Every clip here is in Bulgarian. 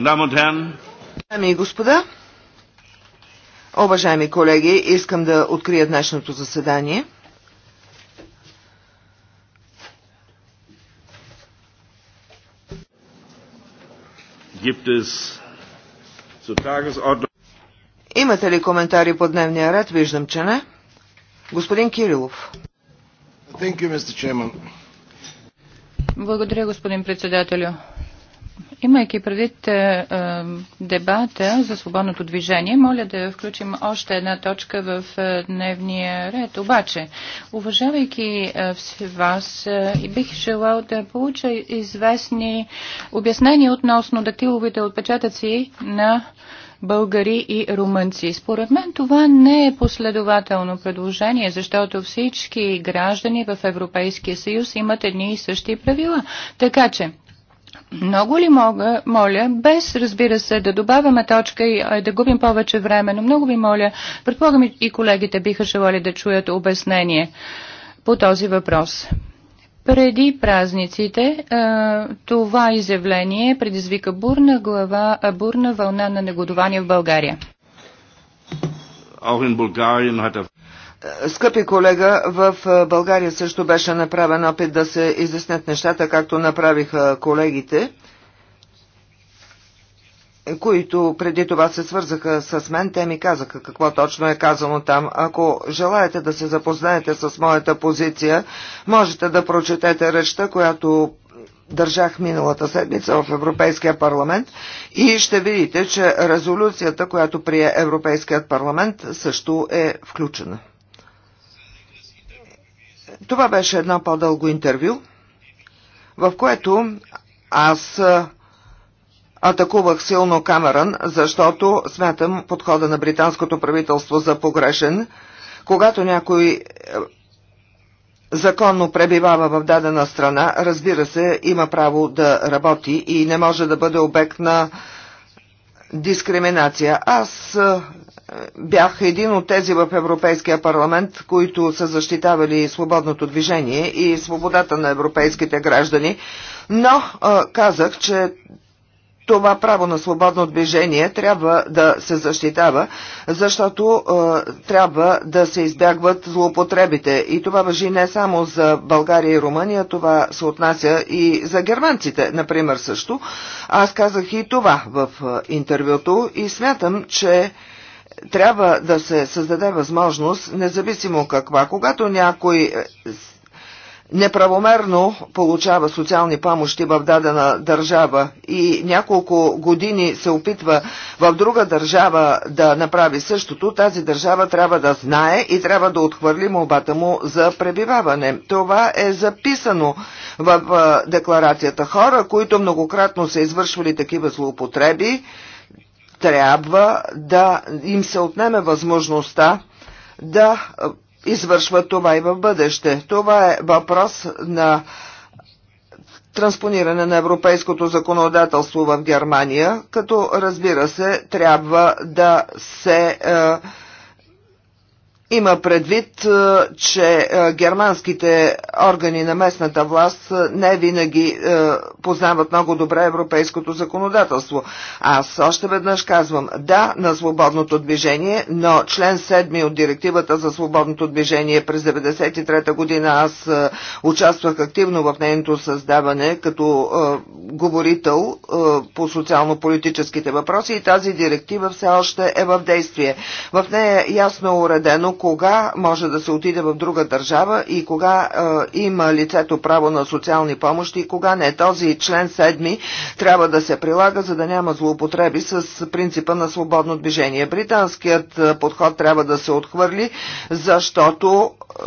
Дами и господа, уважаеми колеги, искам да открия днешното заседание. Имате ли коментари по дневния ред? Виждам, че не. Господин Кирилов. Благодаря, господин председателю. Имайки предвид е, е, дебата за свободното движение, моля да включим още една точка в е, дневния ред. Обаче, уважавайки е, вас, е, бих желал да получа известни обяснения относно дактиловите отпечатъци на българи и румънци. Според мен това не е последователно предложение, защото всички граждани в Европейския съюз имат едни и същи правила. Така че много ли мога, моля, без разбира се да добавяме точка и да губим повече време, но много ви моля, предполагам и колегите биха желали да чуят обяснение по този въпрос. Преди празниците това изявление предизвика бурна, глава, бурна вълна на негодование в България. Auch in Bulgarien hat er Скъпи колега, в България също беше направен опит да се изяснят нещата, както направиха колегите, които преди това се свързаха с мен. Те ми казаха какво точно е казано там. Ако желаете да се запознаете с моята позиция, можете да прочетете речта, която държах миналата седмица в Европейския парламент и ще видите, че резолюцията, която прие Европейският парламент, също е включена. Това беше едно по-дълго интервю, в което аз атакувах силно Камерън, защото смятам подхода на британското правителство за погрешен. Когато някой е, законно пребивава в дадена страна, разбира се, има право да работи и не може да бъде обект на дискриминация. Аз е, бях един от тези в Европейския парламент, които са защитавали свободното движение и свободата на европейските граждани, но казах, че това право на свободно движение трябва да се защитава, защото е, трябва да се избягват злоупотребите. И това въжи не само за България и Румъния, това се отнася и за германците, например, също. Аз казах и това в интервюто и смятам, че трябва да се създаде възможност, независимо каква, когато някой е, неправомерно получава социални помощи в дадена държава и няколко години се опитва в друга държава да направи същото, тази държава трябва да знае и трябва да отхвърли молбата му за пребиваване. Това е записано в е, декларацията. Хора, които многократно са извършвали такива злоупотреби, трябва да им се отнеме възможността да извършват това и в бъдеще. Това е въпрос на транспониране на европейското законодателство в Германия, като разбира се трябва да се е, има предвид, е, че е, германските органи на местната власт е, не винаги познават много добре европейското законодателство. Аз още веднъж казвам да на свободното движение, но член 7 от директивата за свободното движение през 1993 година аз участвах активно в нейното създаване като говорител по социално-политическите въпроси и тази директива все още е в действие. В нея е ясно уредено кога може да се отиде в друга държава и кога е, има лицето право на социални помощи и кога не. Този член 7 трябва да се прилага, за да няма злоупотреби с принципа на свободно движение. Британският е, подход трябва да се отхвърли, защото е,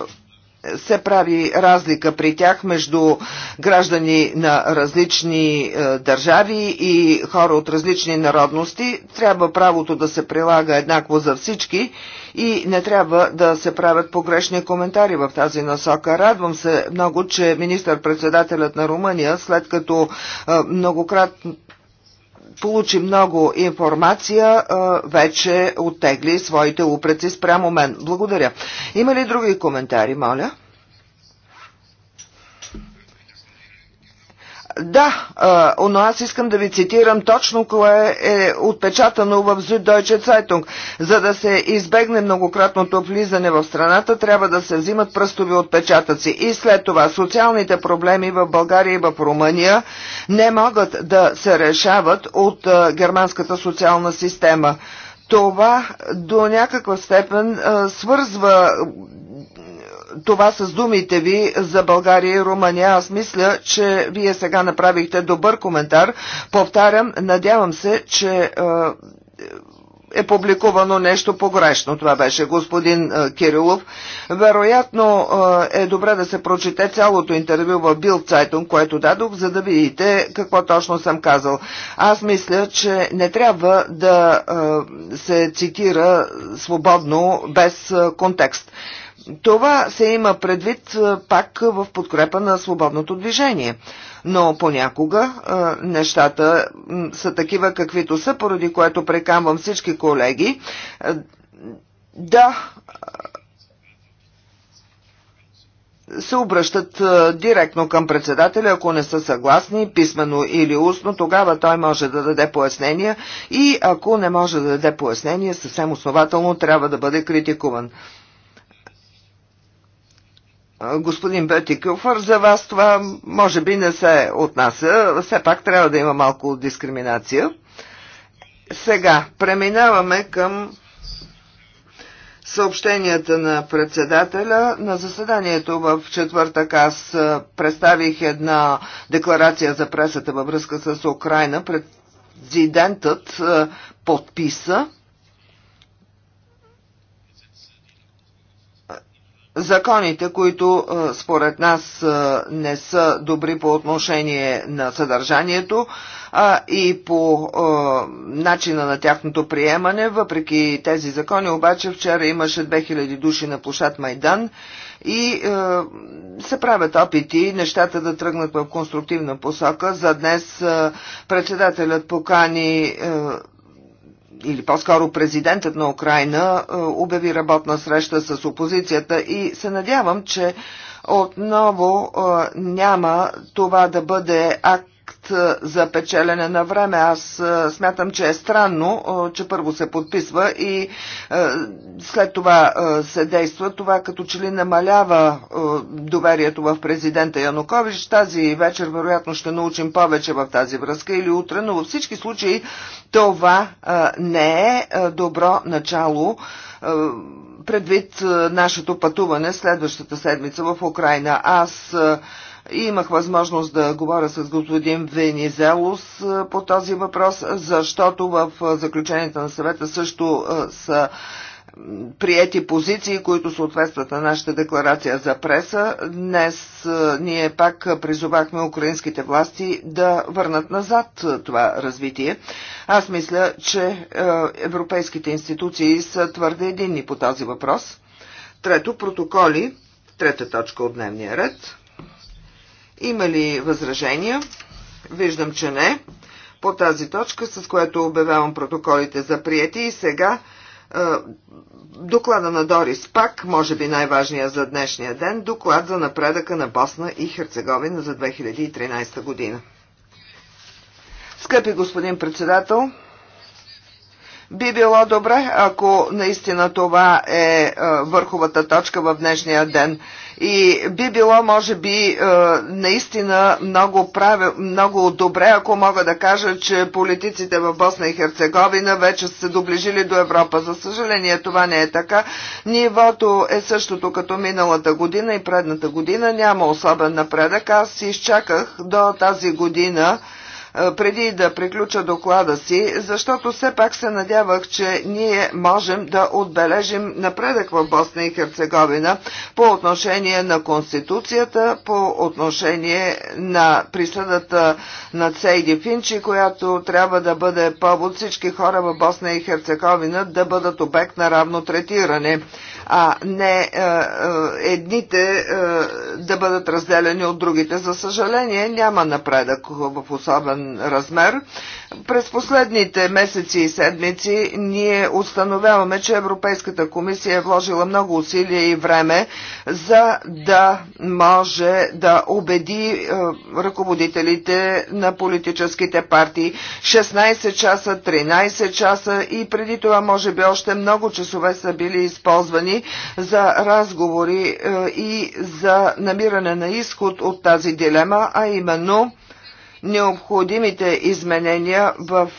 се прави разлика при тях между граждани на различни е, държави и хора от различни народности. Трябва правото да се прилага еднакво за всички и не трябва да се правят погрешни коментари в тази насока. Радвам се много, че министър-председателят на Румъния, след като е, многократно получи много информация, вече оттегли своите упреци спрямо мен. Благодаря. Има ли други коментари, моля? Да, но аз искам да ви цитирам точно кое е отпечатано в Süddeutsche Zeitung. За да се избегне многократното влизане в страната, трябва да се взимат пръстови отпечатъци. И след това социалните проблеми в България и в Румъния не могат да се решават от германската социална система. Това до някаква степен свързва това с думите ви за България и Румъния. Аз мисля, че вие сега направихте добър коментар. Повтарям, надявам се, че е публикувано нещо погрешно. Това беше господин Кирилов. Вероятно е добре да се прочете цялото интервю в Бил Цайтон, което дадох, за да видите какво точно съм казал. Аз мисля, че не трябва да се цитира свободно без контекст. Това се има предвид пак в подкрепа на свободното движение. Но понякога нещата са такива каквито са, поради което прекамвам всички колеги да се обръщат директно към председателя, ако не са съгласни, писменно или устно, тогава той може да даде пояснения и ако не може да даде пояснение, съвсем основателно трябва да бъде критикуван господин Кюфър, за вас това може би не се отнася. Все пак трябва да има малко дискриминация. Сега преминаваме към съобщенията на председателя. На заседанието в четвъртък аз представих една декларация за пресата във връзка с Украина. Президентът подписа законите, които е, според нас е, не са добри по отношение на съдържанието а и по е, начина на тяхното приемане. Въпреки тези закони, обаче вчера имаше 2000 души на площад Майдан и се правят опити нещата да тръгнат в конструктивна посока. За днес председателят покани или по-скоро президентът на Украина е, обяви работна среща с опозицията и се надявам, че отново е, няма това да бъде акт текст за печелене на време. Аз смятам, че е странно, че първо се подписва и след това се действа. Това като че ли намалява доверието в президента Янукович. Тази вечер вероятно ще научим повече в тази връзка или утре, но във всички случаи това не е добро начало предвид нашето пътуване следващата седмица в Украина. Аз Имах възможност да говоря с господин Венизелус по този въпрос, защото в заключенията на съвета също са приети позиции, които съответстват на нашата декларация за преса. Днес ние пак призовахме украинските власти да върнат назад това развитие. Аз мисля, че европейските институции са твърде единни по този въпрос. Трето, протоколи. Трета точка от дневния ред. Има ли възражения? Виждам, че не. По тази точка, с което обявявам протоколите за прияти и сега е, доклада на Дорис Пак, може би най-важния за днешния ден, доклад за напредъка на Босна и Херцеговина за 2013 година. Скъпи господин председател, би било добре, ако наистина това е, е върховата точка в днешния ден. И би било, може би, е, наистина много, прави, много добре, ако мога да кажа, че политиците в Босна и Херцеговина вече са се доближили до Европа. За съжаление, това не е така. Нивото е същото като миналата година и предната година. Няма особен напредък. Аз изчаках до тази година преди да приключа доклада си, защото все пак се надявах, че ние можем да отбележим напредък в Босна и Херцеговина по отношение на Конституцията, по отношение на присъдата на Цейди Финчи, която трябва да бъде повод всички хора в Босна и Херцеговина да бъдат обект на равно третиране а не е, е, едните е, да бъдат разделени от другите. За съжаление няма напредък в особен размер. През последните месеци и седмици ние установяваме, че Европейската комисия е вложила много усилия и време за да може да убеди е, ръководителите на политическите партии. 16 часа, 13 часа и преди това може би още много часове са били използвани за разговори е, и за намиране на изход от тази дилема, а именно необходимите изменения в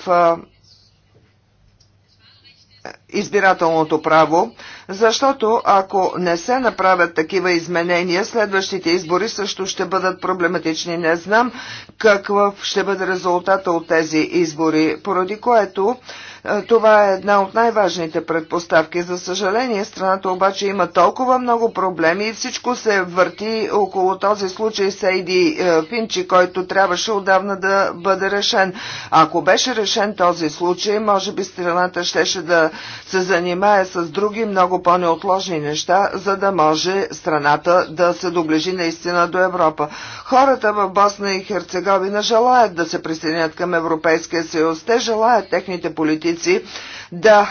избирателното право, защото ако не се направят такива изменения, следващите избори също ще бъдат проблематични. Не знам какъв ще бъде резултата от тези избори, поради което е, това е една от най-важните предпоставки. За съжаление, страната обаче има толкова много проблеми и всичко се върти около този случай Сейди е, Финчи, който трябваше отдавна да бъде решен. Ако беше решен този случай, може би страната щеше да се занимае с други много по-неотложни неща, за да може страната да се доближи наистина до Европа. Хората в Босна и Херцеговина желаят да се присъединят към Европейския съюз. Те желаят техните политики политици да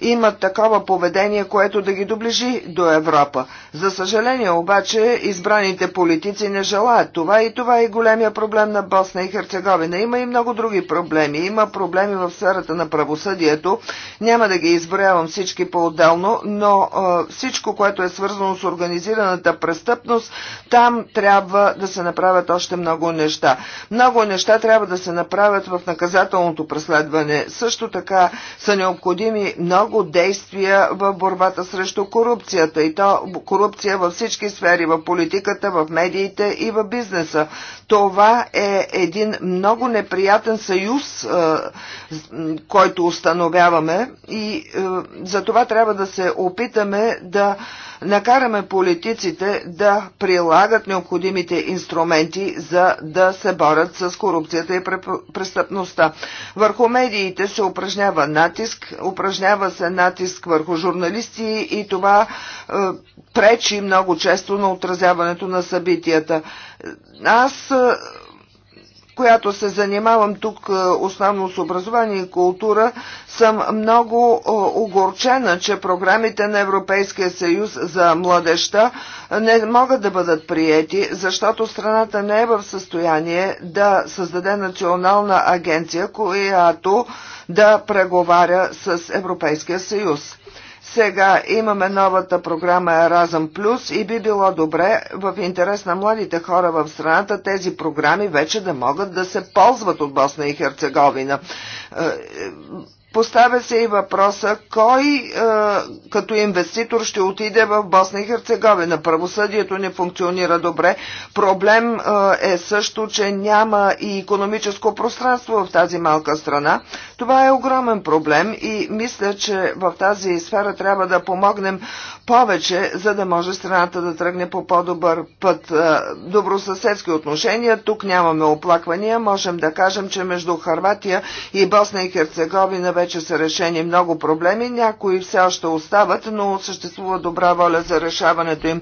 имат такова поведение, което да ги доближи до Европа. За съжаление обаче, избраните политици не желаят това и това е големия проблем на Босна и Херцеговина. Има и много други проблеми. Има проблеми в сферата на правосъдието. Няма да ги изброявам всички по-отделно, но а, всичко, което е свързано с организираната престъпност, там трябва да се направят още много неща. Много неща трябва да се направят в наказателното преследване. Също така са необходими много много действия в борбата срещу корупцията и то корупция във всички сфери, в политиката, в медиите и в бизнеса. Това е един много неприятен съюз, е, който установяваме и е, за това трябва да се опитаме да накараме политиците да прилагат необходимите инструменти за да се борят с корупцията и престъпността. Върху медиите се упражнява натиск, упражнява се се натиск върху журналисти и това е, пречи много често на отразяването на събитията. Аз е, която се занимавам тук е, основно с образование и култура, съм много е, огорчена, че програмите на Европейския съюз за младеща е, не могат да бъдат приети, защото страната не е в състояние да създаде национална агенция, която да преговаря с Европейския съюз. Сега имаме новата програма Еразъм Плюс и би било добре в интерес на младите хора в страната тези програми вече да могат да се ползват от Босна и Херцеговина е, е, Поставя се и въпроса, кой е, като инвеститор ще отиде в Босна и Херцеговина. Правосъдието не функционира добре. Проблем е, е също, че няма и економическо пространство в тази малка страна. Това е огромен проблем и мисля, че в тази сфера трябва да помогнем повече, за да може страната да тръгне по по-добър път. Е, добросъседски отношения, тук нямаме оплаквания. Можем да кажем, че между Харватия и Босна и Херцеговина вече са решени много проблеми, някои все още остават, но съществува добра воля за решаването им.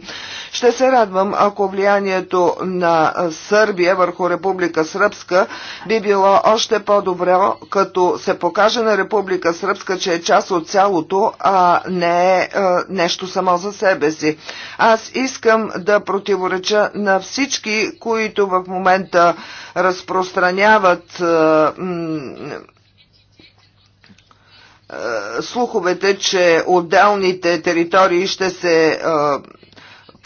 Ще се радвам, ако влиянието на Сърбия върху Република Сръбска би било още по-добро, като се покаже на Република Сръбска, че е част от цялото, а не е нещо само за себе си. Аз искам да противореча на всички, които в момента разпространяват е, слуховете, че отделните територии ще се е,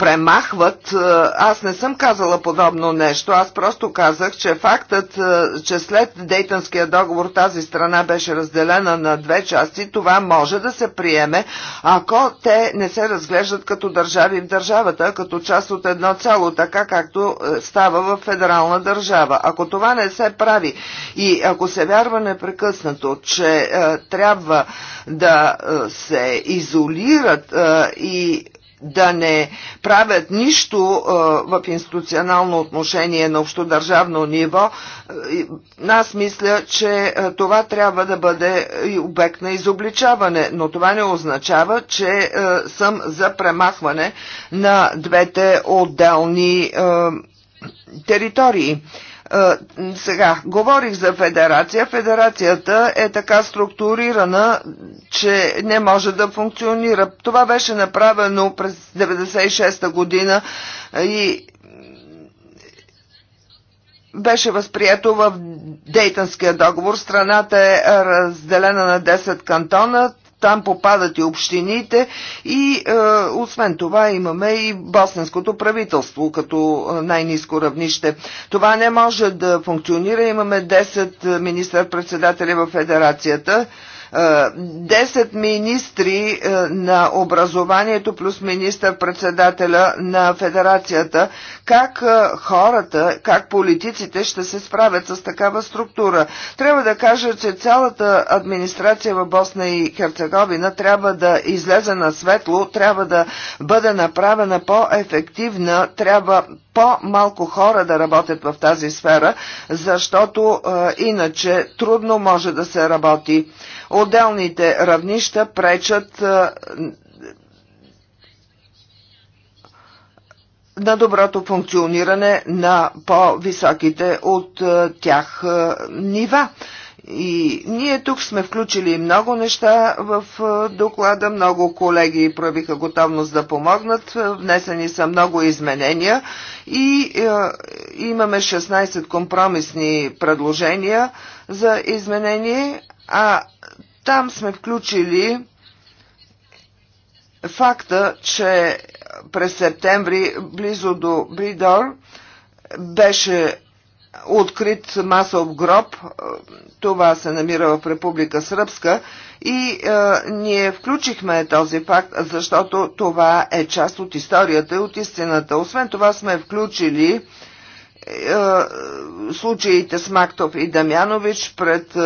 премахват. Е, аз не съм казала подобно нещо, аз просто казах, че фактът, е, че след Дейтънския договор тази страна беше разделена на две части, това може да се приеме, ако те не се разглеждат като държави в държавата, като част от едно цяло, така както е, става в федерална държава. Ако това не се прави и ако се вярва непрекъснато, че е, трябва да се изолират е, и да не правят нищо в институционално отношение на общодържавно ниво, аз мисля, че това трябва да бъде и обект на изобличаване, но това не означава, че съм за премахване на двете отделни територии. Е, сега, говорих за федерация. Федерацията е така структурирана, че не може да функционира. Това беше направено през 96-та година и беше възприето в Дейтънския договор. Страната е разделена на 10 кантона там попадат и общините и е, освен това имаме и босненското правителство като е, най-низко равнище. Това не може да функционира. Имаме 10 е, министър-председатели в федерацията. 10 министри е, на образованието плюс министър-председателя на федерацията, как е, хората, как политиците ще се справят с такава структура. Трябва да кажа, че цялата администрация в Босна и Херцеговина трябва да излезе на светло, трябва да бъде направена по-ефективна, трябва по-малко хора да работят в тази сфера, защото а, иначе трудно може да се работи. Отделните равнища пречат а, на доброто функциониране на по-високите от а, тях а, нива. А, и ние тук сме включили много неща в доклада, много колеги проявиха готовност да помогнат, внесени са много изменения и е, имаме 16 компромисни предложения за изменение, а там сме включили факта, че през септември близо до Бридор беше открит масов гроб, е, това се намира в Република Сръбска и е, ние включихме този факт, защото това е част от историята и от истината. Освен това сме включили е, случаите с Мактов и Дамянович пред е,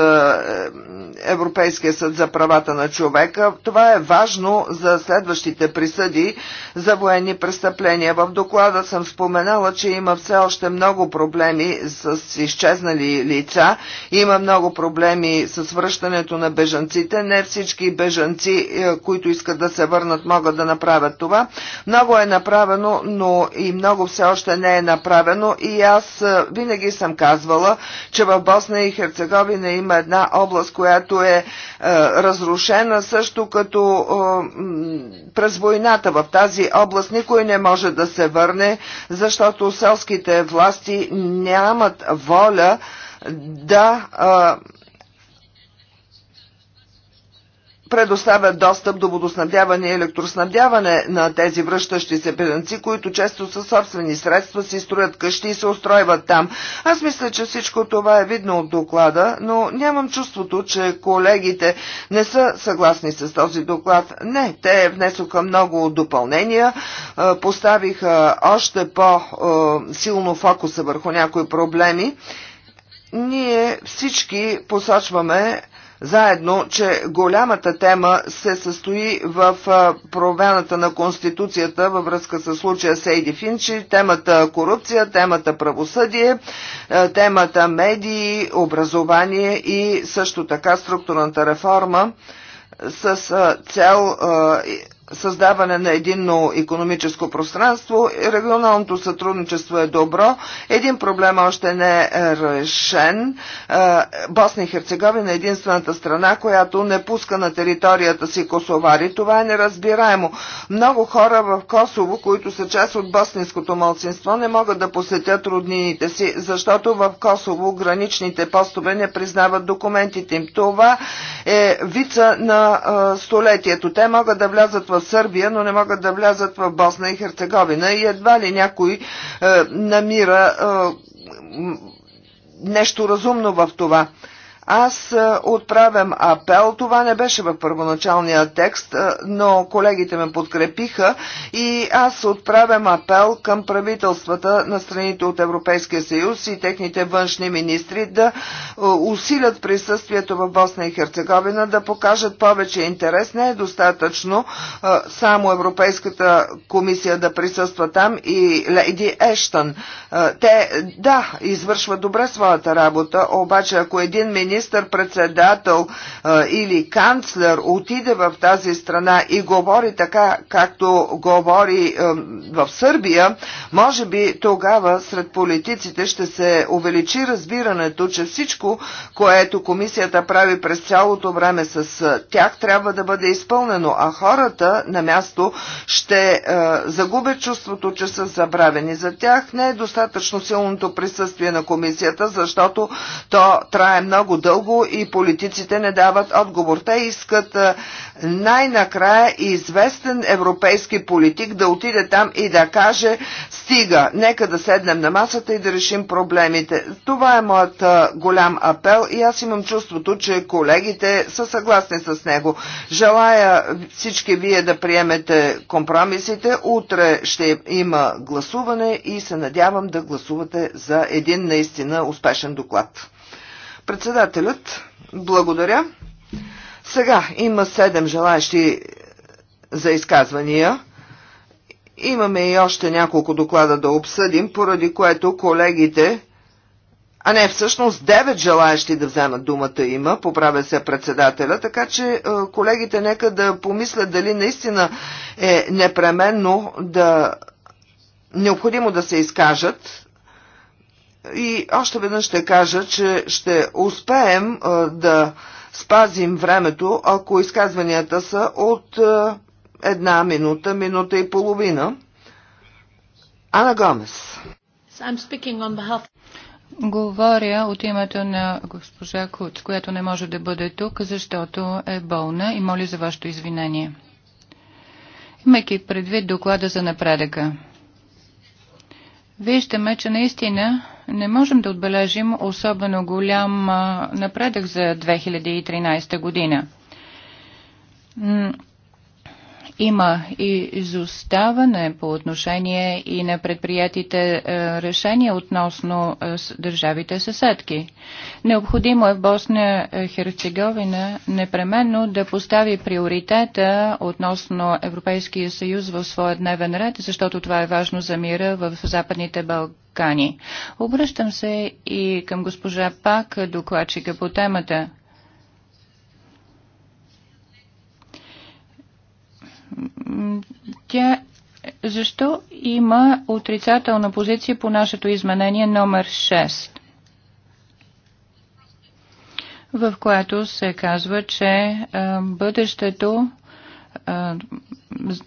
Европейския съд за правата на човека. Това е важно за следващите присъди за военни престъпления. В доклада съм споменала, че има все още много проблеми с изчезнали лица, има много проблеми с връщането на бежанците. Не всички бежанци, е, които искат да се върнат, могат да направят това. Много е направено, но и много все още не е направено и аз винаги съм казвала, че в Босна и Херцеговина има една област, която е разрушена също като през войната в тази област никой не може да се върне, защото селските власти нямат воля да предоставят достъп до водоснабдяване и електроснабдяване на тези връщащи се педанци, които често са собствени средства си строят къщи и се устройват там. Аз мисля, че всичко това е видно от доклада, но нямам чувството, че колегите не са съгласни с този доклад. Не, те внесоха много допълнения, поставиха още по-силно фокуса върху някои проблеми. Ние всички посочваме заедно, че голямата тема се състои в провената на Конституцията във връзка с случая Сейди Финчи, темата корупция, темата правосъдие, темата медии, образование и също така структурната реформа с цел създаване на единно економическо пространство. Регионалното сътрудничество е добро. Един проблем още не е решен. Е, Босна и Херцеговина е единствената страна, която не пуска на територията си косовари. Това е неразбираемо. Много хора в Косово, които са част от босненското малцинство, не могат да посетят роднините си, защото в Косово граничните постове не признават документите им. Това е вица на е, столетието. Те могат да влязат в в Сърбия, но не могат да влязат в Босна и Херцеговина и едва ли някой е, намира е, нещо разумно в това. Аз е, отправям апел, това не беше в първоначалния текст, е, но колегите ме подкрепиха и аз отправям апел към правителствата на страните от Европейския съюз и техните външни министри да е, усилят присъствието в Босна и Херцеговина, да покажат повече интерес. Не е достатъчно само Европейската комисия да присъства там и Лейди Ештън. Те, да, извършват добре своята работа, обаче ако един министр министър-председател или канцлер отиде в тази страна и говори така, както говори в Сърбия, може би тогава сред политиците ще се увеличи разбирането, че всичко, което комисията прави през цялото време с тях, трябва да бъде изпълнено, а хората на място ще загубят чувството, че са забравени. За тях не е достатъчно силното присъствие на комисията, защото то трае много дълго дълго и политиците не дават отговор. Те искат най-накрая известен европейски политик да отиде там и да каже стига, нека да седнем на масата и да решим проблемите. Това е моят голям апел и аз имам чувството, че колегите са съгласни с него. Желая всички вие да приемете компромисите. Утре ще има гласуване и се надявам да гласувате за един наистина успешен доклад. Председателят, благодаря. Сега има седем желаящи за изказвания. Имаме и още няколко доклада да обсъдим, поради което колегите, а не всъщност девет желаящи да вземат думата има, поправя се председателя, така че е, колегите нека да помислят дали наистина е непременно да необходимо да се изкажат, и още веднъж ще кажа, че ще успеем да спазим времето, ако изказванията са от една минута, минута и половина. Ана Гомес. Говоря от името на госпожа Куц, която не може да бъде тук, защото е болна и моли за вашето извинение. Имайки предвид доклада за напредъка, виждаме, че наистина не можем да отбележим особено голям напредък за 2013 година. Има и изоставане по отношение и на предприятите е, решения относно е, държавите съседки. Необходимо е в Босния е, Херцеговина непременно да постави приоритета относно Европейския съюз в своя дневен ред, защото това е важно за мира в Западните Балкани. Обръщам се и към госпожа Пак, докладчика по темата. Тя защо има отрицателна позиция по нашето изменение номер 6, в което се казва, че бъдещето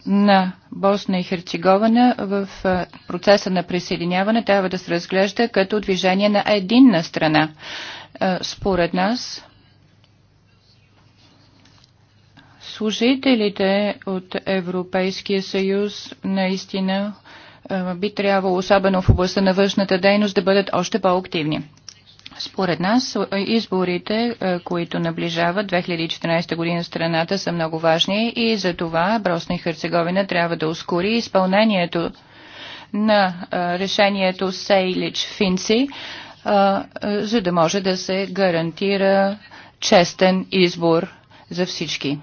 на Босна и Херцеговина в процеса на присъединяване трябва да се разглежда като движение на единна страна. Според нас служителите от Европейския съюз наистина би трябвало, особено в областта на външната дейност, да бъдат още по-активни. Според нас изборите, които наближават 2014 година страната, са много важни и за това Бросна и Херцеговина трябва да ускори изпълнението на решението Сейлич Финци, за да може да се гарантира честен избор за всички.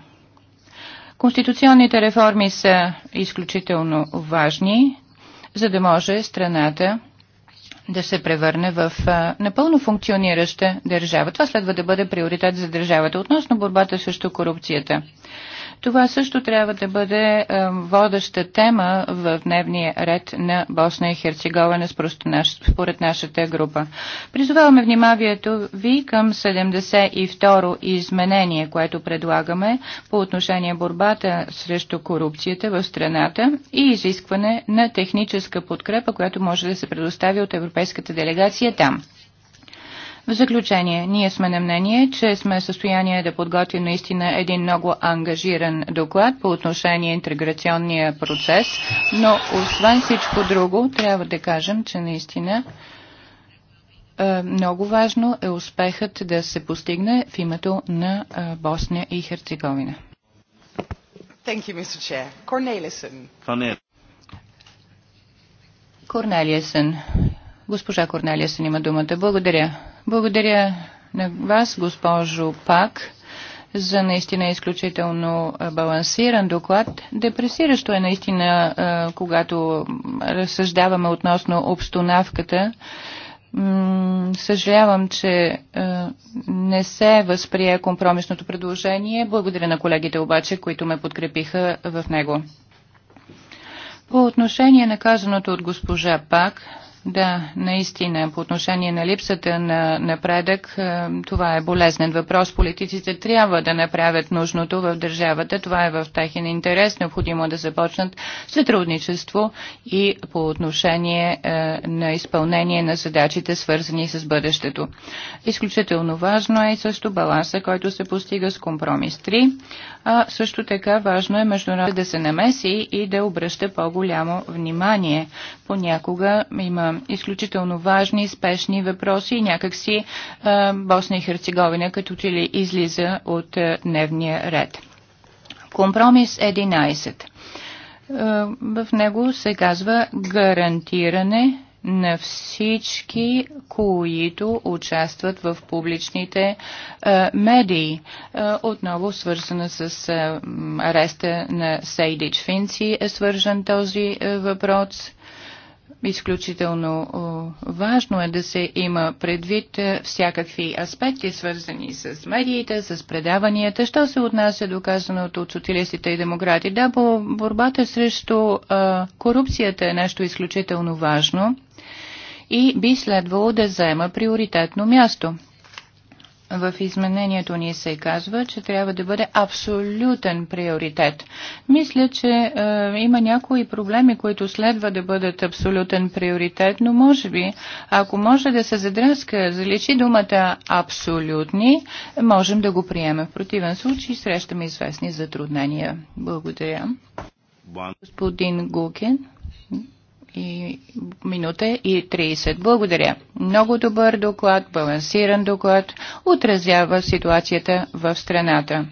Конституционните реформи са изключително важни, за да може страната да се превърне в напълно функционираща държава. Това следва да бъде приоритет за държавата относно борбата срещу корупцията. Това също трябва да бъде водеща тема в дневния ред на Босна и Херцеговина според нашата група. Призоваваме вниманието ви към 72-ро изменение, което предлагаме по отношение борбата срещу корупцията в страната и изискване на техническа подкрепа, която може да се предостави от европейската делегация там. В заключение, ние сме на мнение, че сме в състояние да подготвим наистина един много ангажиран доклад по отношение интеграционния процес, но освен всичко друго, трябва да кажем, че наистина е, много важно е успехът да се постигне в името на е, Босния и Херцеговина. Thank you, Mr. Chair. Cornelissen. Госпожа Корнелиесен има думата. Благодаря. Благодаря на вас, госпожо Пак, за наистина изключително балансиран доклад. Депресиращо е наистина, когато разсъждаваме относно обстановката. Съжалявам, че не се възприе компромисното предложение. Благодаря на колегите обаче, които ме подкрепиха в него. По отношение на казаното от госпожа Пак, да, наистина, по отношение на липсата на напредък, е, това е болезнен въпрос. Политиците трябва да направят нужното в държавата. Това е в техен интерес. Необходимо е да започнат сътрудничество и по отношение е, на изпълнение на задачите, свързани с бъдещето. Изключително важно е също баланса, който се постига с компромис 3 а също така важно е международно да се намеси и да обръща по-голямо внимание. Понякога има изключително важни, спешни въпроси и някакси а, Босна и Херцеговина като че ли излиза от а, дневния ред. Компромис 11. В него се казва гарантиране на всички, които участват в публичните е, медии. Е, отново свързана с е, ареста на Сейдич Финци е свържен този въпрос. Изключително важно е да се има предвид всякакви аспекти, свързани с медиите, с предаванията. Що се отнася до казаното от социалистите и демократи? Да, борбата срещу корупцията е нещо изключително важно и би следвало да заема приоритетно място. В изменението ни се казва, че трябва да бъде абсолютен приоритет. Мисля, че е, има някои проблеми, които следва да бъдат абсолютен приоритет, но може би, ако може да се задръска, заличи думата абсолютни, можем да го приемем. В противен случай срещаме известни затруднения. Благодаря. Господин Гукин и минута и 30. Благодаря. Много добър доклад, балансиран доклад, отразява ситуацията в страната.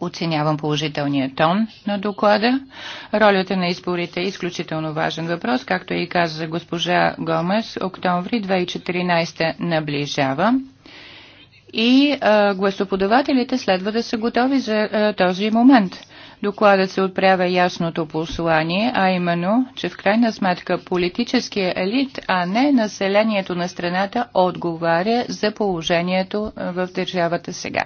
Оценявам положителния тон на доклада. Ролята на изборите е изключително важен въпрос, както и каза госпожа Гомес. Октомври 2014 наближава и а, гласоподавателите следва да са готови за а, този момент. Докладът се отправя ясното послание, а именно, че в крайна сметка политическия елит, а не населението на страната, отговаря за положението в държавата сега.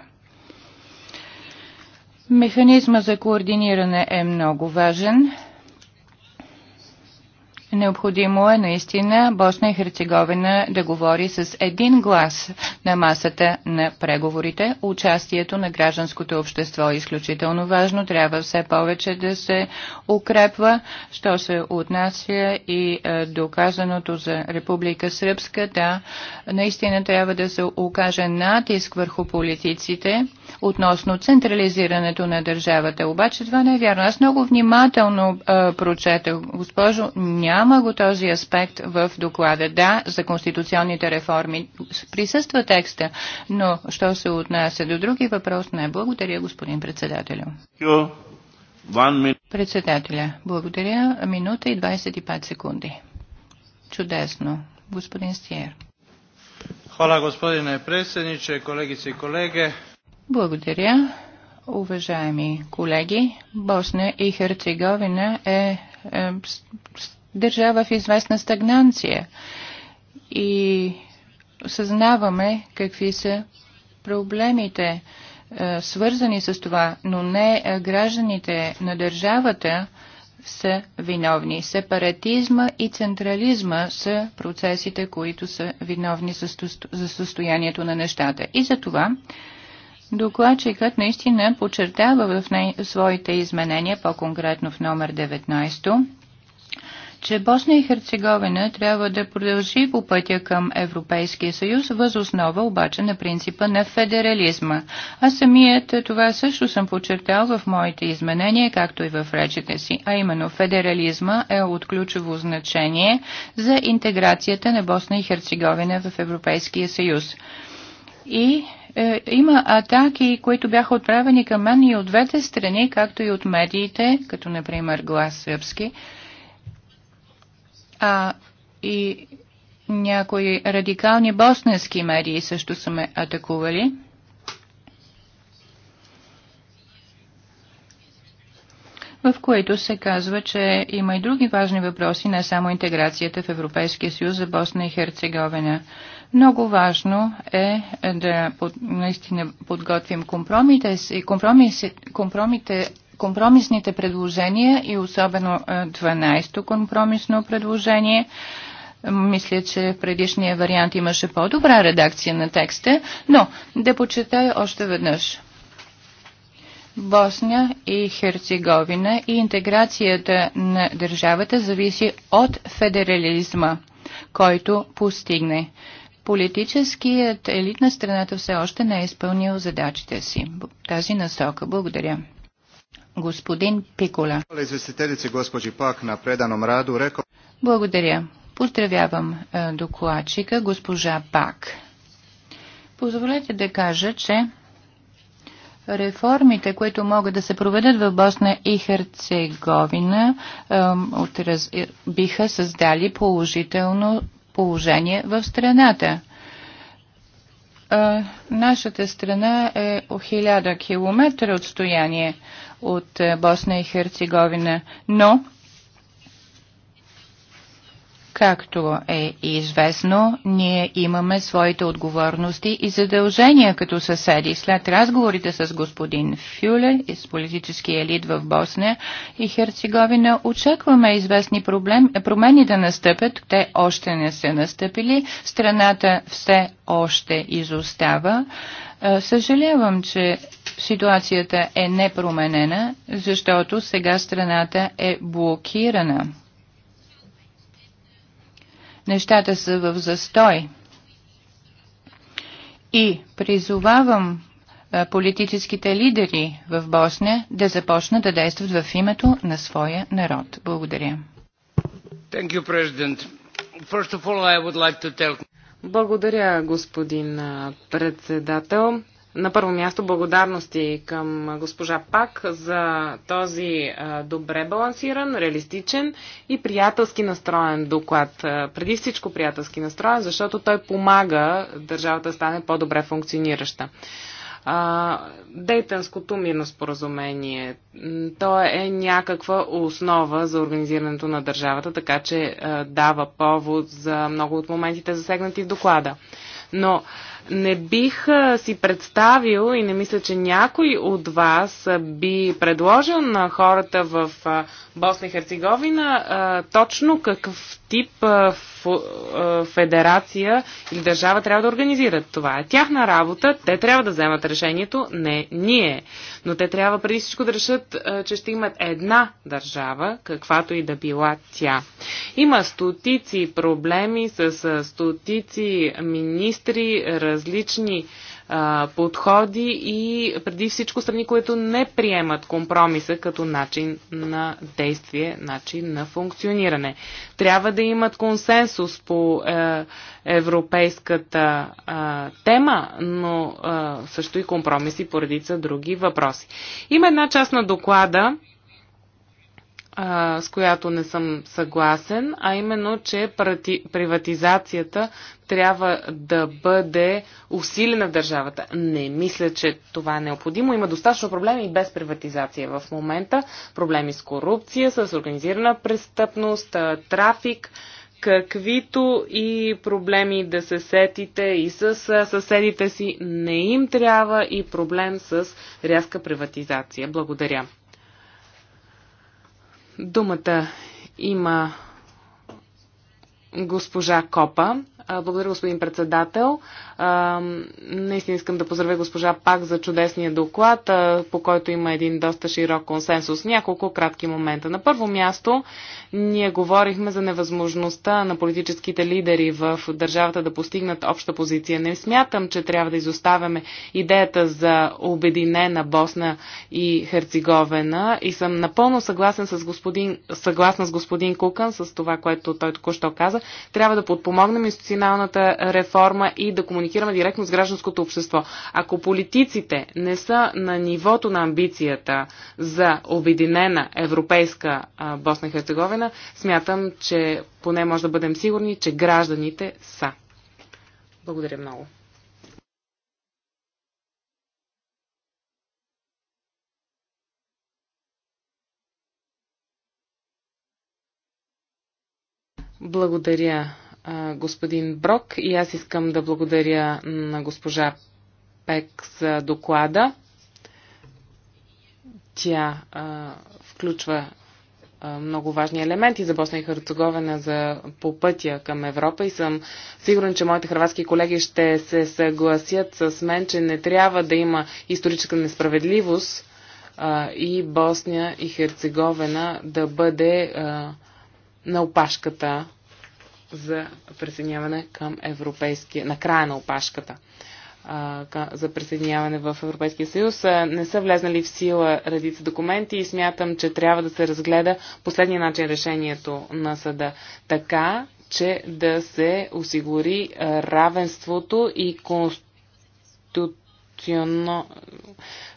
Механизма за координиране е много важен Необходимо е наистина Босна и Херцеговина да говори с един глас на масата на преговорите. Участието на гражданското общество е изключително важно. Трябва все повече да се укрепва, що се отнася и е, доказаното за Република Сръбска. Да, наистина трябва да се окаже натиск върху политиците относно централизирането на държавата. Обаче това не е вярно. Аз много внимателно а, прочетах. Госпожо, няма го този аспект в доклада. Да, за конституционните реформи присъства текста, но що се отнася до други въпрос, не. Благодаря, господин председателю. Председателя, благодаря. Минута и 25 секунди. Чудесно. Господин Стиер. Hvala gospodine predsjedniče, kolegice i kolege. Благодаря. Уважаеми колеги, Босна и Херцеговина е, е държава в известна стагнанция и съзнаваме какви са проблемите е, свързани с това, но не е, гражданите на държавата са виновни. Сепаратизма и централизма са процесите, които са виновни за състоянието на нещата. И за това Докладчикът наистина подчертава в не... своите изменения, по-конкретно в номер 19, че Босна и Херцеговина трябва да продължи по пътя към Европейския съюз, въз основа обаче на принципа на федерализма. А самият е, това също съм подчертал в моите изменения, както и в речите си, а именно федерализма е от ключово значение за интеграцията на Босна и Херцеговина в Европейския съюз. И е, има атаки, които бяха отправени към мен и от двете страни, както и от медиите, като например Глас Сръбски, а и някои радикални босненски медии също са ме атакували. в което се казва, че има и други важни въпроси, не само интеграцията в Европейския съюз за Босна и Херцеговина. Много важно е да под, наистина подготвим компромите, компромис, компромите, компромисните предложения и особено 12-то е, компромисно предложение. Мисля, че в предишния вариант имаше по-добра редакция на текста, но да почета още веднъж. Босния и Херцеговина и интеграцията на държавата зависи от федерализма, който постигне. Политическият елит на страната все още не е изпълнил задачите си. Тази насока. Благодаря. Господин Пикола. Благодаря. Поздравявам е, докладчика госпожа Пак. Позволете да кажа, че Реформите, които могат да се проведат в Босна и Херцеговина, е, биха създали положително положение в страната. Е, нашата страна е 1000 км отстояние от е, Босна и Херцеговина, но Както е известно, ние имаме своите отговорности и задължения като съседи. След разговорите с господин Фюле и с политически елит в Босния и Херцеговина очакваме известни проблем, промени да настъпят. Те още не са настъпили. Страната все още изостава. Е, съжалявам, че ситуацията е непроменена, защото сега страната е блокирана нещата са в застой. И призовавам политическите лидери в Босния да започнат да действат в името на своя народ. Благодаря. Благодаря, господин председател. На първо място благодарности към госпожа Пак за този добре балансиран, реалистичен и приятелски настроен доклад. Преди всичко приятелски настроен, защото той помага държавата да стане по-добре функционираща. Дейтанското мирно споразумение. То е някаква основа за организирането на държавата, така че дава повод за много от моментите засегнати в доклада. Но не бих си представил и не мисля, че някой от вас би предложил на хората в Босна и Херцеговина, а, точно какъв тип а, а, федерация или държава трябва да организират. Това е тяхна работа, те трябва да вземат решението, не ние. Но те трябва преди всичко да решат, а, че ще имат една държава, каквато и да била тя. Има стотици проблеми с а, стотици министри, различни а, подходи и преди всичко страни, които не приемат компромиса като начин на действие, начин на функциониране. Трябва да имат консенсус по е, европейската тема, но също и компромиси по редица други въпроси. Има една част на доклада, а, с която не съм съгласен, а именно, че прати, приватизацията трябва да бъде усилена в държавата. Не мисля, че това е необходимо. Има достатъчно проблеми и без приватизация в момента. Проблеми с корупция, с организирана престъпност, трафик, каквито и проблеми да се сетите и с съседите си, не им трябва и проблем с рязка приватизация. Благодаря. Думата има госпожа Копа. Благодаря, господин председател. Наистина искам да поздравя госпожа Пак за чудесния доклад, по който има един доста широк консенсус. Няколко кратки момента. На първо място, ние говорихме за невъзможността на политическите лидери в държавата да постигнат обща позиция. Не смятам, че трябва да изоставяме идеята за обединена Босна и Херцеговина и съм напълно съгласен с господин, съгласна с господин Кукън, с това, което той току-що каза. Трябва да подпомогнем институцията институционалната реформа и да комуникираме директно с гражданското общество. Ако политиците не са на нивото на амбицията за обединена европейска Босна и Херцеговина, смятам, че поне може да бъдем сигурни, че гражданите са. Благодаря много. Благодаря господин Брок и аз искам да благодаря на госпожа Пек за доклада. Тя а, включва а, много важни елементи за Босна и Херцеговина за, по пътя към Европа и съм сигурен, че моите хрватски колеги ще се съгласят с мен, че не трябва да има историческа несправедливост а, и Босния и Херцеговина да бъде а, на опашката за присъединяване към европейския, на края на опашката за присъединяване в Европейския съюз. Не са влезнали в сила редица документи и смятам, че трябва да се разгледа последния начин решението на съда. Така, че да се осигури равенството и конституционно,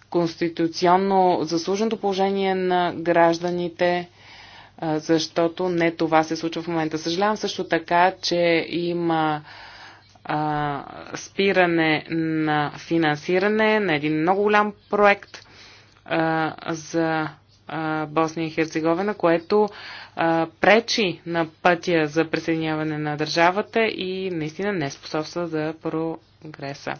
конституционно заслуженото положение на гражданите защото не това се случва в момента. Съжалявам също така, че има а, спиране на финансиране на един много голям проект а, за а, Босния и Херцеговина, което а, пречи на пътя за присъединяване на държавата и наистина не способства за прогреса.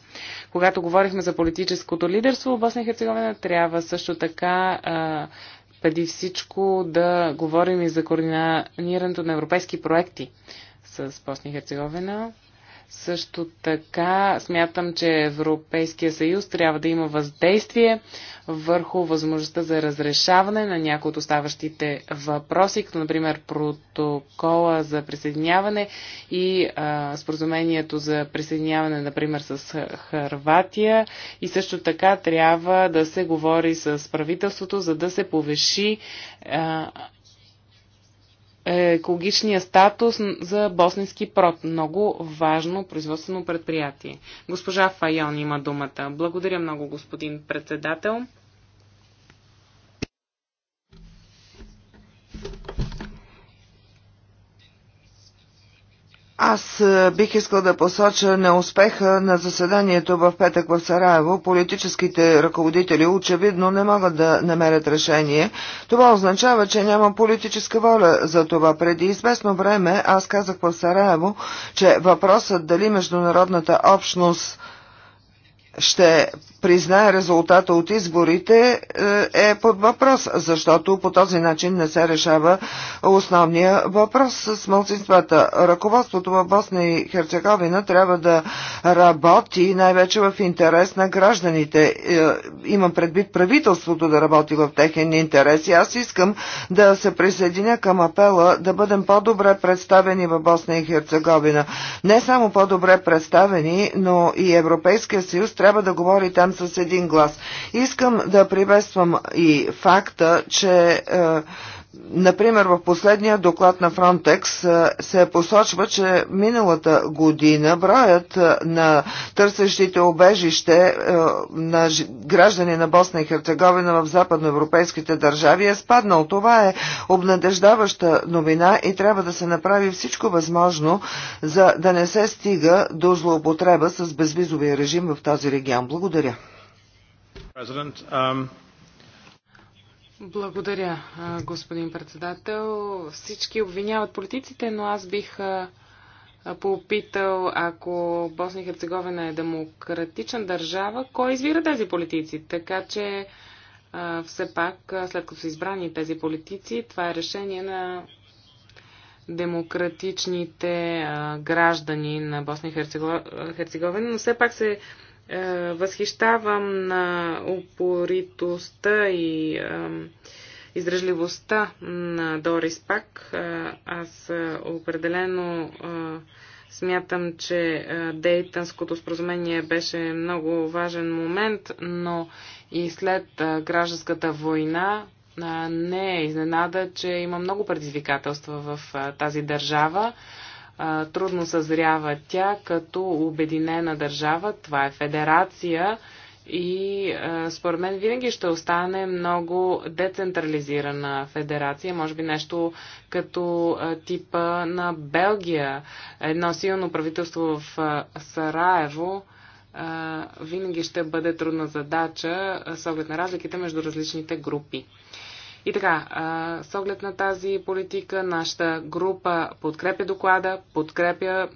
Когато говорихме за политическото лидерство в Босния и Херцеговина, трябва също така а, преди всичко да говорим и за координирането на европейски проекти с Босния и Херцеговина. Също така смятам, че Европейския съюз трябва да има въздействие върху възможността за разрешаване на някои от оставащите въпроси, като например протокола за присъединяване и а, споразумението за присъединяване, например, с Харватия. И също така трябва да се говори с правителството, за да се повиши а, екологичния статус за Босненски прот. Много важно производствено предприятие. Госпожа Файон има думата. Благодаря много, господин председател. Аз е, бих искал да посоча на успеха на заседанието в петък в Сараево. Политическите ръководители очевидно не могат да намерят решение. Това означава, че няма политическа воля за това. Преди известно време аз казах в Сараево, че въпросът дали международната общност ще признае резултата от изборите е, е под въпрос, защото по този начин не се решава основния въпрос с мълцинствата. Ръководството в Босна и Херцеговина трябва да работи най-вече в интерес на гражданите. Е, имам предвид правителството да работи в техен интерес и аз искам да се присъединя към апела да бъдем по-добре представени в Босна и Херцеговина. Не само по-добре представени, но и Европейския съюз трябва да говори там с един глас. Искам да приветствам и факта, че е, Например, в последния доклад на Frontex се посочва, че миналата година броят на търсещите обежище на граждани на Босна и Херцеговина в западноевропейските държави е спаднал. Това е обнадеждаваща новина и трябва да се направи всичко възможно, за да не се стига до злоупотреба с безвизовия режим в този регион. Благодаря. Благодаря, господин председател. Всички обвиняват политиците, но аз бих попитал, ако Босна и Херцеговина е демократична държава, кой избира тези политици? Така че все пак, след като са избрани тези политици, това е решение на демократичните граждани на Босна и Херцеговина, но все пак се е, възхищавам на упоритостта и е, издръжливостта на Дорис Пак. Е, аз определено смятам, че Дейтънското споразумение беше много важен момент, но и след гражданската война не е изненада, че има много предизвикателства в тази държава трудно съзрява тя като обединена държава. Това е федерация и според мен винаги ще остане много децентрализирана федерация, може би нещо като типа на Белгия. Едно силно правителство в Сараево винаги ще бъде трудна задача с оглед на разликите между различните групи. И така, с оглед на тази политика, нашата група подкрепя доклада, подкрепя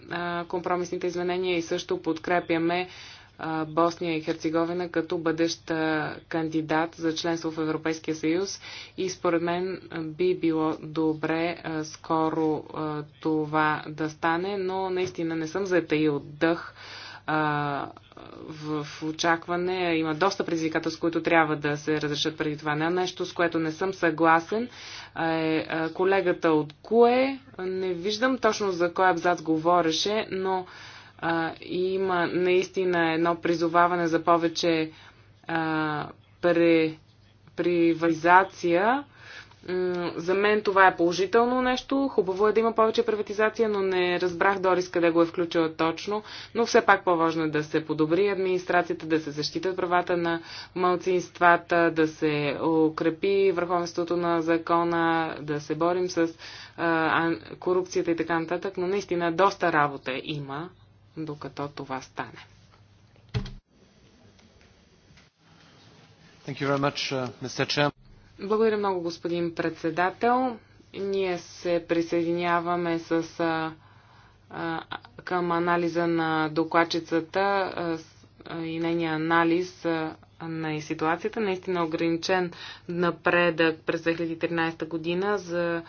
компромисните изменения и също подкрепяме Босния и Херцеговина като бъдещ кандидат за членство в Европейския съюз. И според мен би било добре скоро това да стане, но наистина не съм заета и дъх в очакване. Има доста предизвикателства, които трябва да се разрешат преди това. Не, нещо, с което не съм съгласен е колегата от КУЕ. Не виждам точно за кой абзац говореше, но а, има наистина едно призоваване за повече а, при, привализация. За мен това е положително нещо. Хубаво е да има повече приватизация, но не разбрах Дорис къде го е включила точно. Но все пак по-важно е да се подобри администрацията, да се защитят правата на малцинствата, да се укрепи върховенството на закона, да се борим с а, корупцията и така нататък. Но наистина доста работа има, докато това стане. Thank you very much, uh, Mr. Chairman. Благодаря много, господин председател. Ние се присъединяваме с, а, а, към анализа на докладчицата а, и нейния анализ а, на ситуацията. Наистина ограничен напредък през 2013 година за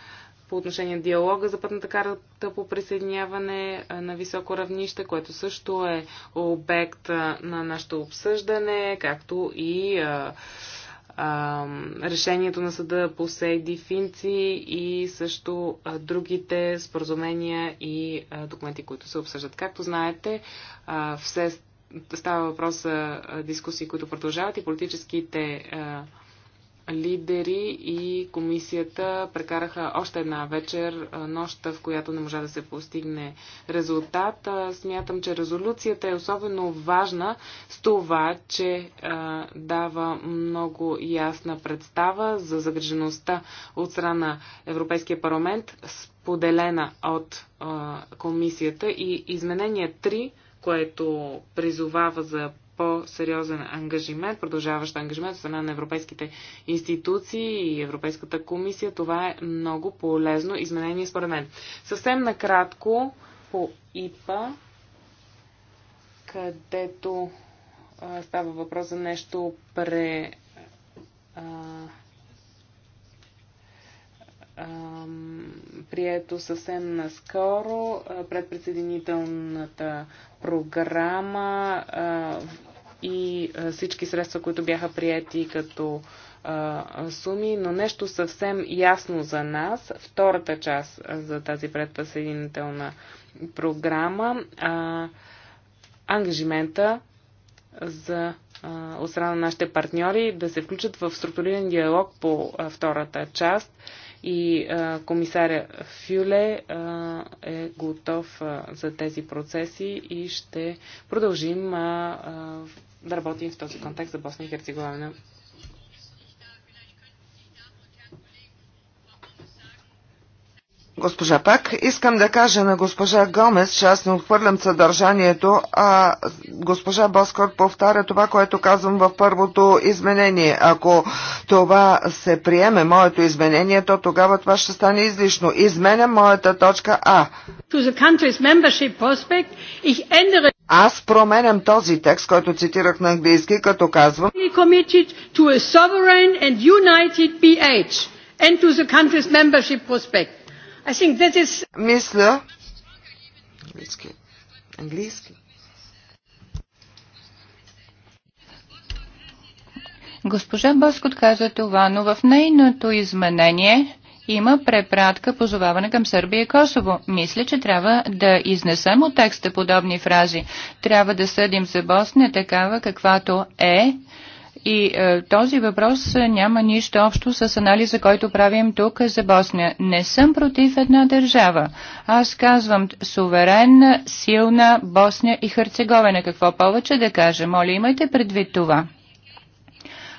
по отношение на диалога за пътната карта по присъединяване на високо равнище, което също е обект на нашето обсъждане, както и а, решението на съда по Сейди Финци и също другите споразумения и документи, които се обсъждат. Както знаете, все става въпрос за дискусии, които продължават и политическите а, лидери и комисията прекараха още една вечер, нощта, в която не можа да се постигне резултат. Смятам, че резолюцията е особено важна с това, че дава много ясна представа за загрежеността от страна Европейския парламент, споделена от комисията и изменение 3, което призовава за по-сериозен ангажимент, продължаващ ангажимент от страна на европейските институции и Европейската комисия. Това е много полезно изменение според мен. Съвсем накратко по ИПА, където а, става въпрос за нещо пре. А, прието съвсем наскоро предпредседенителната програма и всички средства, които бяха прияти като суми, но нещо съвсем ясно за нас, втората част за тази предпъсъединителна програма, а, ангажимента за от страна на нашите партньори да се включат в структуриран диалог по втората част и а, комисаря Фюле а, е готов а, за тези процеси и ще продължим а, а, да работим в този контекст за Босна и Херцеговина. Госпожа Пак, искам да кажа на госпожа Гомес, че аз не отхвърлям съдържанието, а госпожа Боскор повтаря това, което казвам в първото изменение. Ако това се приеме, моето изменение, то тогава това ще стане излишно. Изменя моята точка А. To the country's membership prospect, ich ändere аз променям този текст, който цитирах на английски, като казвам Мисля... Английски. Английски. Госпожа Боскот каза това, но в нейното изменение има препратка позоваване към Сърбия и Косово. Мисля, че трябва да изнесем от текста подобни фрази. Трябва да съдим за Босния такава, каквато е. И е, този въпрос няма нищо общо с анализа, който правим тук за Босния. Не съм против една държава. Аз казвам суверенна, силна Босния и Херцеговина. Какво повече да кажа? Моля, имайте предвид това.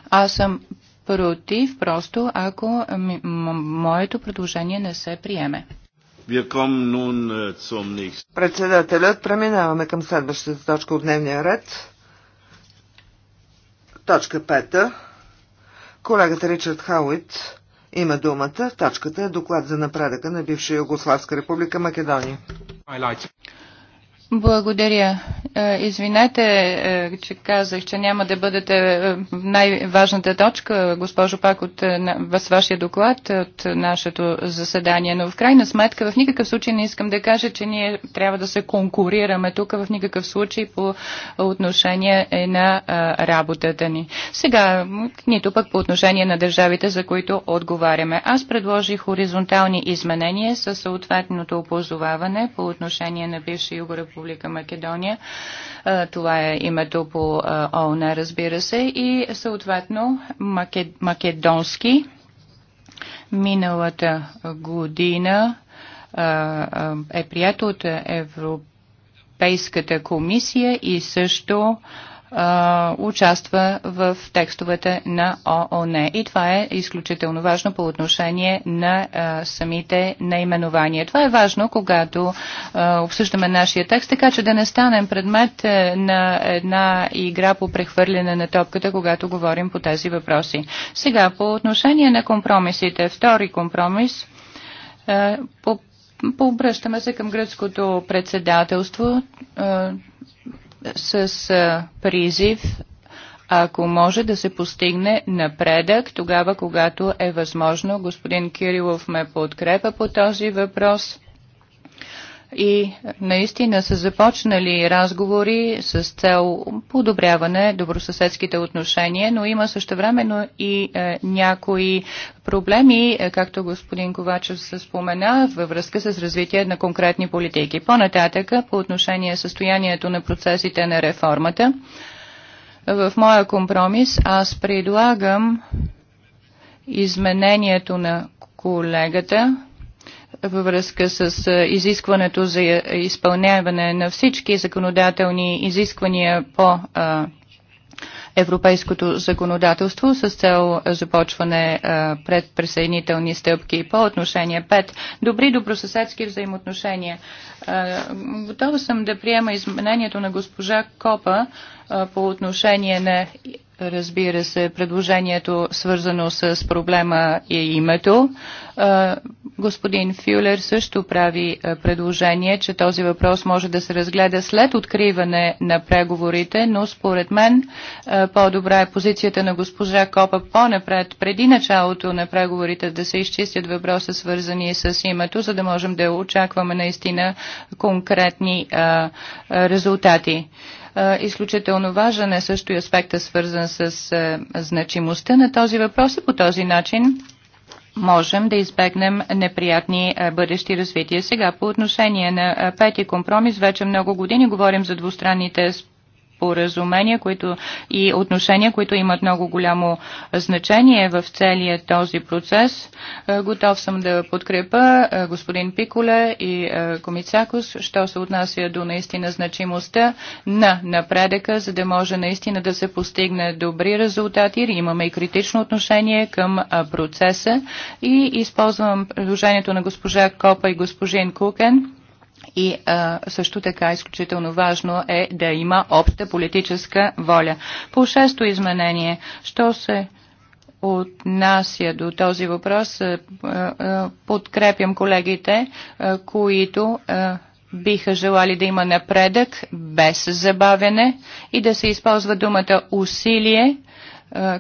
Аз съм против, просто ако моето предложение не се приеме. Э, Председателят, преминаваме към следващата точка от дневния ред. Точка пета. Колегата Ричард Хауит има думата. Точката е доклад за напредъка на бивша Югославска република Македония. Благодаря. Е, извинете, е, че казах, че няма да бъдете е, най-важната точка, госпожо Пак, от, вашия доклад от нашето заседание, но в крайна сметка в никакъв случай не искам да кажа, че ние трябва да се конкурираме тук в никакъв случай по отношение на работата ни. Сега, нито пък по отношение на държавите, за които отговаряме. Аз предложих хоризонтални изменения със съответното опозоваване по отношение на бивша по. Република Македония. Това е името по ООН, разбира се, и съответно македонски. Миналата година е прият от Европейската комисия и също а, участва в текстовете на ООН. И това е изключително важно по отношение на а, самите наименования. Това е важно, когато а, обсъждаме нашия текст, така че да не станем предмет е, на една игра по прехвърляне на топката, когато говорим по тези въпроси. Сега, по отношение на компромисите, втори компромис, а, е, по Пообръщаме се към гръцкото председателство. Е, с призив ако може да се постигне напредък, тогава когато е възможно. Господин Кирилов ме подкрепа по този въпрос и наистина са започнали разговори с цел подобряване добросъседските отношения, но има също времено и е, някои проблеми, е, както господин Ковачев се спомена, във връзка с развитие на конкретни политики. По-нататъка, по отношение състоянието на процесите на реформата, в моя компромис аз предлагам изменението на колегата, във връзка с изискването за изпълняване на всички законодателни изисквания по европейското законодателство с цел започване пред присъединителни стъпки по отношение 5. Добри добросъседски взаимоотношения. Готова съм да приема изменението на госпожа Копа по отношение на разбира се, предложението свързано с проблема и е името. Господин Фюлер също прави предложение, че този въпрос може да се разгледа след откриване на преговорите, но според мен по-добра е позицията на госпожа Копа по-напред, преди началото на преговорите да се изчистят въпроса свързани с името, за да можем да очакваме наистина конкретни резултати. Е, изключително важен е също и аспекта свързан с е, значимостта на този въпрос и по този начин можем да избегнем неприятни е, бъдещи развития. Сега по отношение на пети компромис, вече много години говорим за двустранните споразумения които, и отношения, които имат много голямо значение в целия този процес. Е, готов съм да подкрепа е, господин Пиколе и е, Комицакос, що се отнася до наистина значимостта на напредъка, за да може наистина да се постигне добри резултати. Имаме и критично отношение към процеса и използвам предложението на госпожа Копа и господин Кукен и а, също така изключително важно е да има обща политическа воля. По шесто изменение, що се отнася до този въпрос, подкрепям колегите, които биха желали да има напредък без забавяне и да се използва думата усилие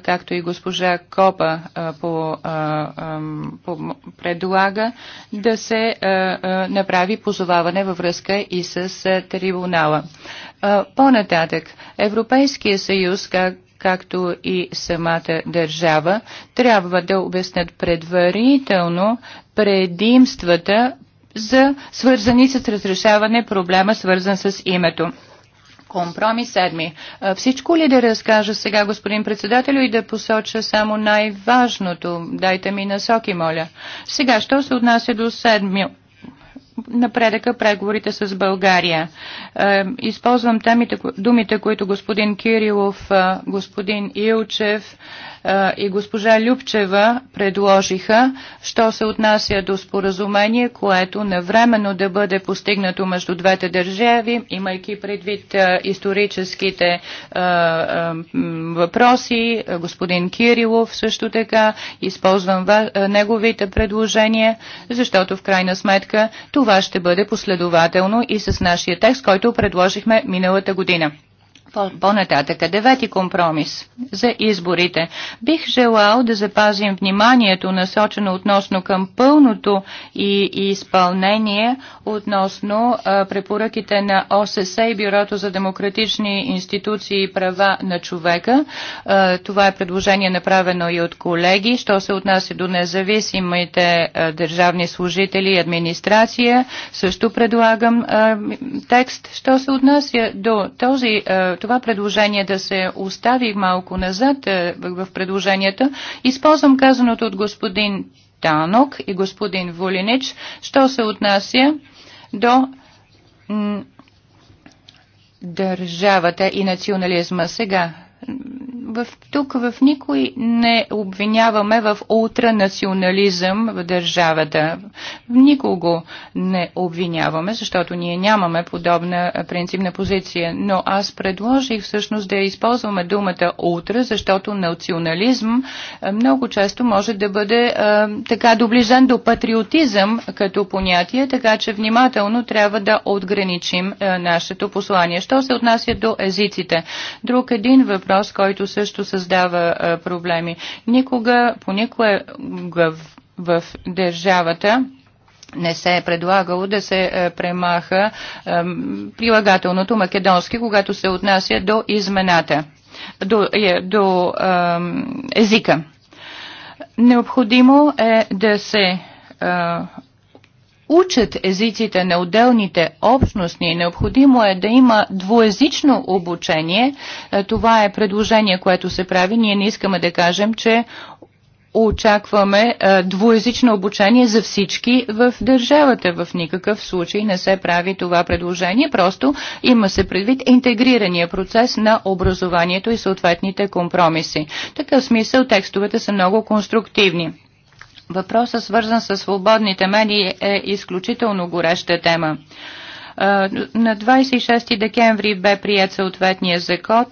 както и госпожа Копа по, по, предлага, да се направи позоваване във връзка и с трибунала. По-нататък, Европейския съюз, как както и самата държава, трябва да обяснят предварително предимствата за свързани с разрешаване проблема, свързан с името. Компромис седми. Всичко ли да разкажа сега, господин председател, и да посоча само най-важното? Дайте ми насоки, моля. Сега, що се отнася до седми? напредъка преговорите с България. Използвам темите, думите, които господин Кирилов, господин Илчев, и госпожа Любчева предложиха, що се отнася до споразумение, което навременно да бъде постигнато между двете държави, имайки предвид историческите въпроси. Господин Кирилов също така използвам неговите предложения, защото в крайна сметка това ще бъде последователно и с нашия текст, който предложихме миналата година. По-нататъка, девети компромис за изборите. Бих желал да запазим вниманието насочено относно към пълното и изпълнение относно а, препоръките на ОССЕ, и Бюрото за демократични институции и права на човека. А, това е предложение направено и от колеги, що се отнася до независимите а, държавни служители и администрация. Също предлагам а, текст, що се отнася до този а, това предложение да се остави малко назад е, в предложенията, използвам казаното от господин Танок и господин Волинич, що се отнася до държавата и национализма. Сега в, тук в никой не обвиняваме в ултранационализъм в държавата. Никого не обвиняваме, защото ние нямаме подобна принципна позиция. Но аз предложих всъщност да използваме думата ултра, защото национализъм много често може да бъде а, така доближен до патриотизъм като понятие, така че внимателно трябва да отграничим а, нашето послание. Що се отнася до езиците? Друг един въпрос, който се също създава проблеми. Никога, понякога в, в държавата не се е предлагало да се премаха прилагателното македонски, когато се отнася до измената, до, е, до езика. Необходимо е да се учат езиците на отделните общностни. Необходимо е да има двуезично обучение. Е, това е предложение, което се прави. Ние не искаме да кажем, че очакваме е, двуязично обучение за всички в държавата. В никакъв случай не се прави това предложение, просто има се предвид интегрирания процес на образованието и съответните компромиси. В такъв смисъл текстовете са много конструктивни. Въпросът, свързан с свободните медии, е изключително гореща тема. На 26 декември бе прият съответния закон.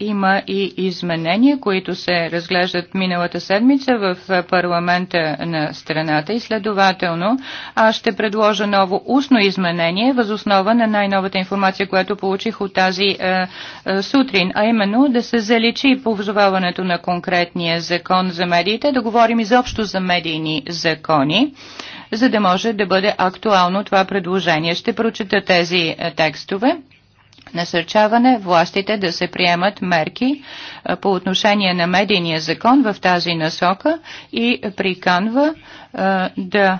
има и изменения, които се разглеждат миналата седмица в парламента на страната и следователно аз ще предложа ново устно изменение възоснова на най-новата информация, която получих от тази сутрин, а именно да се заличи повзоваването на конкретния закон за медиите, да говорим изобщо за медийни закони за да може да бъде актуално това предложение. Ще прочета тези е, текстове насърчаване властите да се приемат мерки е, по отношение на медийния закон в тази насока и приканва е, да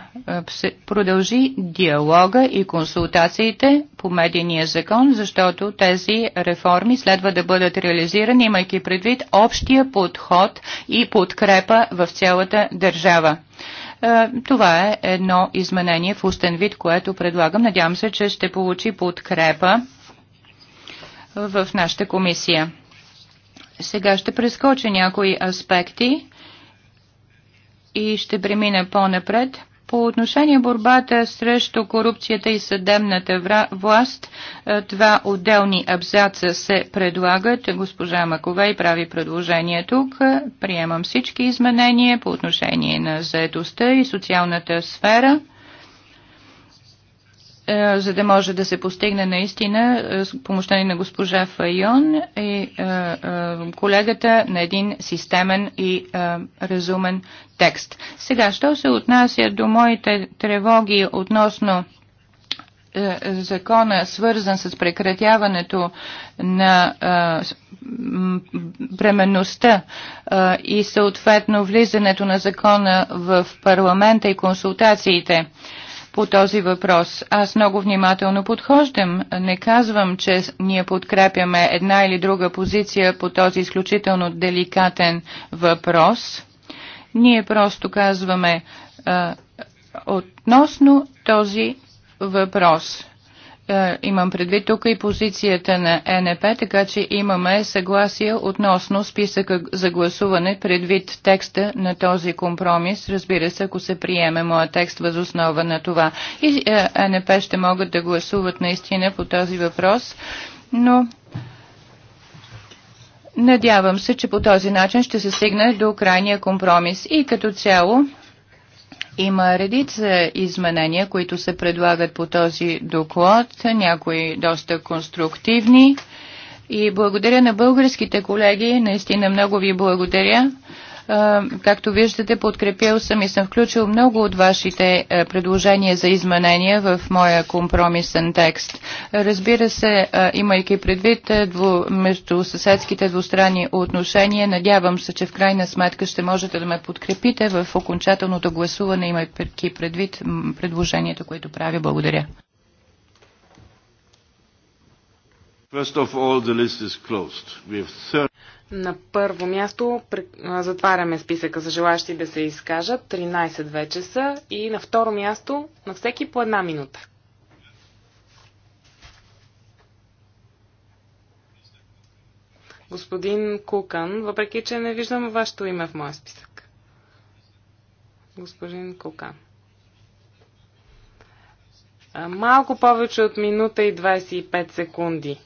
продължи диалога и консултациите по медийния закон, защото тези реформи следва да бъдат реализирани, имайки предвид общия подход и подкрепа в цялата държава. Е, това е едно изменение в устен вид, което предлагам. Надявам се, че ще получи подкрепа в нашата комисия. Сега ще прескоча някои аспекти и ще премина по-напред по отношение борбата срещу корупцията и съдебната власт, е, два отделни абзаца се предлагат. Госпожа Маковей прави предложение тук. Приемам всички изменения по отношение на заедостта и социалната сфера – е, за да може да се постигне наистина е, с помощта ни на госпожа Файон и е, колегата на един системен и разумен текст. Сега, що се отнася до моите тревоги относно закона, свързан с прекратяването на бременността и съответно влизането на закона в парламента и консултациите по този въпрос. Аз много внимателно подхождам. Не казвам, че ние подкрепяме една или друга позиция по този изключително деликатен въпрос. Ние просто казваме а, относно този въпрос. Е, имам предвид тук и позицията на НП, така че имаме съгласие относно списъка за гласуване предвид текста на този компромис. Разбира се, ако се приеме моя текст възоснова на това. И е, НП ще могат да гласуват наистина по този въпрос, но Надявам се, че по този начин ще се стигне до крайния компромис и като цяло има редица изменения, които се предлагат по този доклад, някои доста конструктивни. И благодаря на българските колеги, наистина много ви благодаря Както виждате, подкрепил съм и съм включил много от вашите предложения за изменения в моя компромисен текст. Разбира се, имайки предвид между съседските двустранни отношения, надявам се, че в крайна сметка ще можете да ме подкрепите в окончателното гласуване, имайки предвид предложението, което правя. Благодаря. First of all, the list is closed. We have 30... На първо място затваряме списъка за желащи да се изкажат. 13 вече са. И на второ място на всеки по една минута. Господин Кукан, въпреки че не виждам вашето име в моя списък. Господин Кукан. Малко повече от минута и 25 секунди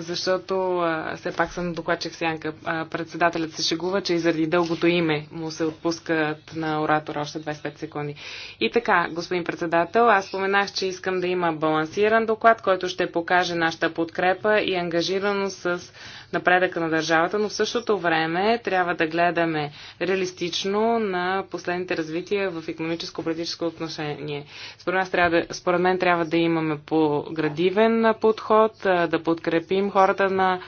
защото а, все пак съм докладчик Сянка. А, председателят се шегува, че и заради дългото име му се отпускат на оратора още 25 секунди. И така, господин председател, аз споменах, че искам да има балансиран доклад, който ще покаже нашата подкрепа и ангажираност с напредъка на държавата, но в същото време трябва да гледаме реалистично на последните развития в економическо-политическо отношение. Според, нас трябва да, според мен трябва да имаме по-градивен подход, да подкрепим хората на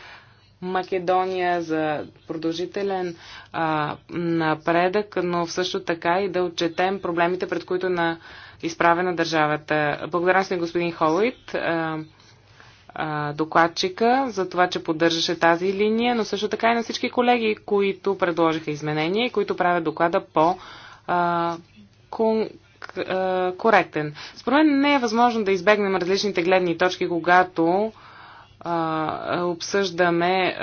Македония за продължителен а, напредък, но също така и да отчетем проблемите, пред които на изправена държавата. Благодаря си, господин Холуит а, докладчика за това, че поддържаше тази линия, но също така и на всички колеги, които предложиха изменения и които правят доклада по а, кон, а, коректен. Според мен не е възможно да избегнем различните гледни точки, когато обсъждаме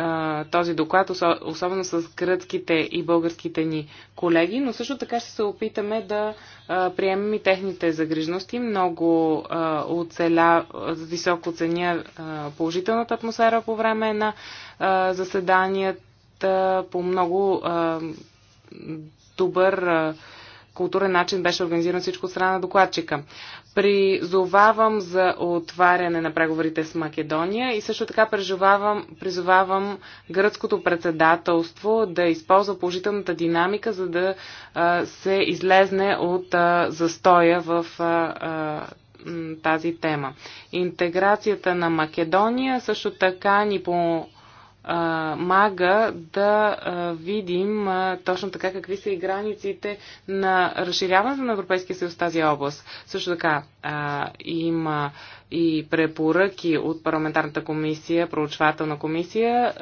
този доклад, особено с гръцките и българските ни колеги, но също така ще се опитаме да приемем и техните загрижности. Много оцеля, високо ценя положителната атмосфера по време на заседанията по много добър културен начин беше организирано всичко от страна на докладчика призовавам за отваряне на преговорите с Македония и също така призовавам, призовавам гръцкото председателство да използва положителната динамика, за да а, се излезне от а, застоя в а, а, тази тема. Интеграцията на Македония също така ни по мага да видим точно така какви са и границите на разширяването на Европейския съюз в тази област. Също така има и препоръки от парламентарната комисия, проучвателна комисия,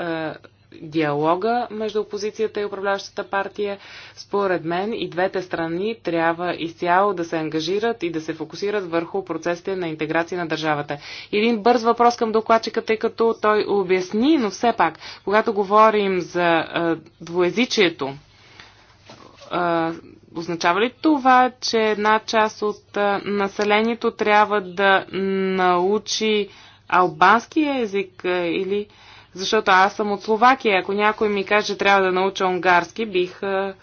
диалога между опозицията и управляващата партия. Според мен и двете страни трябва изцяло да се ангажират и да се фокусират върху процесите на интеграция на държавата. Един бърз въпрос към докладчика, тъй като той обясни, но все пак, когато говорим за а, двоезичието, а, означава ли това, че една част от а, населението трябва да научи албански език а, или защото аз съм от Словакия. Ако някой ми каже, трябва да науча унгарски, бих а,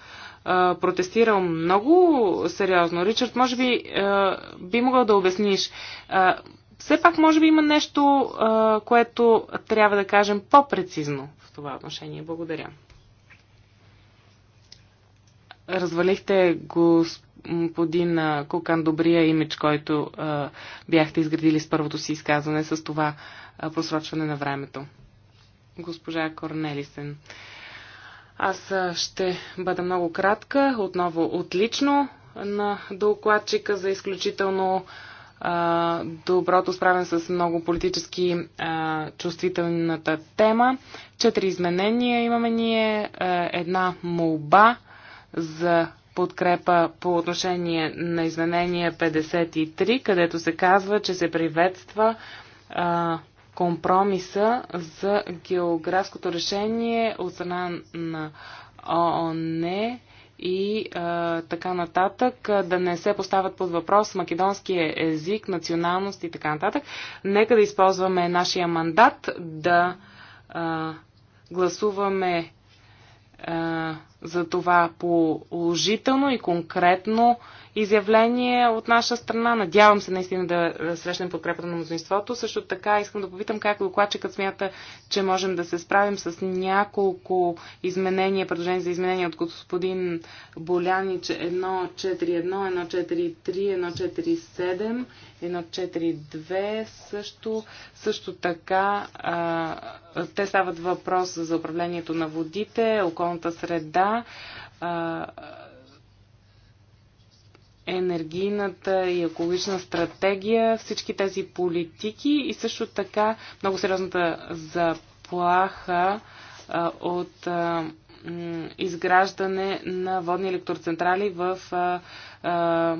а, протестирал много сериозно. Ричард, може би а, би могъл да обясниш. А, все пак, може би има нещо, а, което трябва да кажем по-прецизно в това отношение. Благодаря. Развалихте господин господин Кукан добрия имидж, който а, бяхте изградили с първото си изказване с това а, просрочване на времето госпожа Корнелисен. Аз ще бъда много кратка, отново отлично на докладчика за изключително а, доброто справен с много политически а, чувствителната тема. Четири изменения имаме ние, а, една молба за подкрепа по отношение на изменение 53, където се казва, че се приветства а, компромиса за географското решение от страна на ООН и а, така нататък, да не се поставят под въпрос македонския език, националност и така нататък. Нека да използваме нашия мандат да а, гласуваме а, за това положително и конкретно изявление от наша страна. Надявам се наистина да срещнем подкрепата на мнозинството. Също така искам да попитам как докладчикът смята, че можем да се справим с няколко изменения, предложения за изменения от господин Болянич 1.4.1, 1.4.3, 1.4.7, 1.4.2 също. Също така а, те стават въпрос за управлението на водите, околната среда, енергийната и екологична стратегия, всички тези политики и също така много сериозната заплаха а, от а, изграждане на водни електроцентрали в а, а,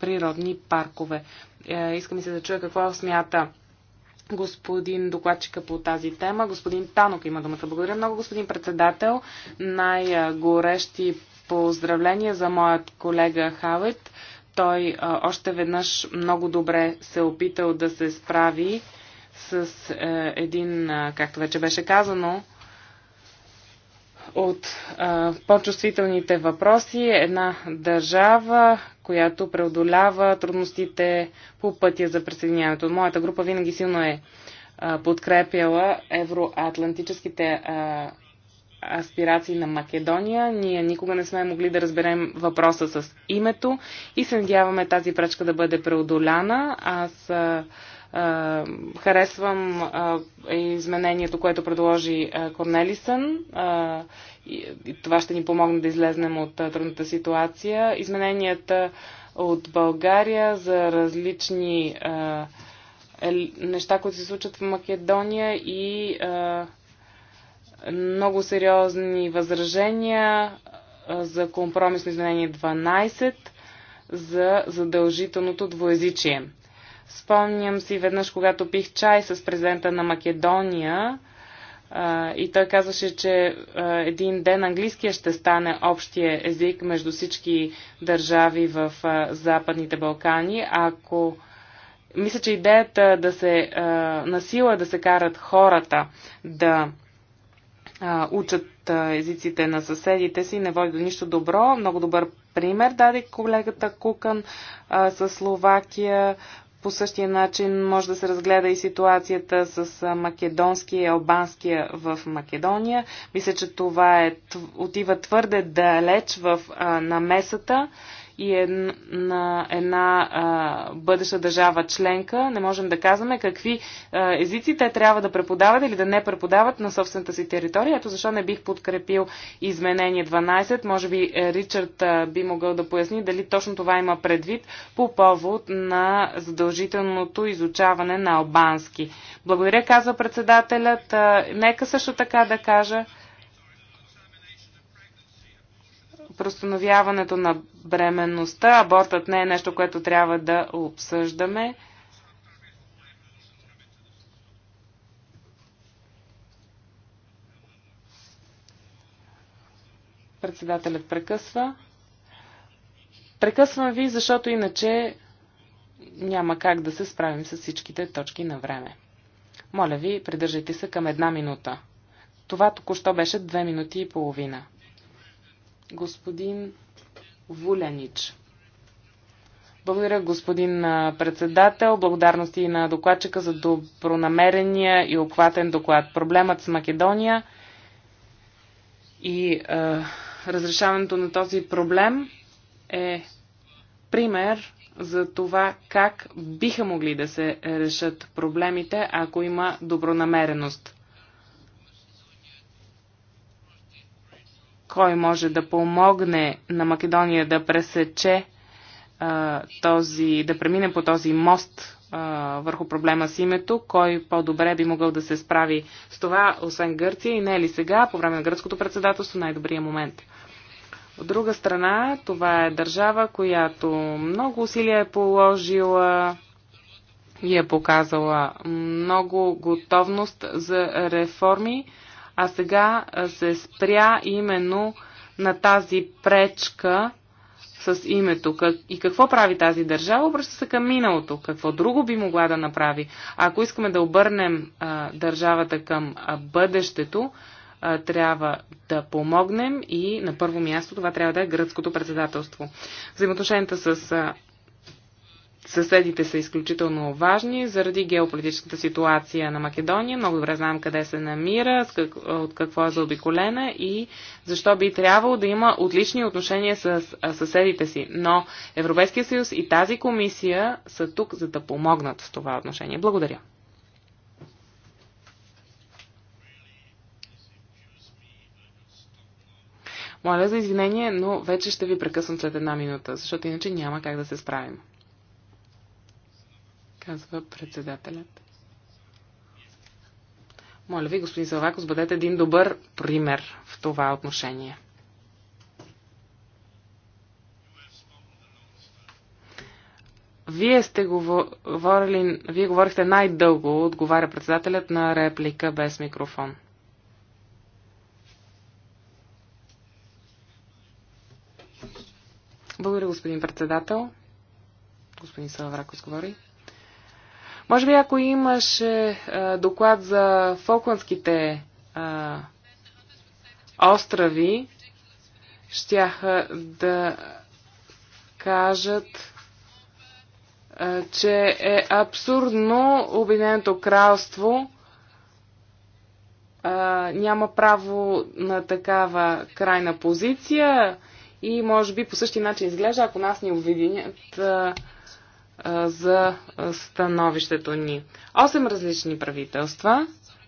природни паркове. Е, искам и се да чуя какво смята господин докладчика по тази тема. Господин Танок има думата. Благодаря много, господин председател. Най-горещи поздравления за моят колега Хавет. Той а, още веднъж много добре се е опитал да се справи с е, един, а, както вече беше казано, от по-чувствителните въпроси. Една държава, която преодолява трудностите по пътя за присъединяването. Моята група винаги силно е а, подкрепяла евроатлантическите а, аспирации на Македония. Ние никога не сме могли да разберем въпроса с името и се надяваме тази пречка да бъде преодоляна. Аз а, е, харесвам е, изменението, което предложи е, Корнелисън. Това ще ни помогне да излезнем от трудната ситуация. Измененията от България за различни неща, които се случат в Македония и много сериозни възражения за компромисно изменение 12 за задължителното двоезичие. Спомням си веднъж, когато пих чай с президента на Македония а, и той казваше, че а, един ден английския ще стане общия език между всички държави в а, Западните Балкани. Ако мисля, че идеята да се а, насила е да се карат хората да а, учат а, езиците на съседите си не води до нищо добро. Много добър пример даде колегата Кукан а, с Словакия, по същия начин може да се разгледа и ситуацията с македонския и албанския в Македония. Мисля, че това е, отива твърде далеч в намесата и една, една а, бъдеща държава членка, не можем да казваме какви а, езици те трябва да преподават или да не преподават на собствената си територия. Ето защо не бих подкрепил изменение 12. Може би е, Ричард а, би могъл да поясни дали точно това има предвид по повод на задължителното изучаване на албански. Благодаря, казва председателят. А, нека също така да кажа простановяването на бременността. Абортът не е нещо, което трябва да обсъждаме. Председателят прекъсва. Прекъсвам ви, защото иначе няма как да се справим с всичките точки на време. Моля ви, придържайте се към една минута. Това току-що беше две минути и половина господин Вуленич. Благодаря, господин председател. Благодарности на докладчика за добронамерения и охватен доклад. Проблемът с Македония и е, разрешаването на този проблем е пример за това как биха могли да се решат проблемите, ако има добронамереност. кой може да помогне на Македония да пресече а, този, да премине по този мост а, върху проблема с името, кой по-добре би могъл да се справи с това, освен Гърция и не е ли сега, по време на гръцкото председателство, най-добрия момент. От друга страна, това е държава, която много усилия е положила и е показала много готовност за реформи а сега се спря именно на тази пречка с името. И какво прави тази държава? Обръща се към миналото. Какво друго би могла да направи? Ако искаме да обърнем а, държавата към а, бъдещето, а, трябва да помогнем и на първо място това трябва да е гръцкото председателство. Взаимоотношенията с а, съседите са изключително важни заради геополитическата ситуация на Македония. Много добре знам къде се намира, от какво е заобиколена и защо би трябвало да има отлични отношения с съседите си. Но Европейския съюз и тази комисия са тук, за да помогнат в това отношение. Благодаря. Моля за извинение, но вече ще ви прекъсвам след една минута, защото иначе няма как да се справим казва председателят. Моля ви, господин Салвакос, бъдете един добър пример в това отношение. Вие сте говорили, вие говорихте най-дълго, отговаря председателят на реплика без микрофон. Благодаря, господин председател. Господин Салавракос говори. Може би ако имаше е, доклад за Фолкландските е, острови, щяха да кажат, е, че е абсурдно Обединеното кралство е, няма право на такава крайна позиция и може би по същия начин изглежда, ако нас ни обвинят за становището ни. Осем различни правителства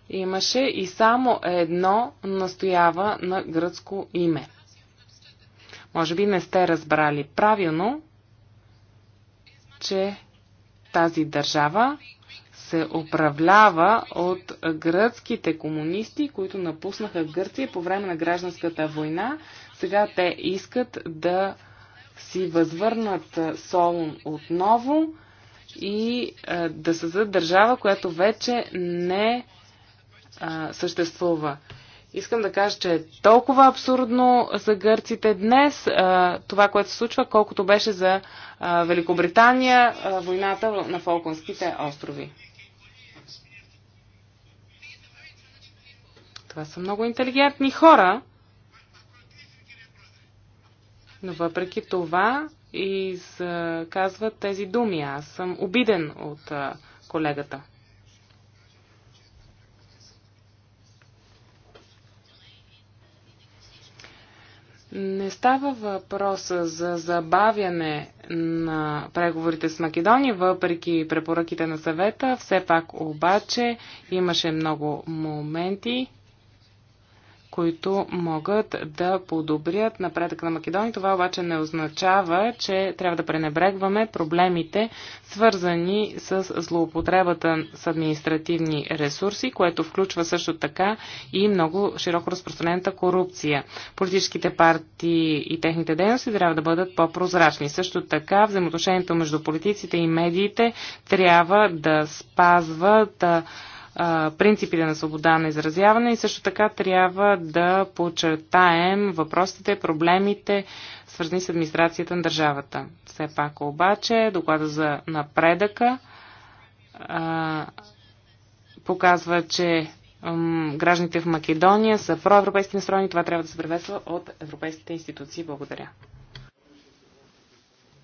имаше и само едно настоява на гръцко име. Може би не сте разбрали правилно, че тази държава се управлява от гръцките комунисти, които напуснаха Гърция по време на гражданската война. Сега те искат да си възвърнат Солун отново и да създадат държава, която вече не съществува. Искам да кажа, че е толкова абсурдно за гърците днес това, което се случва, колкото беше за Великобритания войната на Фолконските острови. Това са много интелигентни хора, но въпреки това и тези думи. Аз съм обиден от колегата. Не става въпрос за забавяне на преговорите с Македония, въпреки препоръките на съвета. Все пак обаче имаше много моменти, които могат да подобрят напредък на Македония. Това обаче не означава, че трябва да пренебрегваме проблемите, свързани с злоупотребата с административни ресурси, което включва също така и много широко разпространената корупция. Политическите партии и техните дейности трябва да бъдат по-прозрачни. Също така взаимоотношението между политиците и медиите трябва да спазват принципите на свобода на изразяване и също така трябва да подчертаем въпросите, проблемите, свързани с администрацията на държавата. Все пак обаче доклада за напредъка а, показва, че м, гражданите в Македония са проевропейски настроени. Това трябва да се приветства от европейските институции. Благодаря.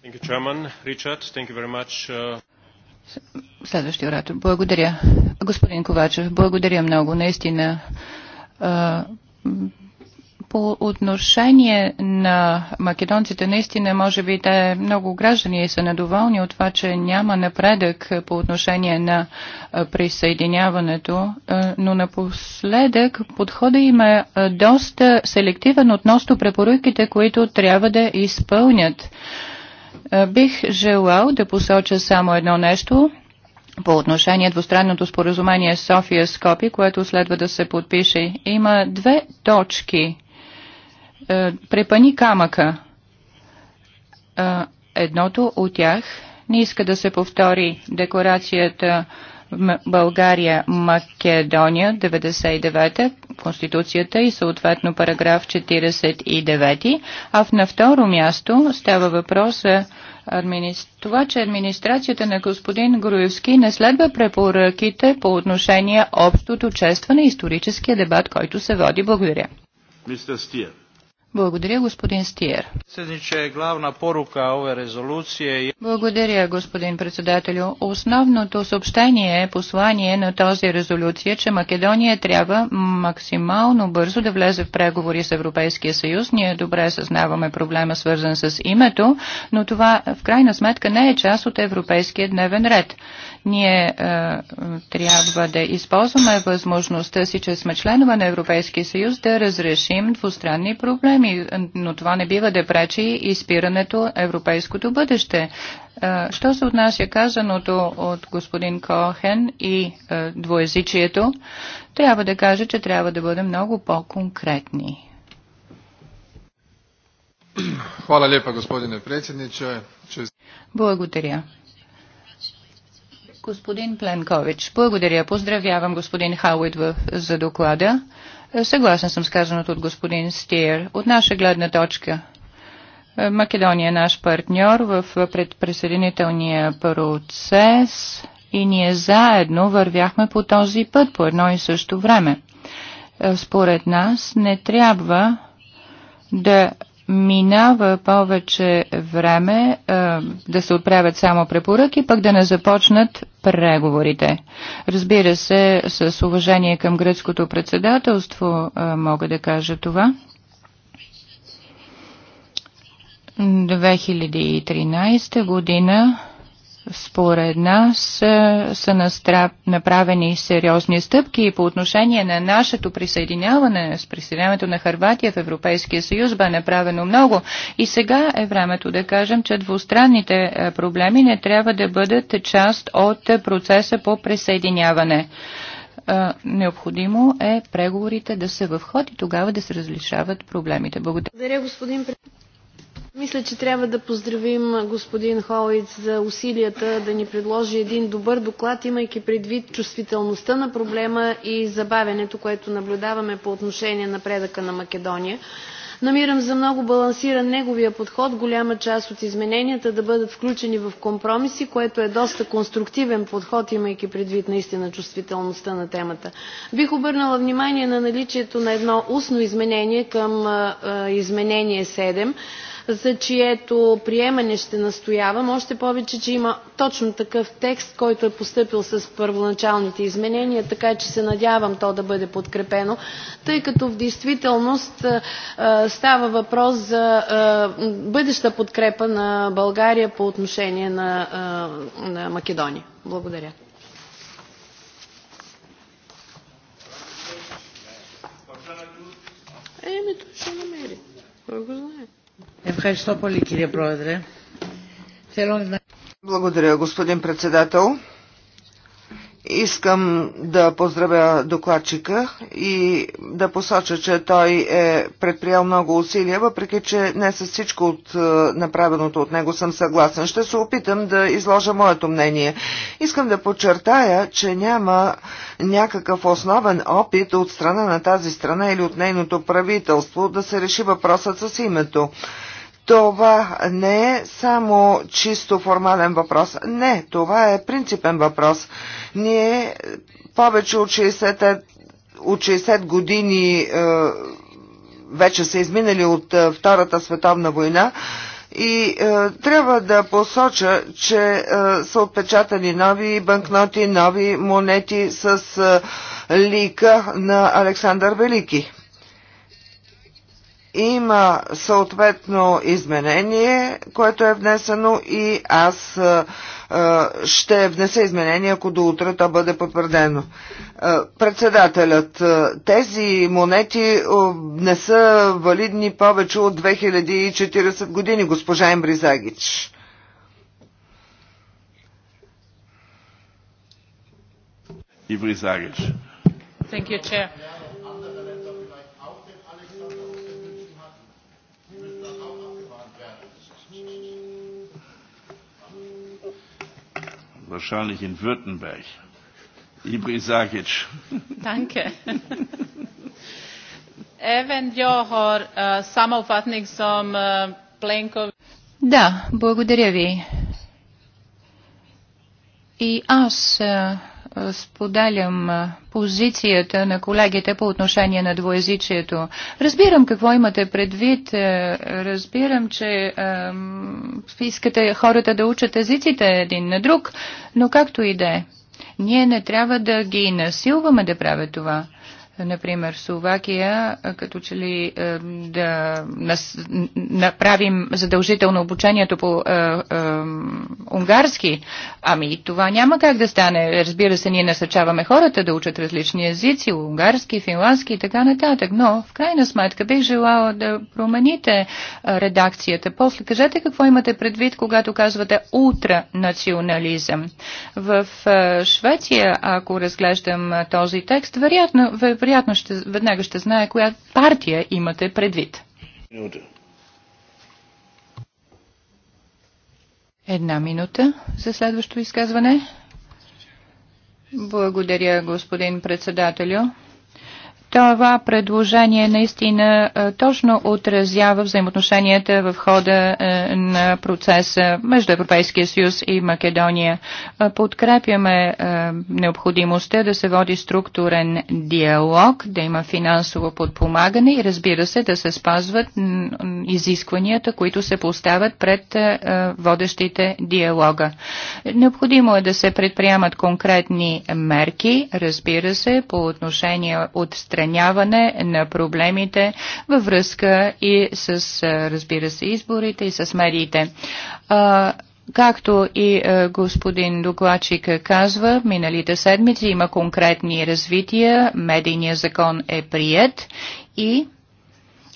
Thank you, Richard, thank you very much. Uh... Следващия оратор. Благодаря. Господин Ковачев, благодаря много. Наистина. По отношение на македонците, наистина, може би те много граждани са недоволни от това, че няма напредък по отношение на присъединяването, но напоследък подхода им е доста селективен относно препоръките, които трябва да изпълнят. Е, бих желал да посоча само едно нещо по отношение двустранното споразумение София Скопи, което следва да се подпише. Има две точки. Е, препани камъка. Е, едното от тях не иска да се повтори декларацията България, Македония, 99-та, Конституцията и съответно параграф 49, а на второ място става въпрос за това, че администрацията на господин Груевски не следва препоръките по отношение общото честване и историческия дебат, който се води. Благодаря. Мистер Стиер. Благодаря, господин Стиер. Е главна порука ове резолюция. Благодаря, господин председателю. Основното съобщение, е послание на този резолюция, че Македония трябва максимално бързо да влезе в преговори с Европейския съюз. Ние добре съзнаваме проблема, свързан с името, но това в крайна сметка не е част от европейския дневен ред. Ние е, трябва да използваме възможността си, че сме членове на Европейския съюз, да разрешим двустранни проблеми проблеми, но това не бива да пречи и спирането европейското бъдеще. Е, що се отнася казаното от господин Кохен и е, двоезичието, трябва да кажа, че трябва да бъдем много по-конкретни. Благодаря. Господин Пленкович, благодаря. Поздравявам господин Хауит за доклада. Съгласен съм с казаното от господин Стиер. От наша гледна точка, е, Македония е наш партньор в предпресъединителния процес и ние заедно вървяхме по този път по едно и също време. Е, според нас не трябва да минава повече време е, да се отправят само препоръки, пък да не започнат преговорите. Разбира се, с уважение към гръцкото председателство е, мога да кажа това. 2013 година според нас е, са направени сериозни стъпки и по отношение на нашето присъединяване с присъединяването на Харватия в Европейския съюз бе направено много и сега е времето да кажем, че двустранните е, проблеми не трябва да бъдат част от процеса по присъединяване. Е, необходимо е преговорите да са в ход и тогава да се различават проблемите. Благодаря. Благодаря, господин мисля, че трябва да поздравим господин Холиц за усилията да ни предложи един добър доклад, имайки предвид чувствителността на проблема и забавянето, което наблюдаваме по отношение на предъка на Македония. Намирам за много балансиран неговия подход голяма част от измененията да бъдат включени в компромиси, което е доста конструктивен подход, имайки предвид наистина чувствителността на темата. Бих обърнала внимание на наличието на едно устно изменение към изменение 7 за чието приемане ще настоявам, още повече, че има точно такъв текст, който е поступил с първоначалните изменения, така че се надявам то да бъде подкрепено, тъй като в действителност става въпрос за бъдеща подкрепа на България по отношение на, на Македония. Благодаря. Еми, той ще намери. Кой го знае? Благодаря, господин председател. Искам да поздравя докладчика и да посоча, че той е предприял много усилия, въпреки че не с всичко от е, направеното от него съм съгласен. Ще се опитам да изложа моето мнение. Искам да подчертая, че няма някакъв основен опит от страна на тази страна или от нейното правителство да се реши въпросът с името. Това не е само чисто формален въпрос. Не, това е принципен въпрос. Ние повече от 60, от 60 години е, вече са изминали от е, Втората световна война и е, трябва да посоча, че е, са отпечатани нови банкноти, нови монети с е, лика на Александър Велики. Има съответно изменение, което е внесено и аз ще внеса изменение, ако до утре то бъде потвърдено. Председателят, тези монети не са валидни повече от 2040 години, госпожа Ембризагич. Ibrizagis. Thank you, Chair. wahrscheinlich in Württemberg. Ibri Sagic. Danke. Even jag har uh, samma uppfattning som uh, Plenković. Да, благодаря ви. И аз е, споделям е, позицията на колегите по отношение на двоязичието. Разбирам какво имате предвид. Е, разбирам, че е, искате хората да учат езиците един на друг, но както и да е. Ние не трябва да ги насилваме да правят това например, Словакия, като че ли е, да направим задължително обучението по е, е, унгарски. Ами това няма как да стане. Разбира се, ние насъчаваме хората да учат различни езици, унгарски, финландски и така нататък. Но в крайна сметка бих желала да промените е, редакцията. После кажете какво имате предвид, когато казвате ултранационализъм. В е, Швеция, ако разглеждам този текст, вероятно, вероятно вероятно ще, веднага ще знае коя партия имате предвид. Една минута за следващото изказване. Благодаря, господин председателю. Това предложение наистина е, точно отразява взаимоотношенията в хода е, на процеса между Европейския съюз и Македония. Е, подкрепяме необходимостта да се води структурен диалог, да има финансово подпомагане и разбира се да се спазват изискванията, които се поставят пред водещите диалога. Необходимо е да се предприемат конкретни мерки, разбира се, по отношение от страната отстраняване на проблемите във връзка и с, разбира се, изборите и с медиите. Както и господин докладчик казва, миналите седмици има конкретни развития, медийният закон е прият и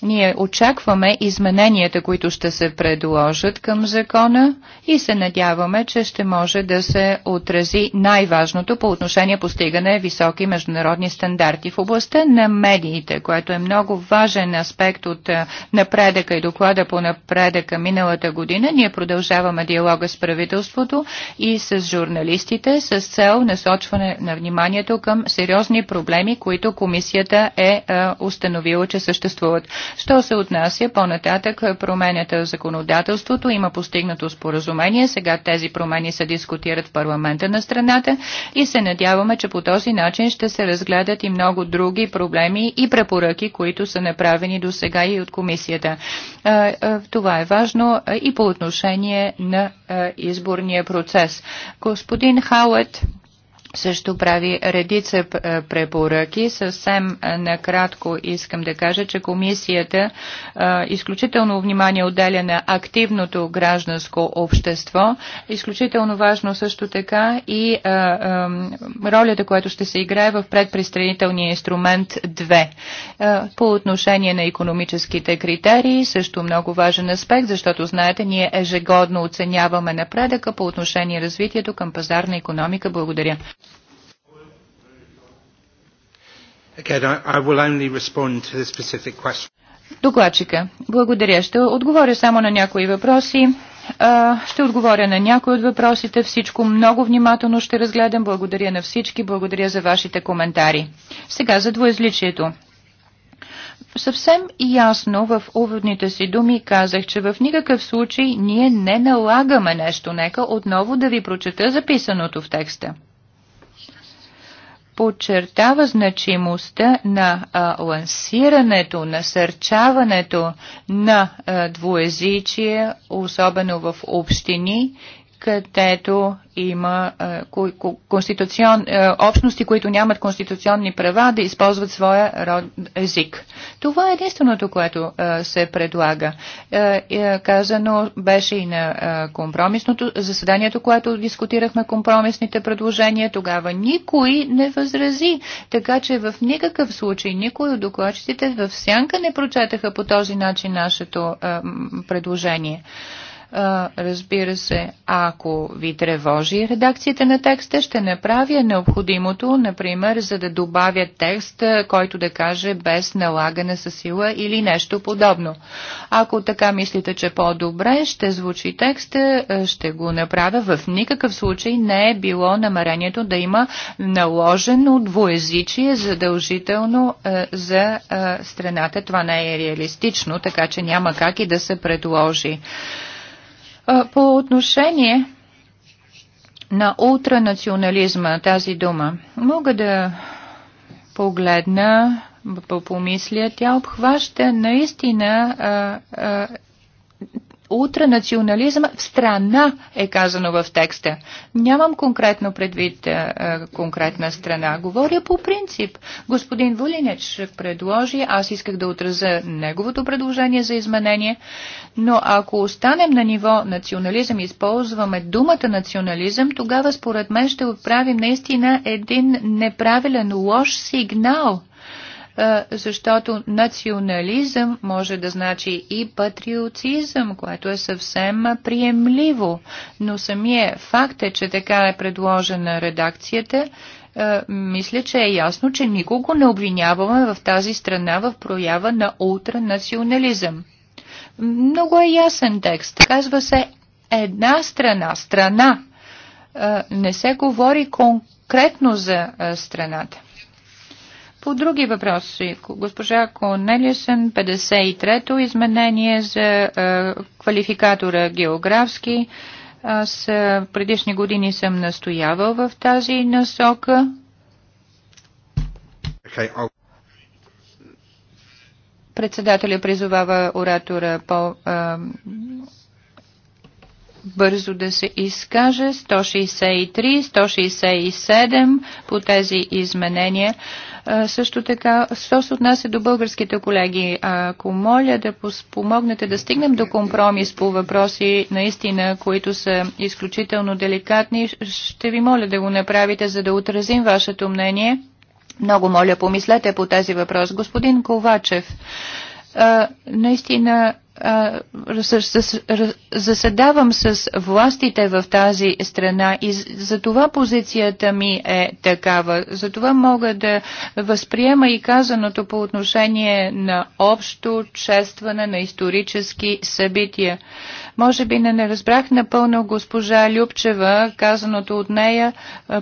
ние очакваме измененията, които ще се предложат към закона и се надяваме, че ще може да се отрази най-важното по отношение постигане високи международни стандарти в областта на медиите, което е много важен аспект от е, напредъка и доклада по напредъка миналата година. Ние продължаваме диалога с правителството и с журналистите с цел насочване на вниманието към сериозни проблеми, които комисията е, е установила, че съществуват. Що се отнася по-нататък променята в законодателството, има постигнато споразумение. Сега тези промени се дискутират в парламента на страната и се надяваме, че по този начин ще се разгледат и много други проблеми и препоръки, които са направени до сега и от комисията. Това е важно и по отношение на изборния процес. Господин Хаует, също прави редица е, препоръки. Съвсем е, накратко искам да кажа, че комисията е, изключително внимание отделя на активното гражданско общество. Изключително важно също така и ролята, която ще се играе в предпристранителния инструмент 2. По отношение на економическите критерии, също много важен аспект, защото знаете, ние ежегодно оценяваме напредъка по отношение развитието към пазарна економика. Благодаря. Докладчика, благодаря. Ще отговоря само на някои въпроси. Ще отговоря на някои от въпросите. Всичко много внимателно ще разгледам. Благодаря на всички. Благодаря за вашите коментари. Сега за двоезличието. Съвсем ясно в уводните си думи казах, че в никакъв случай ние не налагаме нещо. Нека отново да ви прочета записаното в текста подчертава значимостта на а, лансирането, насърчаването на а, двуезичие, особено в общини където има е, конституцион, е, общности, които нямат конституционни права да използват своя род, език. Това е единственото, което е, се предлага. Казано беше и на компромисното заседанието, което дискутирахме компромисните предложения. Тогава никой не възрази. Така че в никакъв случай никой от докладчиците в сянка не прочетаха по този начин нашето предложение разбира се, ако ви тревожи редакцията на текста, ще направя необходимото, например, за да добавя текст, който да каже без налагане със сила или нещо подобно. Ако така мислите, че по-добре ще звучи текста, ще го направя. В никакъв случай не е било намерението да има наложено двоезичие задължително за страната. Това не е реалистично, така че няма как и да се предложи. По отношение на ултранационализма, тази дума, мога да погледна, помисля, тя обхваща наистина ултранационализъм в страна е казано в текста. Нямам конкретно предвид а, е, е, конкретна страна. Говоря по принцип. Господин Вулинеч предложи, аз исках да отразя неговото предложение за изменение, но ако останем на ниво национализъм и използваме думата национализъм, тогава според мен ще отправим наистина един неправилен лош сигнал – защото национализъм може да значи и патриотизъм, което е съвсем приемливо. Но самия факт е, че така е предложена редакцията, мисля, че е ясно, че никого не обвиняваме в тази страна в проява на ултранационализъм. Много е ясен текст. Казва се една страна, страна. Не се говори конкретно за страната. По други въпроси, госпожа Конелисен, 53-то изменение за е, квалификатора географски. Аз е, предишни години съм настоявал в тази насока. Председателя призовава оратора по е, бързо да се изкаже. 163, 167 по тези изменения. А, също така, що се отнася до българските колеги, ако моля да помогнете да стигнем до компромис по въпроси, наистина, които са изключително деликатни, ще ви моля да го направите, за да отразим вашето мнение. Много моля, помислете по тези въпрос. Господин Ковачев, а, наистина заседавам с властите в тази страна и за това позицията ми е такава. За това мога да възприема и казаното по отношение на общо честване на исторически събития. Може би не, не разбрах напълно госпожа Любчева казаното от нея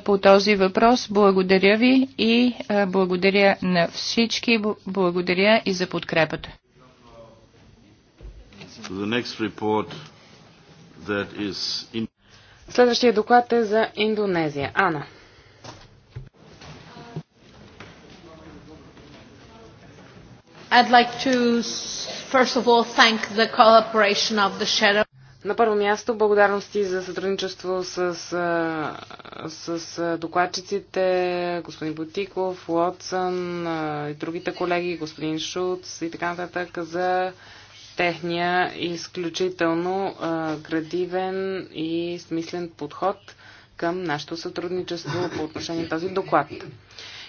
по този въпрос. Благодаря ви и благодаря на всички. Благодаря и за подкрепата. Следващия доклад е за Индонезия. Ана. На първо място благодарности за сътрудничество с, с, с докладчиците, господин Бутиков, Лотсън и другите колеги, господин Шуц и така нататък за техния изключително а, градивен и смислен подход към нашето сътрудничество по отношение на този доклад.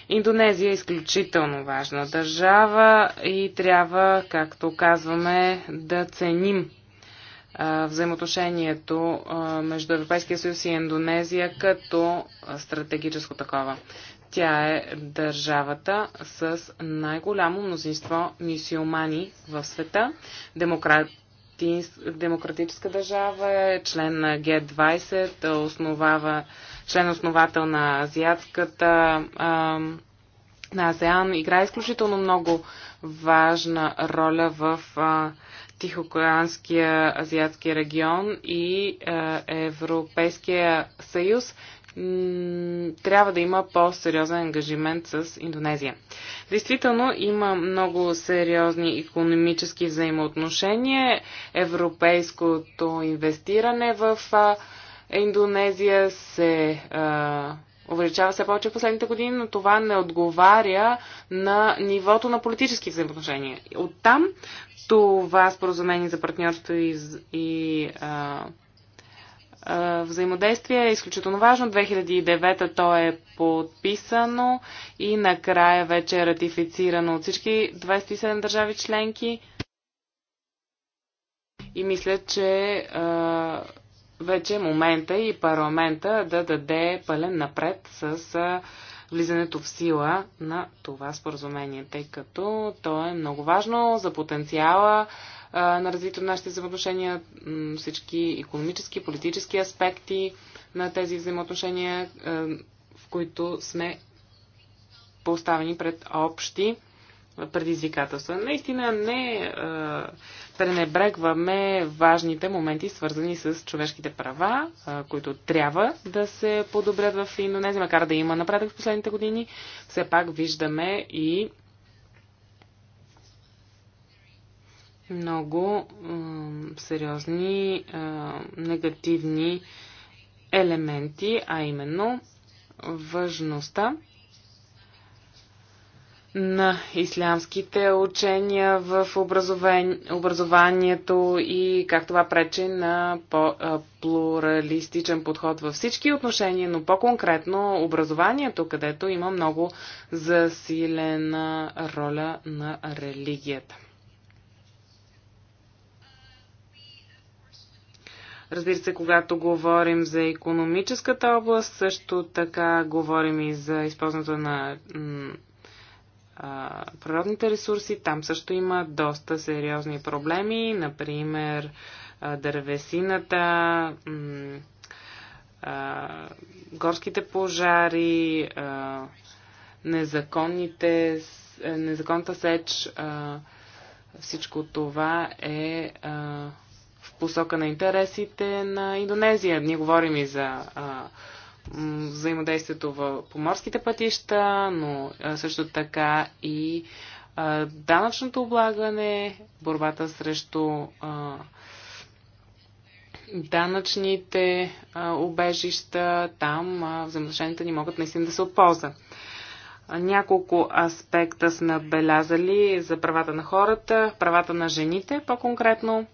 Индонезия е изключително важна държава и трябва, както казваме, да ценим взаимоотношението между Европейския съюз и Индонезия като стратегическо такова. Тя е държавата с най-голямо мнозинство мисиомани в света. Демократическа държава е член на Г-20, основава... член основател на Азиатската а, на АСЕАН, играе изключително много важна роля в а, Тихоокеанския азиатски регион и а, Европейския съюз трябва да има по-сериозен ангажимент с Индонезия. Действително има много сериозни економически взаимоотношения. Европейското инвестиране в Индонезия се а, увеличава все повече в последните години, но това не отговаря на нивото на политически взаимоотношения. Оттам това споразумение за партньорство и, и а, взаимодействие е изключително важно. 2009 то е подписано и накрая вече е ратифицирано от всички 27 държави членки. И мисля, че а, вече момента и парламента да даде пълен напред с а, влизането в сила на това споразумение, тъй като то е много важно за потенциала на развитието на нашите взаимоотношения, всички економически, политически аспекти на тези взаимоотношения, в които сме поставени пред общи предизвикателства. Наистина не пренебрегваме важните моменти, свързани с човешките права, които трябва да се подобрят в Индонезия, макар да има напредък в последните години. Все пак виждаме и много э, сериозни э, негативни елементи, а именно важността на ислямските учения в образованието и как това пречи на по плуралистичен подход във всички отношения, но по-конкретно образованието, където има много засилена роля на религията. Разбира се, когато говорим за економическата област, също така говорим и за използването на природните ресурси. Там също има доста сериозни проблеми, например дървесината, горските пожари, незаконните, е, незаконната сеч. всичко това е посока на интересите на Индонезия. Ние говорим и за а, взаимодействието в поморските пътища, но а, също така и а, данъчното облагане, борбата срещу а, данъчните а, убежища, там а, ни могат наистина да се отползват. Няколко аспекта сме отбелязали за правата на хората, правата на жените по-конкретно.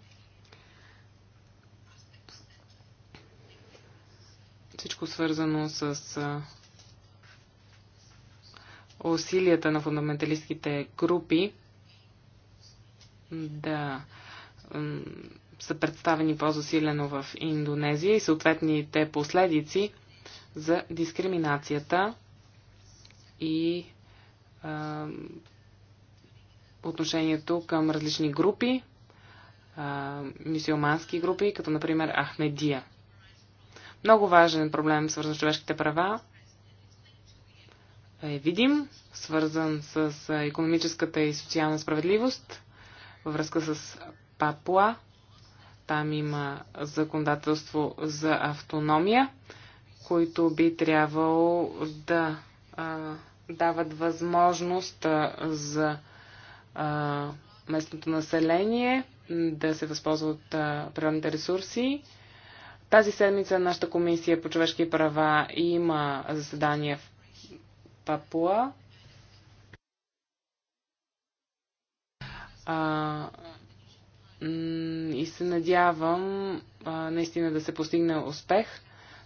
Всичко свързано с усилията на фундаменталистските групи да са представени по-засилено в Индонезия и съответните последици за дискриминацията и а, отношението към различни групи, мисиомански групи, като например Ахмедия. Много важен проблем, свързан с човешките права, е видим, свързан с економическата и социална справедливост, във връзка с Папуа. Там има законодателство за автономия, които би трябвало да а, дават възможност а, за а, местното население да се възползват природните ресурси тази седмица нашата комисия по човешки права има заседание в Папуа. А, и се надявам а, наистина да се постигне успех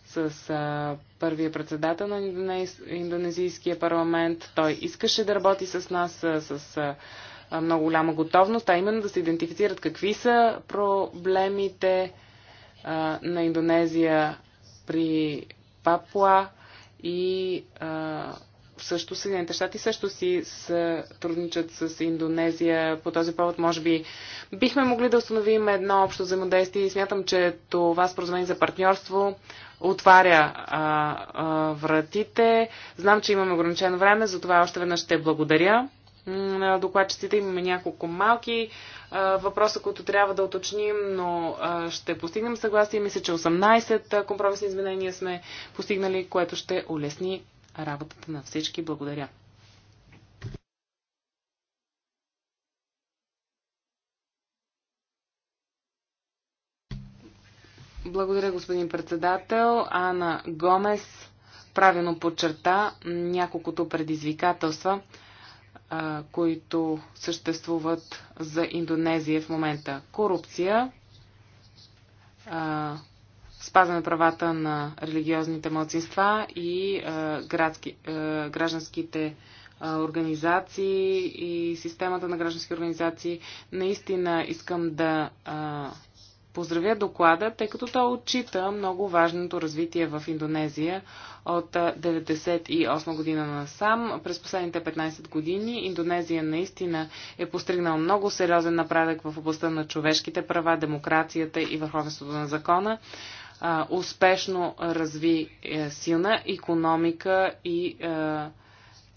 с а, първия председател на Индонез... индонезийския парламент. Той искаше да работи с нас а, с а, много голяма готовност, а именно да се идентифицират какви са проблемите, а, на Индонезия при Папуа и а, също Съединените щати също си сътрудничат с Индонезия по този повод. Може би бихме могли да установим едно общо взаимодействие и смятам, че това споразумение за партньорство отваря а, а, вратите. Знам, че имаме ограничено време, затова още веднъж ще благодаря на докладчиците. Имаме няколко малки въпроса, които трябва да уточним, но ще постигнем съгласие. Мисля, че 18 компромисни изменения сме постигнали, което ще улесни работата на всички. Благодаря. Благодаря, господин председател. Ана Гомес правилно подчерта няколкото предизвикателства, а, които съществуват за Индонезия в момента. Корупция, а, спазване правата на религиозните младсинства и а, градски, а, гражданските организации и системата на граждански организации. Наистина искам да а, поздравя доклада, тъй като той отчита много важното развитие в Индонезия от 1998 година насам. През последните 15 години Индонезия наистина е постигнал много сериозен напредък в областта на човешките права, демокрацията и върховенството на закона. Успешно разви е, силна економика и е,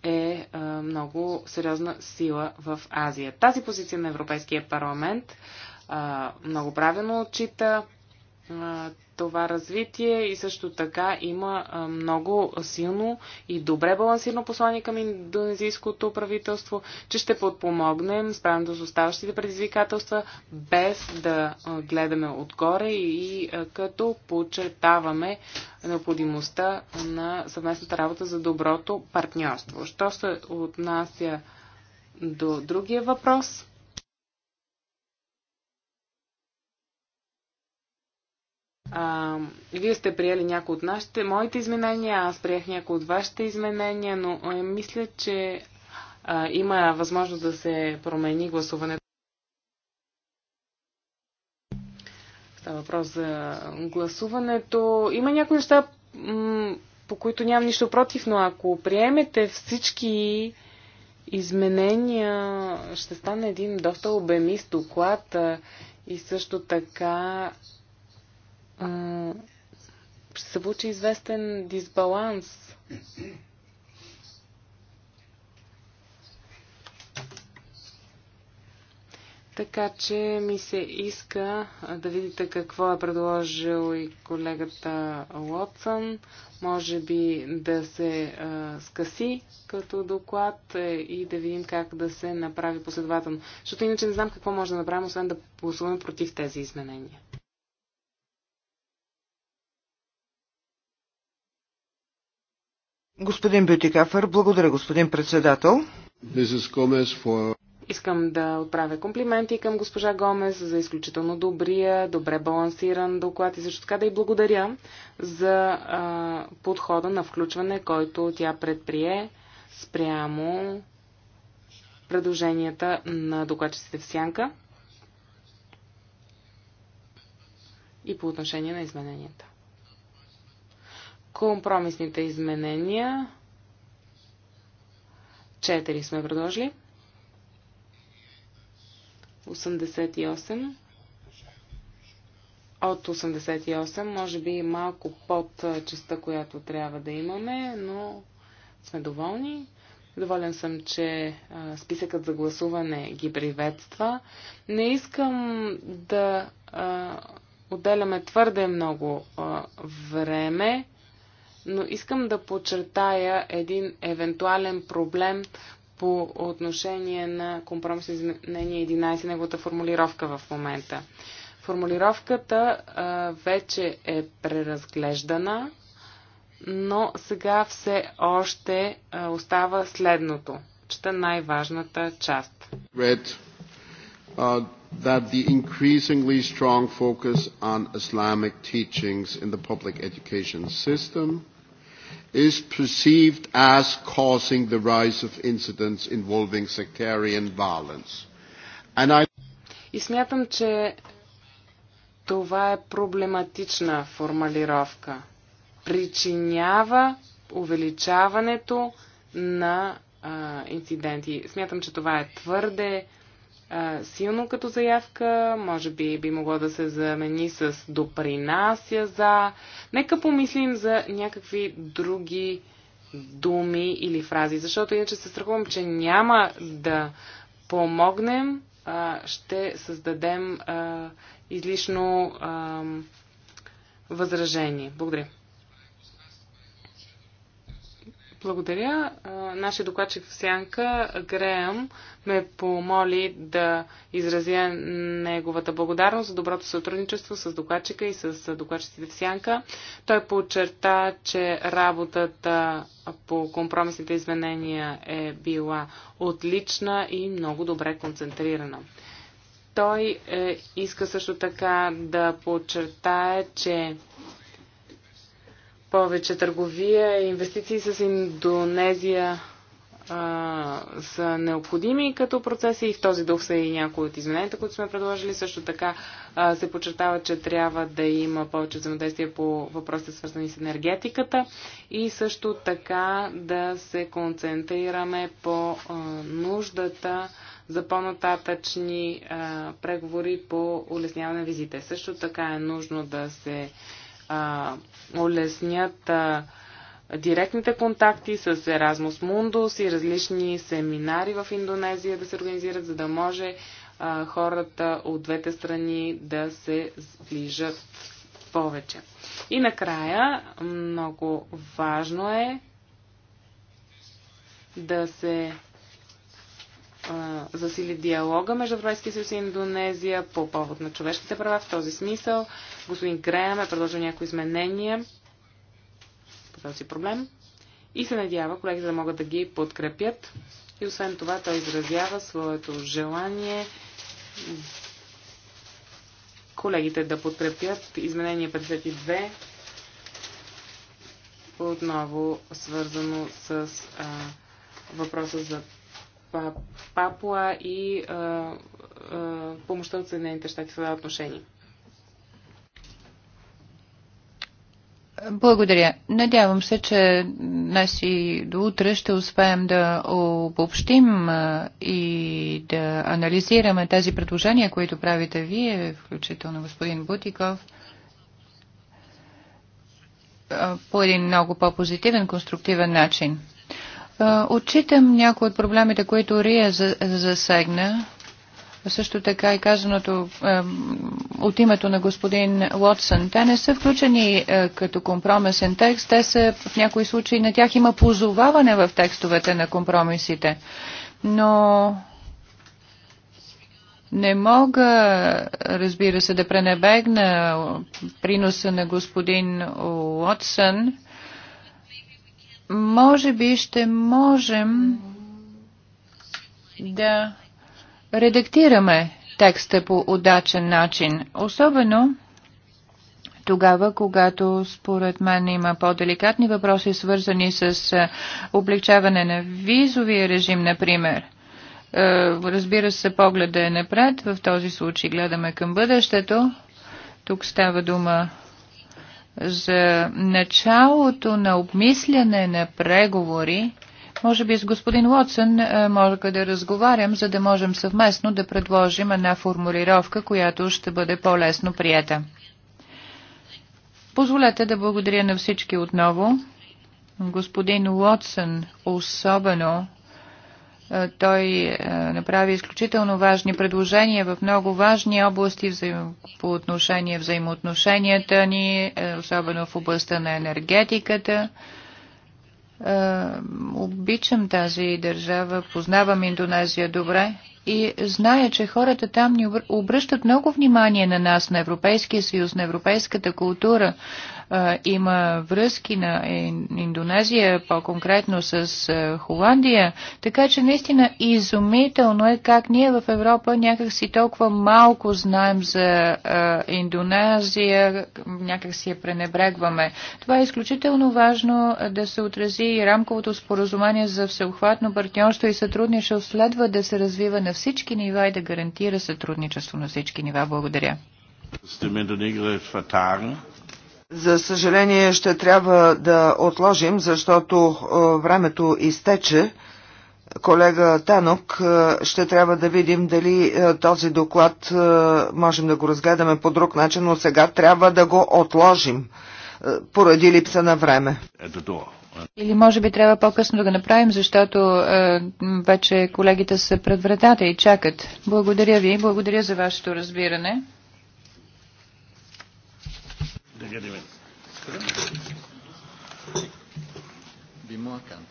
е, е много сериозна сила в Азия. Тази позиция на Европейския парламент а, много правилно отчита а, това развитие и също така има а, много силно и добре балансирано послание към индонезийското правителство, че ще подпомогнем справянето с оставащите предизвикателства, без да а, гледаме отгоре и а, като подчертаваме необходимостта на съвместната работа за доброто партньорство. Що се отнася до другия въпрос? А, вие сте приели някои от нашите, моите изменения, аз приех някои от вашите изменения, но а, мисля, че а, има възможност да се промени гласуването. Става въпрос за гласуването. Има някои неща, по които нямам нищо против, но ако приемете всички изменения, ще стане един доста обемист доклад и също така ще се получи известен дисбаланс. Така че ми се иска да видите какво е предложил и колегата Лотсън. Може би да се а, скъси като доклад е, и да видим как да се направи последователно. Защото иначе не знам какво може да направим, освен да гласуваме против тези изменения. Господин Бютикафър, благодаря, господин председател. For... Искам да отправя комплименти към госпожа Гомес за изключително добрия, добре балансиран доклад и също така да й благодаря за а, подхода на включване, който тя предприе спрямо предложенията на докладчиците в Сянка и по отношение на измененията. Компромисните изменения. Четири сме предложили. 88. От 88, може би малко под частта, която трябва да имаме, но сме доволни. Доволен съм, че списъкът за гласуване ги приветства. Не искам да а, отделяме твърде много а, време но искам да подчертая един евентуален проблем по отношение на компромис изменение 11, неговата формулировка в момента. Формулировката а, вече е преразглеждана, но сега все още а, остава следното. Чета най-важната част. Red, uh, that the increasingly strong focus on Islamic teachings in the public education system – is perceived as causing the rise of incidents involving sectarian violence. And I... И смятам, че това е проблематична формулировка. Причинява увеличаването на а, инциденти. Смятам, че това е твърде а, силно като заявка, може би би могло да се замени с допринася за. Нека помислим за някакви други думи или фрази, защото иначе се страхувам, че няма да помогнем, а, ще създадем а, излишно а, възражение. Благодаря. Благодаря. Нашия докладчик в Сянка, Греъм, ме помоли да изразя неговата благодарност за доброто сътрудничество с докладчика и с докладчиците в Сянка. Той подчерта, че работата по компромисните изменения е била отлична и много добре концентрирана. Той е, иска също така да подчертае, че повече търговия и инвестиции с Индонезия а, са необходими като процеси и в този дух са и някои от измененията, които сме предложили. Също така а, се подчертава, че трябва да има повече взаимодействие по въпросите свързани с енергетиката и също така да се концентрираме по а, нуждата за по-нататъчни преговори по улесняване на визите. Също така е нужно да се а, а, улеснят а, директните контакти с Erasmus Mundus и различни семинари в Индонезия да се организират, за да може а, хората от двете страни да се сближат повече. И накрая, много важно е да се засили диалога между Европейския съюз и Индонезия по повод на човешките права. В този смисъл господин Греем е предложил някои изменения по този проблем и се надява колегите да могат да ги подкрепят. И освен това той изразява своето желание колегите да подкрепят изменение 52 отново свързано с а, въпроса за Папуа и а, а, помощта от Съединените щати в това отношение. Благодаря. Надявам се, че днес и до утре ще успеем да обобщим и да анализираме тези предложения, които правите вие, включително господин Бутиков, по един много по-позитивен, конструктивен начин. Е, отчитам някои от проблемите, които Рия засегна. Също така и казаното е, от името на господин Уотсън. Те не са включени е, като компромисен текст. Те са в някои случаи на тях има позоваване в текстовете на компромисите. Но не мога, разбира се, да пренебегна приноса на господин Уотсън може би ще можем да редактираме текста по удачен начин, особено тогава, когато според мен има по-деликатни въпроси, свързани с е, облегчаване на визовия режим, например. Е, разбира се, погледа е напред. В този случай гледаме към бъдещето. Тук става дума за началото на обмисляне на преговори, може би с господин Уотсън е, мога да разговарям, за да можем съвместно да предложим една формулировка, която ще бъде по-лесно прията. Позволете да благодаря на всички отново. Господин Уотсън особено е, той е, направи изключително важни предложения в много важни области по отношение взаимоотношенията ни, е, особено в областта на енергетиката. Обичам тази държава, познавам Индонезия добре и зная, че хората там ни обръщат много внимание на нас, на Европейския съюз, на европейската култура има връзки на Индонезия, по-конкретно с Холандия. Така че наистина изумително е как ние в Европа някакси толкова малко знаем за Индонезия, някакси я пренебрегваме. Това е изключително важно да се отрази и рамковото споразумение за всеобхватно партньорство и сътрудничество следва да се развива на всички нива и да гарантира сътрудничество на всички нива. Благодаря. За съжаление ще трябва да отложим, защото е, времето изтече. Колега Танок, е, ще трябва да видим дали е, този доклад можем да го разгледаме по друг начин, но сега трябва да го отложим поради липса на време. Или може би трябва по-късно да го направим, защото вече колегите са пред вратата и чакат. Благодаря ви, благодаря за вашето разбиране. Dis-moi quand.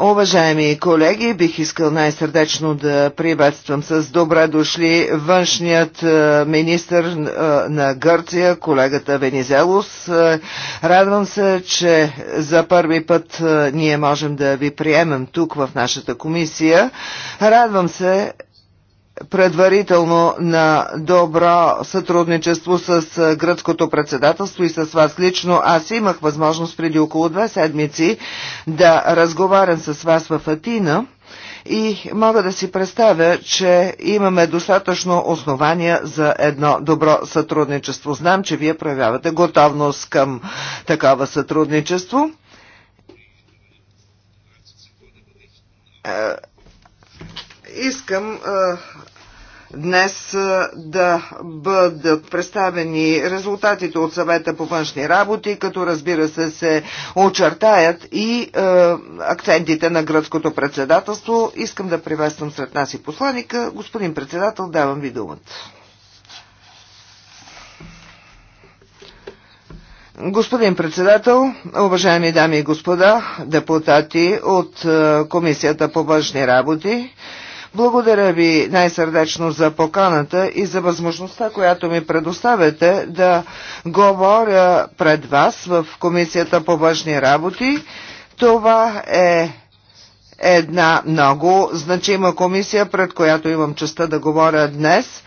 Уважаеми колеги, бих искал най-сърдечно да приветствам с добре дошли външният е, министр е, на Гърция, колегата Венизелос. Е, радвам се, че за първи път ние можем да ви приемем тук в нашата комисия. Радвам се, предварително на добро сътрудничество с гръцкото председателство и с вас лично. Аз имах възможност преди около две седмици да разговарям с вас в Атина и мога да си представя, че имаме достатъчно основания за едно добро сътрудничество. Знам, че вие проявявате готовност към такова сътрудничество е, искам днес да бъдат представени резултатите от съвета по външни работи, като разбира се се очертаят и е, акцентите на гръцкото председателство. Искам да приветствам сред нас и посланика. Господин председател, давам ви думата. Господин председател, уважаеми дами и господа, депутати от Комисията по външни работи, благодаря ви най-сърдечно за поканата и за възможността, която ми предоставяте да говоря пред вас в Комисията по външни работи. Това е една много значима комисия, пред която имам честа да говоря днес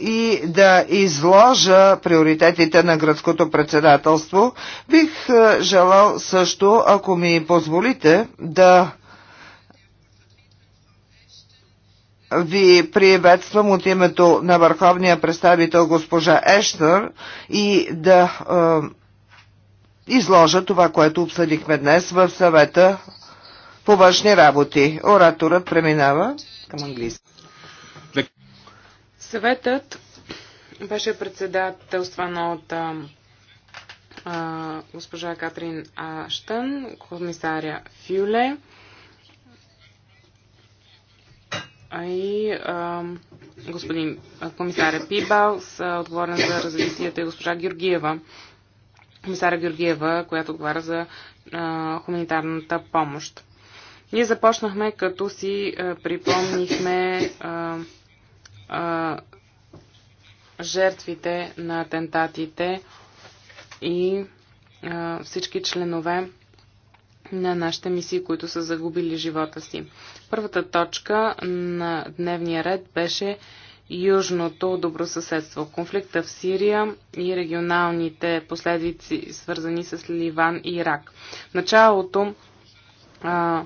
и да изложа приоритетите на градското председателство. Бих е, желал също, ако ми позволите, да ви приветствам от името на върховния представител госпожа Ештър и да е, изложа това, което обсъдихме днес в съвета по външни работи. Ораторът преминава към английски. Съветът беше председателстван от а, госпожа Катрин Аштън, комисаря Фюле, а и а, господин комисаря Пибал са отговорен за развитието и госпожа Георгиева. Комисаря Георгиева, която отговаря за а, хуманитарната помощ. Ние започнахме, като си а, припомнихме а, а, жертвите на атентатите и а, всички членове на нашите мисии, които са загубили живота си. Първата точка на дневния ред беше Южното добросъседство, конфликта в Сирия и регионалните последици, свързани с Ливан и Ирак. началото а,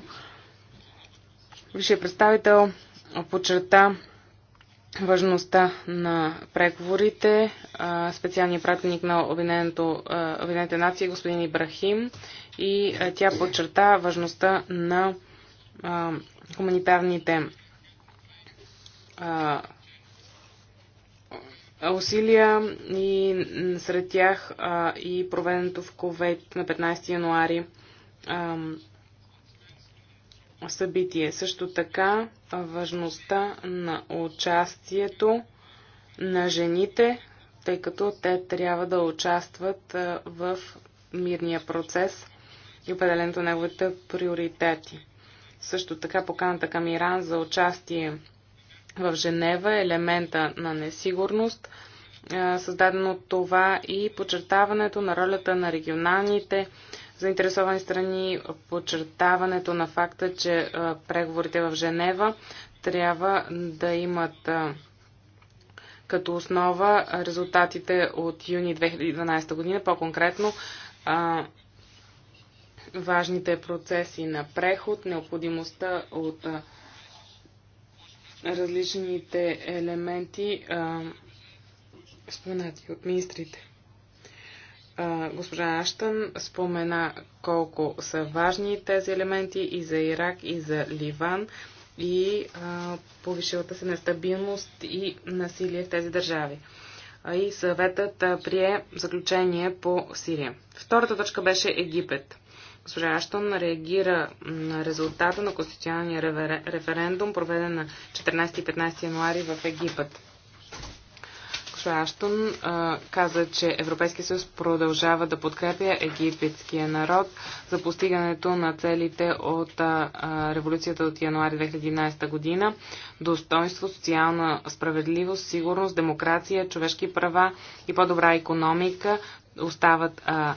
представител подчерта важността на преговорите, специалният пратеник на Обединените нации господин Ибрахим и тя подчерта важността на хуманитарните усилия и сред тях и проведеното в Ковейт на 15 януари събитие. Също така важността на участието на жените, тъй като те трябва да участват в мирния процес и определенето на неговите приоритети. Също така поканата към Иран за участие в Женева, е елемента на несигурност, е, създадено от това и подчертаването на ролята на регионалните заинтересовани страни, подчертаването на факта, че е, преговорите в Женева трябва да имат като основа резултатите от юни 2012 година, по-конкретно важните процеси на преход, необходимостта от различните елементи, споменати от министрите. госпожа Аштън спомена колко са важни тези елементи и за Ирак, и за Ливан, и повишилата се нестабилност и насилие в тези държави и съветът прие заключение по Сирия. Втората точка беше Египет. Госпожа Аштон реагира на резултата на конституционния референдум, проведен на 14 и 15 януари в Египет. Госпожа Аштон каза, че Европейския съюз продължава да подкрепя египетския народ за постигането на целите от а, революцията от януари 2011 година, достоинство, социална справедливост, сигурност, демокрация, човешки права и по-добра економика остават а,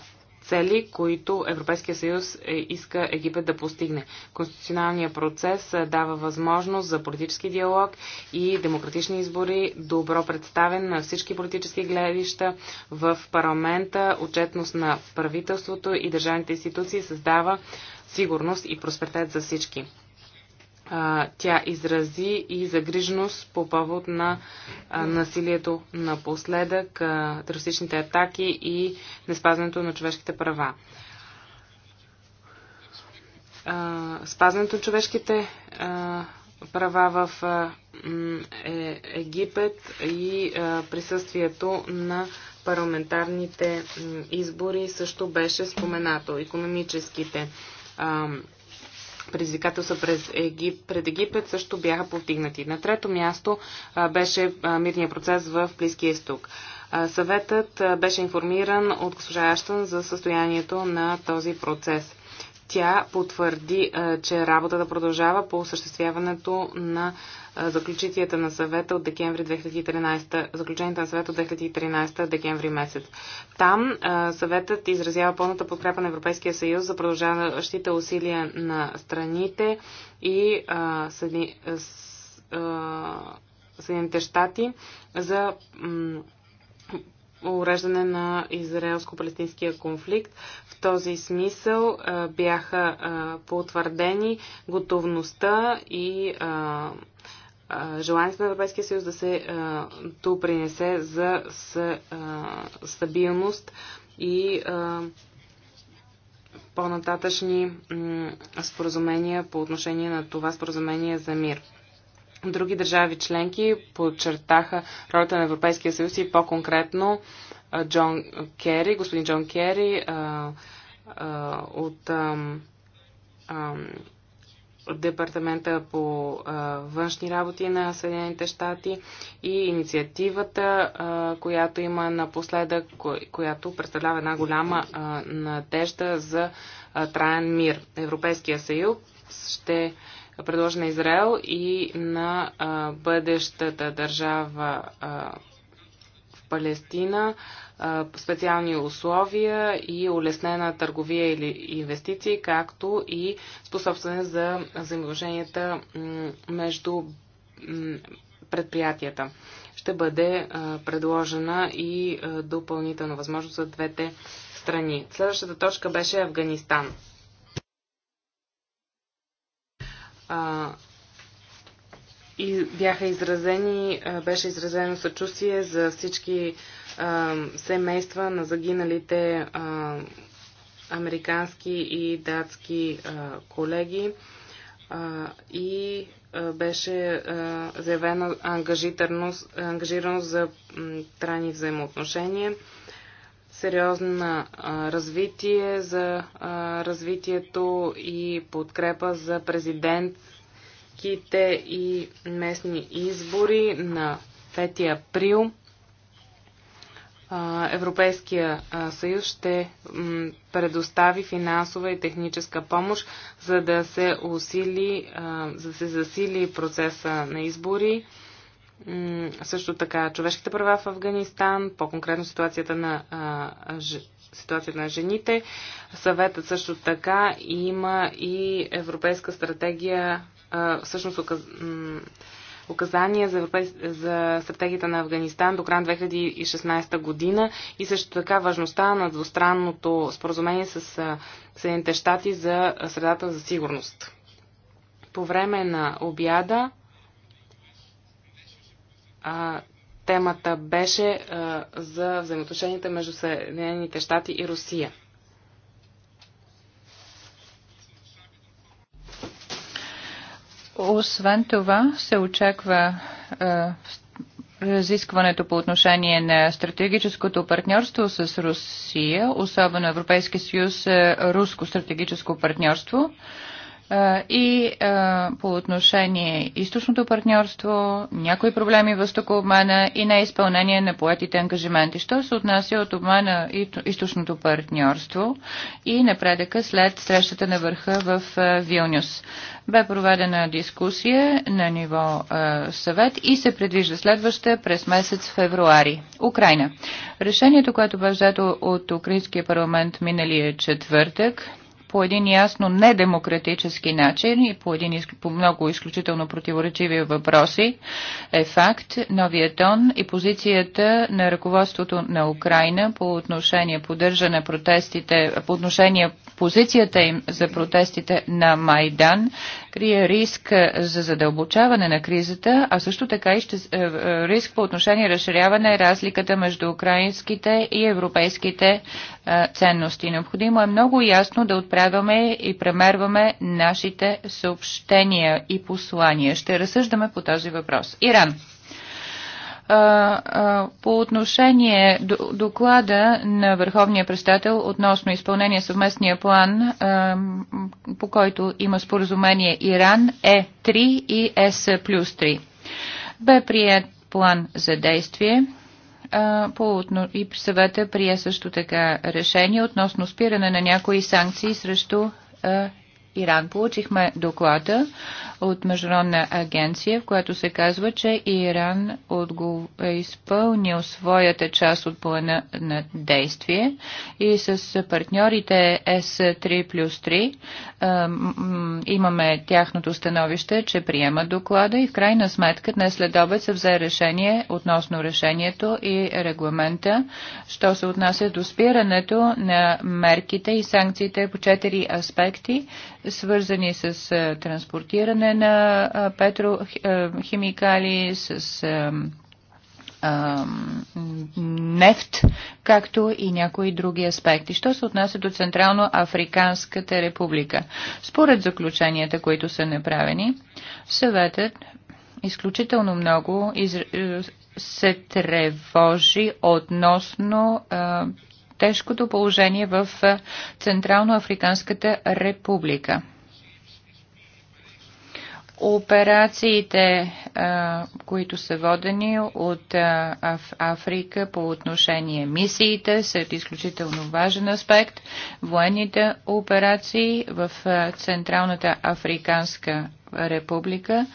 цели, които Европейския съюз е, иска Египет да постигне. Конституционалният процес е, дава възможност за политически диалог и демократични избори, добро представен на всички политически гледища в парламента, отчетност на правителството и държавните институции създава сигурност и просперитет за всички тя изрази и загриженост по повод на насилието напоследък, терористичните атаки и неспазването на човешките права. Спазването на човешките права в е, Египет и присъствието на парламентарните избори също беше споменато. Економическите предизвикателства през Егип, пред Египет също бяха повдигнати. На трето място беше мирният мирния процес в Близкия изток. Съветът беше информиран от госпожа Аштън за състоянието на този процес. Тя потвърди, че работата продължава по осъществяването на заключенията на съвета от декември 2013, заключенията на съвета от 2013 декември месец. Там съветът изразява пълната подкрепа на Европейския съюз за продължаващите усилия на страните и Съединените щати за уреждане на израелско-палестинския конфликт. В този смисъл бяха потвърдени готовността и желанието на Европейския съюз да се допринесе за стабилност и по-нататъчни споразумения по отношение на това споразумение за мир. Други държави членки подчертаха ролята на Европейския съюз и по-конкретно Джон Кери, господин Джон Кери от Департамента по външни работи на Съединените щати и инициативата, която има напоследък, която представлява една голяма надежда за траен мир. Европейския съюз ще предложена Израел и на а, бъдещата държава а, в Палестина а, специални условия и улеснена търговия или инвестиции, както и способстване за взаимоотношенията между предприятията. Ще бъде а, предложена и а, допълнителна възможност за двете страни. Следващата точка беше Афганистан. а, и бяха изразени, а, беше изразено съчувствие за всички а, семейства на загиналите а, американски и датски а, колеги а, и а, беше а, заявена ангажираност за м, трайни взаимоотношения сериозно развитие за развитието и подкрепа за президентките и местни избори на 5 април. Европейския съюз ще предостави финансова и техническа помощ, за да се усили, за да се засили процеса на избори също така човешките права в Афганистан, по-конкретно ситуацията на, ситуацията на жените. Съветът също така има и европейска стратегия, всъщност указания за, европейс... за стратегията на Афганистан до края 2016 година и също така важността на двустранното споразумение с Съединените щати за средата за сигурност. По време на обяда а, темата беше а, за взаимоотношенията между Съединените щати и Русия. Освен това се очаква разискването по отношение на стратегическото партньорство с Русия, особено Европейския съюз, е, руско стратегическо партньорство и по отношение източното партньорство, някои проблеми в стокообмена и неизпълнение на поетите ангажименти. Що се отнася от обмена и източното партньорство и напредъка след срещата на върха в Вилнюс? Бе проведена дискусия на ниво съвет и се предвижда следваща през месец февруари. Украина. Решението, което бе взето от Украинския парламент миналия четвъртък, по един ясно недемократически начин и по, един, по много изключително противоречиви въпроси е факт новия тон и позицията на ръководството на Украина по отношение поддържа на протестите, по отношение позицията им за протестите на Майдан крие риск е, за задълбочаване на кризата, а също така и ще, е, е, риск по отношение разширяване разликата между украинските и европейските ценности. Необходимо е много ясно да отправяме и премерваме нашите съобщения и послания. Ще разсъждаме по този въпрос. Иран по отношение доклада на Върховния представител относно изпълнение съвместния план, по който има споразумение Иран Е3 и е С плюс 3. Бе прият план за действие по и съвета прие също така решение относно спиране на някои санкции срещу Иран. Получихме доклада от Международна агенция, в която се казва, че Иран е изпълнил своята част от плана на действие и с партньорите С3 плюс 3 имаме тяхното становище, че приема доклада и в крайна сметка днес след обед се взе решение относно решението и регламента, що се отнася до спирането на мерките и санкциите по четири аспекти свързани с транспортиране на петрохимикали, с нефт, както и някои други аспекти. Що се отнася до Централно-Африканската република? Според заключенията, които са направени, съветът изключително много из... се тревожи относно а, тежкото положение в е, Централно-Африканската република. Операциите, е, които са водени от е, Африка по отношение мисиите, са изключително важен аспект. Военните операции в Централната Африканска република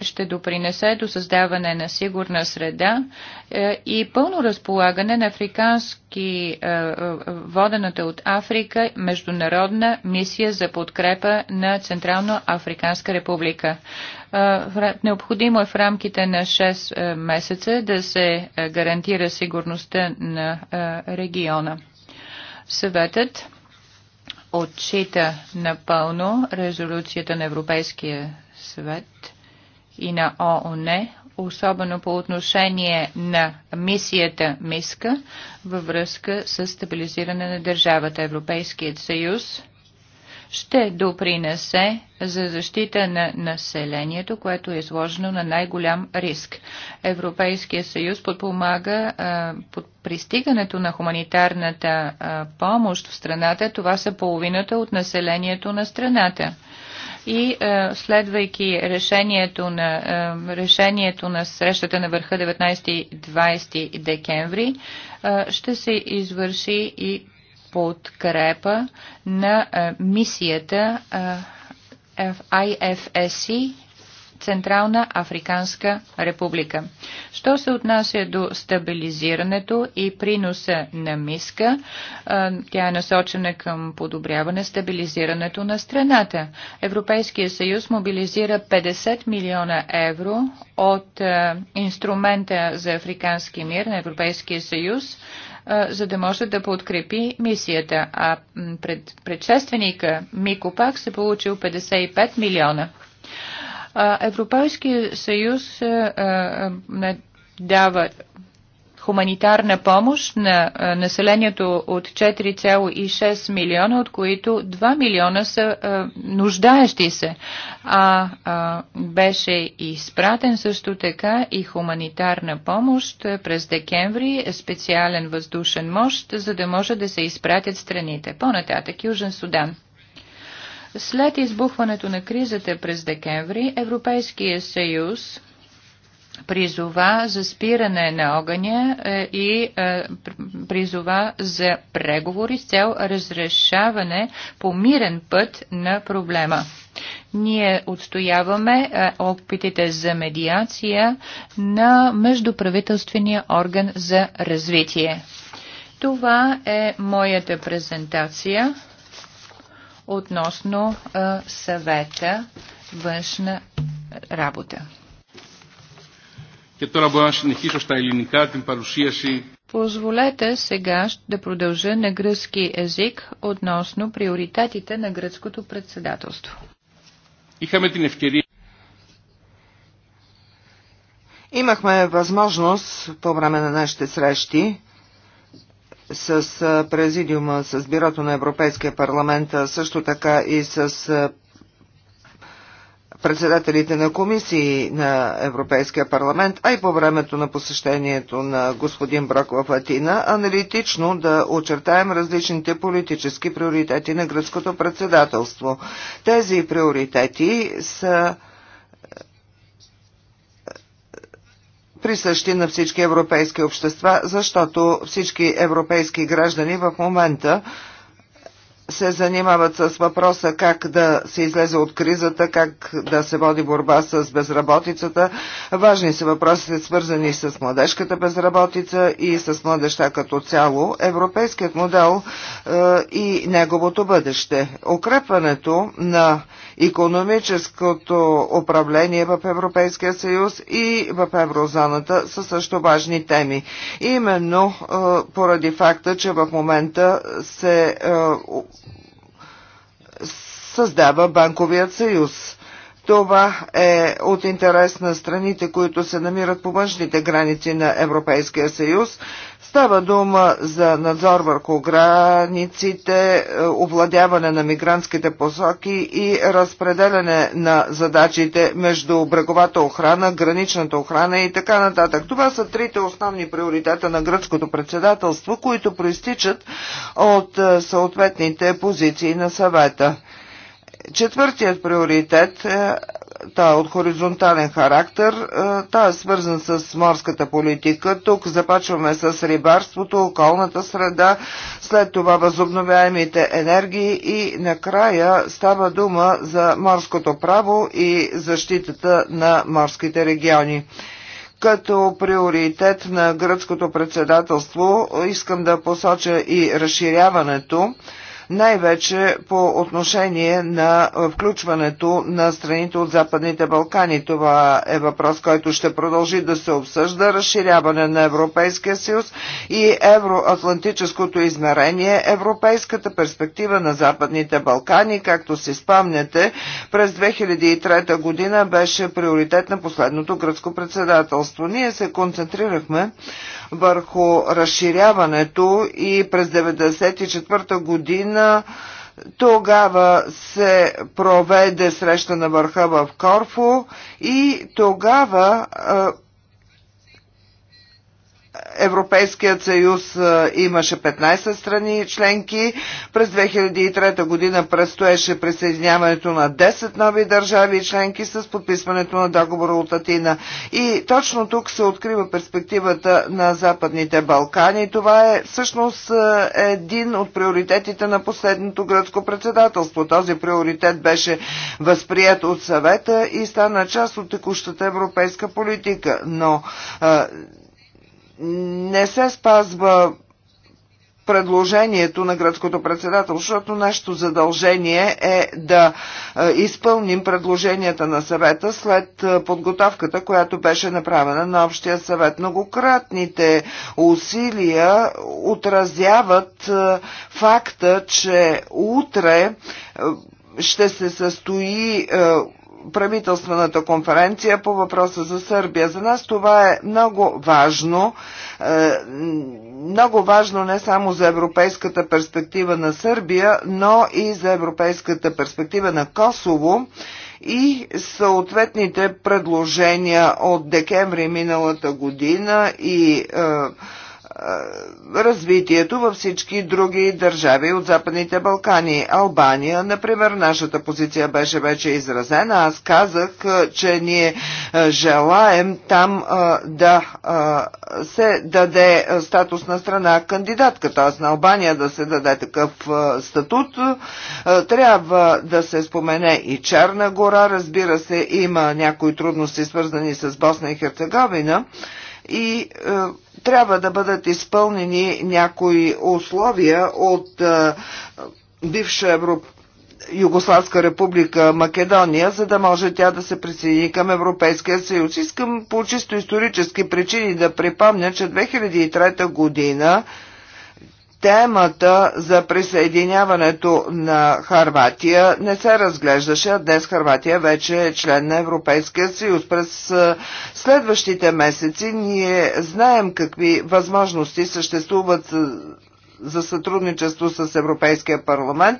ще допринесе до създаване на сигурна среда е, и пълно разполагане на африкански е, водената от Африка международна мисия за подкрепа на Централно Африканска република. Е, необходимо е в рамките на 6 месеца да се гарантира сигурността на региона. Съветът отчита напълно резолюцията на Европейския Свет и на ООН, особено по отношение на мисията МИСКА във връзка с стабилизиране на държавата. Европейският съюз ще допринесе за защита на населението, което е изложено на най-голям риск. Европейския съюз подпомага под пристигането на хуманитарната помощ в страната. Това са половината от населението на страната и е, следвайки решението на, е, решението на срещата на върха 19 и 20 декември, е, ще се извърши и подкрепа на мисията IFSC Централна Африканска република. Що се отнася до стабилизирането и приноса на миска, тя е насочена към подобряване стабилизирането на страната. Европейския съюз мобилизира 50 милиона евро от инструмента за африкански мир на Европейския съюз, за да може да подкрепи мисията. А пред, предшественика Мико пак се получил 55 милиона. Европейския съюз дава хуманитарна помощ на населението от 4,6 милиона, от които 2 милиона са а, нуждаещи се. А, а беше изпратен също така и хуманитарна помощ през декември, специален въздушен мощ, за да може да се изпратят страните. По-нататък Южен Судан. След избухването на кризата през декември, Европейския съюз призова за спиране на огъня е, и е, призова за преговори с цел разрешаване по мирен път на проблема. Ние отстояваме е, опитите за медиация на Междуправителствения орган за развитие. Това е моята презентация относно а, съвета външна работа. Και τώρα να συνεχίσω στα ελληνικά την παρουσίαση. Позволете сега да продължа на гръцки език относно приоритетите на гръцкото председателство. Είχαμε την ευκαιρία Имахме възможност по време на нашите срещи с Президиума, с Бюрото на Европейския парламент, също така и с председателите на комисии на Европейския парламент, а и по времето на посещението на господин Брок в Атина, аналитично да очертаем различните политически приоритети на гръцкото председателство. Тези приоритети са присъщи на всички европейски общества, защото всички европейски граждани в момента се занимават с въпроса как да се излезе от кризата, как да се води борба с безработицата. Важни са въпросите свързани с младежката безработица и с младеща като цяло, европейският модел е, и неговото бъдеще. Укрепването на економическото управление в Европейския съюз и в еврозоната са също важни теми. Именно е, поради факта, че в момента се е, създава Банковият съюз. Това е от интерес на страните, които се намират по външните граници на Европейския съюз. Става дума за надзор върху границите, овладяване на мигрантските посоки и разпределяне на задачите между бреговата охрана, граничната охрана и така нататък. Това са трите основни приоритета на гръцкото председателство, които проистичат от е, съответните позиции на съвета. Четвъртият приоритет е е от хоризонтален характер, е, та е свързан с морската политика. Тук започваме с рибарството, околната среда, след това възобновяемите енергии и накрая става дума за морското право и защитата на морските региони. Като приоритет на гръцкото председателство искам да посоча и разширяването най-вече по отношение на включването на страните от Западните Балкани. Това е въпрос, който ще продължи да се обсъжда. Разширяване на Европейския съюз и евроатлантическото измерение, европейската перспектива на Западните Балкани, както си спомняте, през 2003 година беше приоритет на последното гръцко председателство. Ние се концентрирахме върху разширяването и през 1994 година година. Тогава се проведе среща на върха в Корфу и тогава Европейският съюз имаше 15 страни членки. През 2003 година предстоеше присъединяването на 10 нови държави и членки с подписването на договора от Атина. И точно тук се открива перспективата на Западните Балкани. Това е всъщност един от приоритетите на последното гръцко председателство. Този приоритет беше възприят от съвета и стана част от текущата европейска политика. Но не се спазва предложението на градското председател, защото нашето задължение е да изпълним предложенията на съвета след подготовката, която беше направена на Общия съвет. Многократните усилия отразяват факта, че утре ще се състои правителствената конференция по въпроса за Сърбия. За нас това е много важно. Е, много важно не само за европейската перспектива на Сърбия, но и за европейската перспектива на Косово и съответните предложения от декември миналата година и е, развитието във всички други държави от Западните Балкани. Албания, например, нашата позиция беше вече изразена. Аз казах, че ние желаем там да се даде статус на страна кандидатка, т.е. на Албания да се даде такъв статут. Трябва да се спомене и Черна гора. Разбира се, има някои трудности, свързани с Босна и Херцеговина и е, трябва да бъдат изпълнени някои условия от е, бивша Европа Югославска република Македония, за да може тя да се присъедини към Европейския съюз. Искам по чисто исторически причини да припомня, че 2003 година темата за присъединяването на Харватия не се разглеждаше, а днес Харватия вече е член на Европейския съюз. През следващите месеци ние знаем какви възможности съществуват за сътрудничество с Европейския парламент.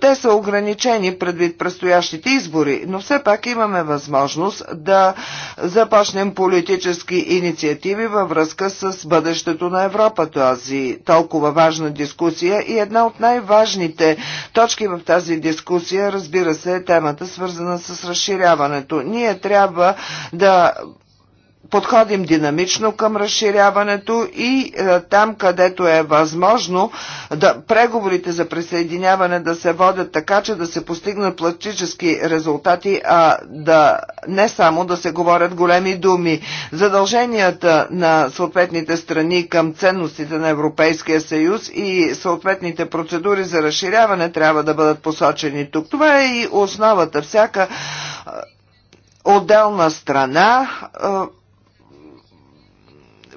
Те са ограничени предвид предстоящите избори, но все пак имаме възможност да започнем политически инициативи във връзка с бъдещето на Европа. Тази толкова важна дискусия и една от най-важните точки в тази дискусия, разбира се, е темата свързана с разширяването. Ние трябва да подходим динамично към разширяването и е, там, където е възможно, да, преговорите за присъединяване да се водят така, че да се постигнат пластически резултати, а да не само да се говорят големи думи. Задълженията на съответните страни към ценностите на Европейския съюз и съответните процедури за разширяване трябва да бъдат посочени тук. Това е и основата. Всяка е, отделна страна е,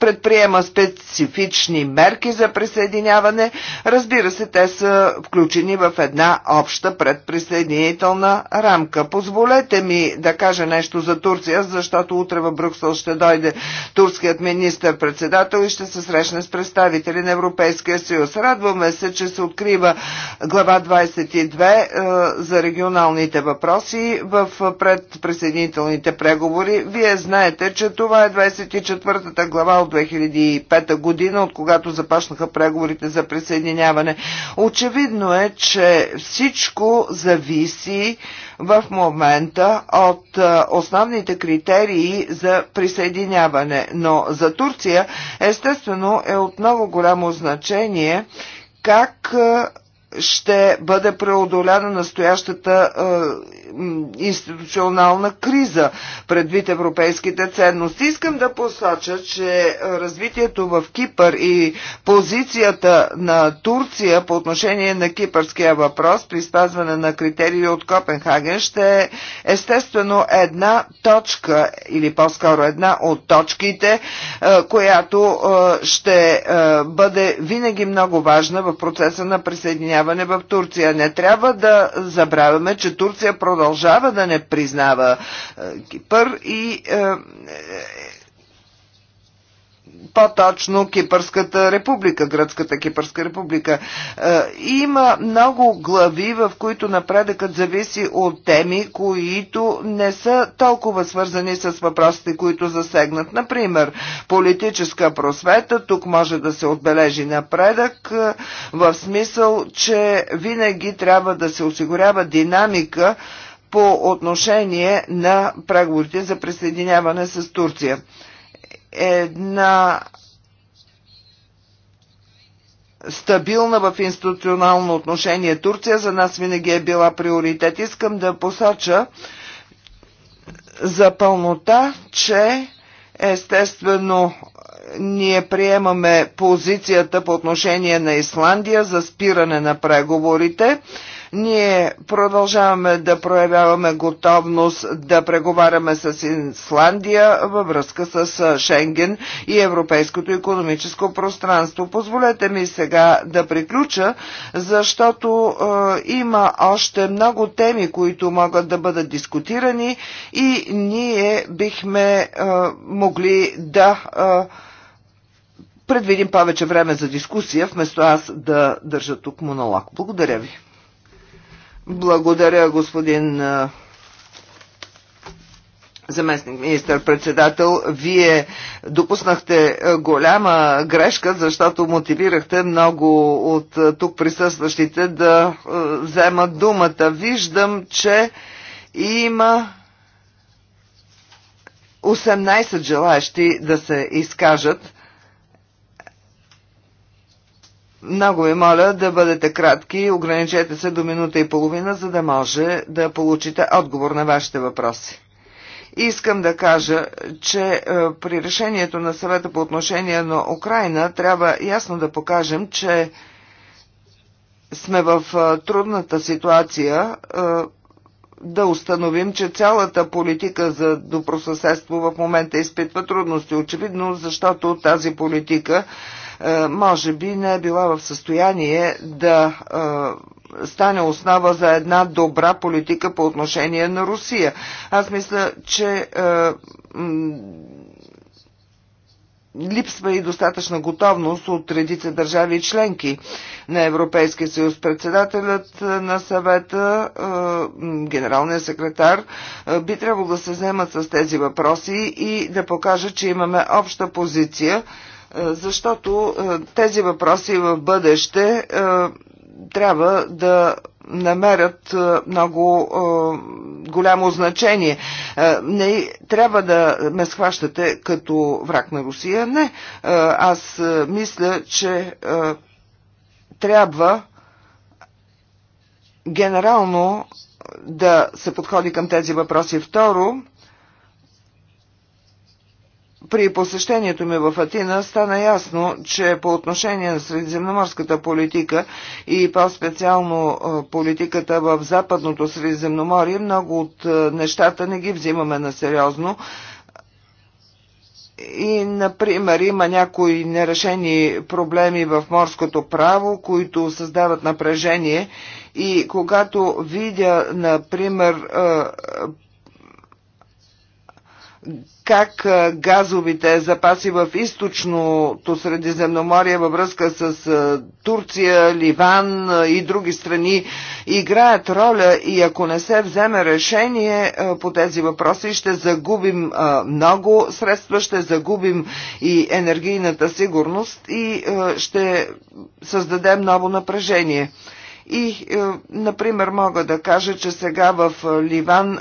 предприема специфични мерки за присъединяване. Разбира се, те са включени в една обща предприсъединителна рамка. Позволете ми да кажа нещо за Турция, защото утре в Брюксел ще дойде турският министр-председател и ще се срещне с представители на Европейския съюз. Радваме се, че се открива глава 22 е, за регионалните въпроси в предприсъединителните преговори. Вие знаете, че това е 24-та глава от 2005 година, от когато започнаха преговорите за присъединяване. Очевидно е, че всичко зависи в момента от основните критерии за присъединяване, но за Турция естествено е от много голямо значение как ще бъде преодоляна настоящата е, институционална криза предвид европейските ценности. Искам да посоча, че развитието в Кипър и позицията на Турция по отношение на кипърския въпрос при спазване на критерии от Копенхаген ще е естествено една точка или по-скоро една от точките, е, която е, ще е, бъде винаги много важна в процеса на присъединяване преброяване в Турция. Не трябва да забравяме, че Турция продължава да не признава е, Кипър и е, е, по-точно Кипърската република, Гръцката Кипърска република. Е, има много глави, в които напредъкът зависи от теми, които не са толкова свързани с въпросите, които засегнат. Например, политическа просвета, тук може да се отбележи напредък, е, в смисъл, че винаги трябва да се осигурява динамика по отношение на преговорите за присъединяване с Турция една стабилна в институционално отношение Турция за нас винаги е била приоритет. Искам да посоча за пълнота, че естествено ние приемаме позицията по отношение на Исландия за спиране на преговорите. Ние продължаваме да проявяваме готовност да преговаряме с Исландия във връзка с Шенген и Европейското економическо пространство. Позволете ми сега да приключа, защото е, има още много теми, които могат да бъдат дискутирани и ние бихме е, могли да. Е, предвидим повече време за дискусия, вместо аз да държа тук монолог. Благодаря ви. Благодаря, господин заместник министър-председател, вие допуснахте голяма грешка, защото мотивирахте много от тук присъстващите да вземат думата. Виждам, че има 18 желаящи да се изкажат. Много ви моля да бъдете кратки, ограничете се до минута и половина, за да може да получите отговор на вашите въпроси. И искам да кажа, че е, при решението на съвета по отношение на Украина трябва ясно да покажем, че сме в е, трудната ситуация е, да установим, че цялата политика за добросъседство в момента изпитва трудности. Очевидно, защото тази политика е, може би не е била в състояние да е, стане основа за една добра политика по отношение на Русия. Аз мисля, че е, липсва и достатъчна готовност от редица държави и членки на Европейския съюз. Председателят на съвета, генералният секретар, би трябвало да се вземат с тези въпроси и да покажа, че имаме обща позиция е, защото е, тези въпроси в бъдеще е, трябва да намерят много голямо значение. не трябва да ме схващате като враг на Русия. Не. аз мисля, че трябва генерално да се подходи към тези въпроси. Второ, при посещението ми в Атина стана ясно, че по отношение на средиземноморската политика и по-специално политиката в Западното Средиземноморие, много от нещата не ги взимаме на сериозно. И, например, има някои нерешени проблеми в морското право, които създават напрежение. И когато видя, например, как газовите запаси в източното Средиземноморие във връзка с Турция, Ливан и други страни играят роля и ако не се вземе решение по тези въпроси, ще загубим много средства, ще загубим и енергийната сигурност и ще създадем ново напрежение. И, е, например, мога да кажа, че сега в е, Ливан е,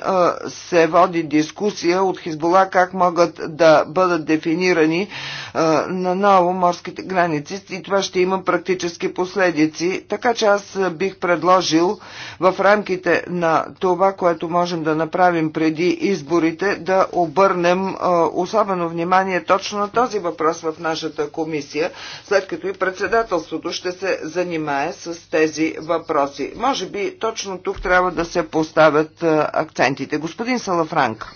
се води дискусия от Хизбола как могат да бъдат дефинирани на ново морските граници и това ще има практически последици. Така че аз бих предложил в рамките на това, което можем да направим преди изборите, да обърнем особено внимание точно на този въпрос в нашата комисия, след като и председателството ще се занимае с тези въпроси въпроси. Може би точно тук трябва да се поставят акцентите. Господин Салафранк.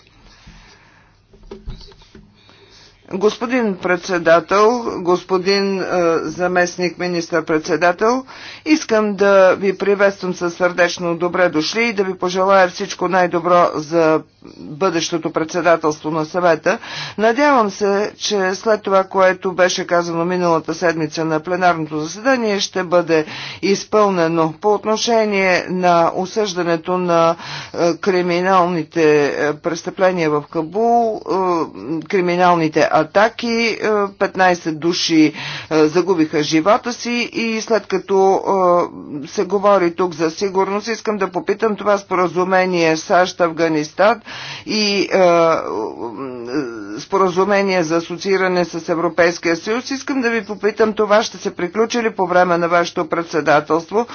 Господин председател, господин е, заместник министър-председател, искам да ви приветствам със сърдечно добре дошли и да ви пожелая всичко най-добро за бъдещото председателство на съвета. Надявам се, че след това, което беше казано миналата седмица на пленарното заседание, ще бъде изпълнено по отношение на осъждането на е, криминалните е, престъпления в Кабул, е, криминалните атаки, 15 е, души е, загубиха живота си и след като е, се говори тук за сигурност, искам да попитам това споразумение САЩ-Афганистан и споразумение за асоцииране с Европейския съюз. Искам да ви попитам това ще се приключи ли по време на вашето председателство,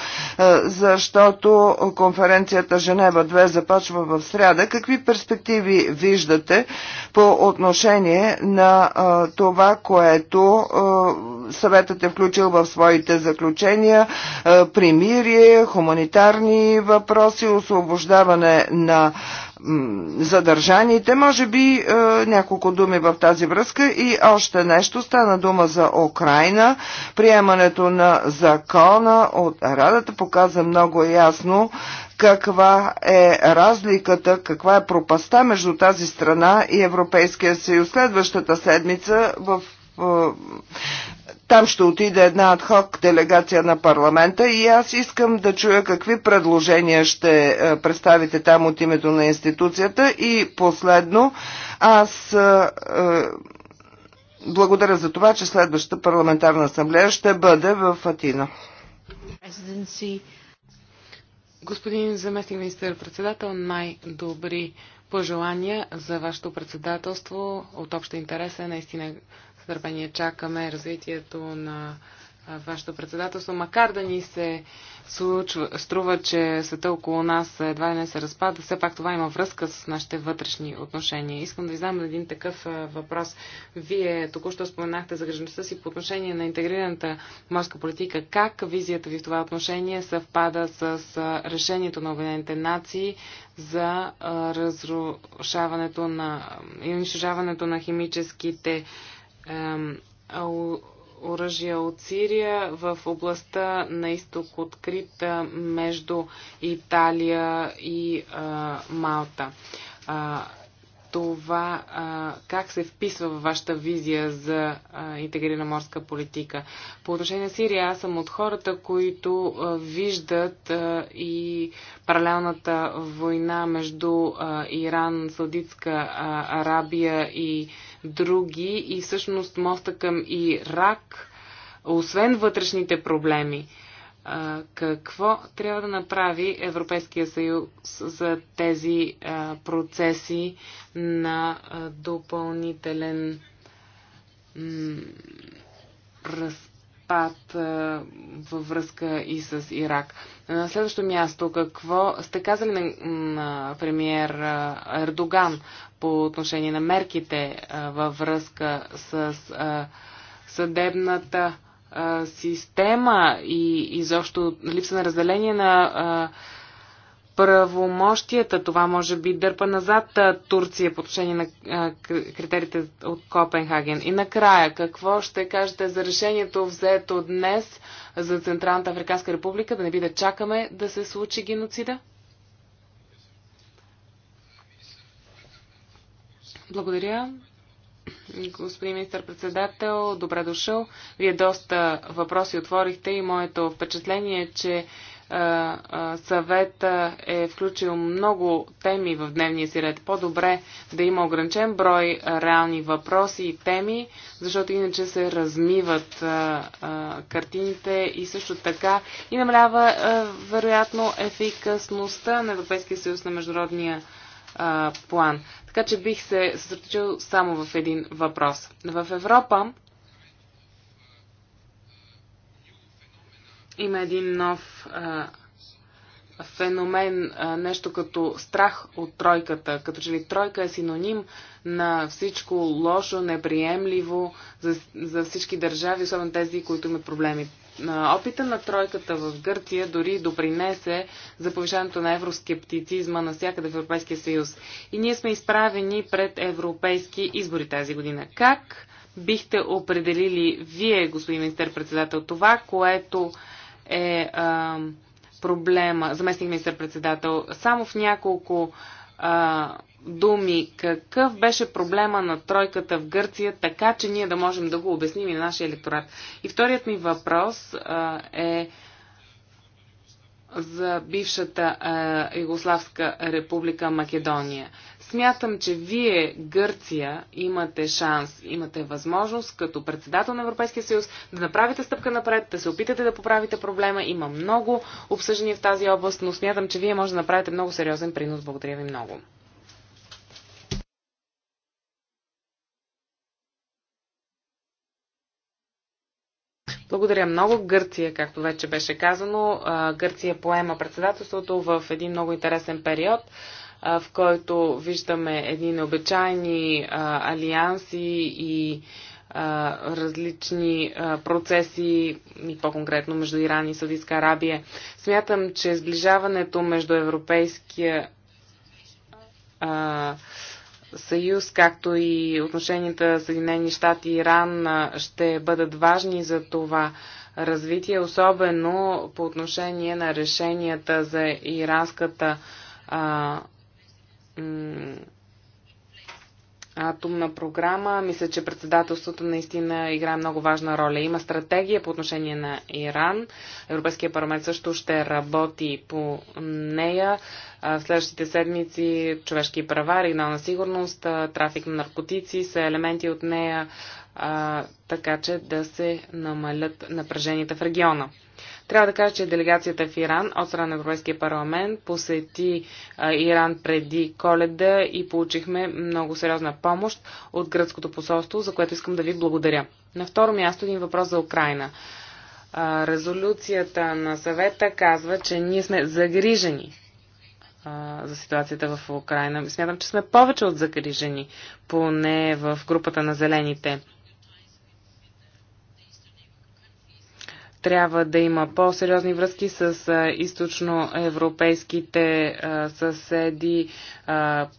защото конференцията Женева 2 започва в среда. Какви перспективи виждате по отношение на а, това, което а, съветът е включил в своите заключения а, примирие, хуманитарни въпроси, освобождаване на задържаните. Може би е, няколко думи в тази връзка и още нещо. Стана дума за Украина. Приемането на закона от Радата показа много ясно, каква е разликата, каква е пропаста между тази страна и Европейския съюз. Следващата седмица в там ще отиде една адхок делегация на парламента и аз искам да чуя какви предложения ще е, представите там от името на институцията. И последно, аз е, е, благодаря за това, че следващата парламентарна асамблея ще бъде в Атина. Господин заместник министър председател най-добри пожелания за вашето председателство. От обща интерес е наистина с търпение чакаме развитието на вашето председателство, макар да ни се случва, струва, че света около нас едва ли не се разпада, все пак това има връзка с нашите вътрешни отношения. Искам да ви задам един такъв въпрос. Вие току-що споменахте за загрежността си по отношение на интегрираната морска политика. Как визията ви в това отношение съвпада с решението на Обединените нации за разрушаването на и унищожаването на химическите оръжия от Сирия в областта на изток открита между Италия и а, Малта. А, това а, как се вписва във вашата визия за а, интегрирана морска политика. По отношение на Сирия, аз съм от хората, които а, виждат а, и паралелната война между а, Иран, Саудитска а, Арабия и други и всъщност моста към Ирак, освен вътрешните проблеми какво трябва да направи Европейския съюз за тези процеси на допълнителен разпад във връзка и с Ирак. На следващо място, какво сте казали на премиер Ердоган по отношение на мерките във връзка с съдебната система и изобщо липса на разделение на правомощията. Това може би дърпа назад Турция по отношение на критериите от Копенхаген. И накрая, какво ще кажете за решението взето днес за Централната Африканска република, да не би да чакаме да се случи геноцида? Благодаря господин министър-председател. Добре дошъл. Вие доста въпроси отворихте и моето впечатление е, че съвет е включил много теми в дневния си ред. По-добре да има ограничен брой реални въпроси и теми, защото иначе се размиват картините и също така и намалява вероятно ефикасността на Европейския съюз на международния а, план. Така че бих се съсредоточил само в един въпрос. В Европа има един нов а, феномен, а, нещо като страх от тройката. Като че ли тройка е синоним на всичко лошо, неприемливо за, за всички държави, особено тези, които имат проблеми. Опита на тройката в Гърция дори допринесе за повишаването на евроскептицизма навсякъде в Европейския съюз. И ние сме изправени пред европейски избори тази година. Как бихте определили вие, господин министър-председател, това, което е а, проблема, заместник министър-председател, само в няколко а, думи какъв беше проблема на тройката в Гърция, така че ние да можем да го обясним и на нашия електорат. И вторият ми въпрос а, е за бившата е, Югославска република Македония. Смятам, че вие, Гърция, имате шанс, имате възможност като председател на Европейския съюз да направите стъпка напред, да се опитате да поправите проблема. Има много обсъждания в тази област, но смятам, че вие може да направите много сериозен принос. Благодаря ви много. Благодаря много. Гърция, както вече беше казано, Гърция поема председателството в един много интересен период, в който виждаме едни необичайни алианси и различни процеси, и по-конкретно между Иран и Саудитска Арабия. Смятам, че сближаването между Европейския съюз, както и отношенията Съединени щати и Иран ще бъдат важни за това развитие, особено по отношение на решенията за иранската а, атомна програма. Мисля, че председателството наистина играе много важна роля. Има стратегия по отношение на Иран. Европейския парламент също ще работи по нея. В следващите седмици човешки права, регионална сигурност, трафик на наркотици са елементи от нея, така че да се намалят напреженията в региона. Трябва да кажа, че делегацията в Иран от страна на Европейския парламент посети Иран преди коледа и получихме много сериозна помощ от гръцкото посолство, за което искам да ви благодаря. На второ място един въпрос за Украина. Резолюцията на съвета казва, че ние сме загрижени за ситуацията в Украина. Смятам, че сме повече от загрижени, поне в групата на зелените. трябва да има по-сериозни връзки с източноевропейските съседи,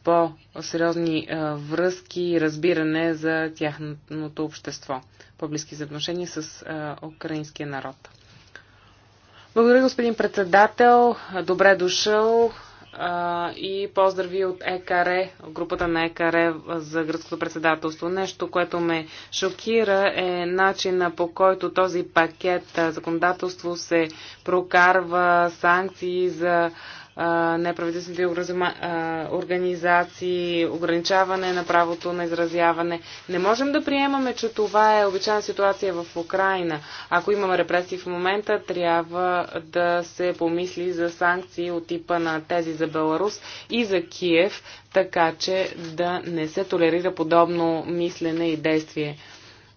по-сериозни връзки и разбиране за тяхното общество, по-близки взаимоотношения с украинския народ. Благодаря, господин председател. Добре дошъл и поздрави от ЕКАРЕ, групата на ЕКАРЕ за гръцкото председателство. Нещо, което ме шокира е начина по който този пакет законодателство се прокарва санкции за неправителствените организации, ограничаване на правото на изразяване. Не можем да приемаме, че това е обичайна ситуация в Украина. Ако имаме репресии в момента, трябва да се помисли за санкции от типа на тези за Беларус и за Киев, така че да не се толерира подобно мислене и действие.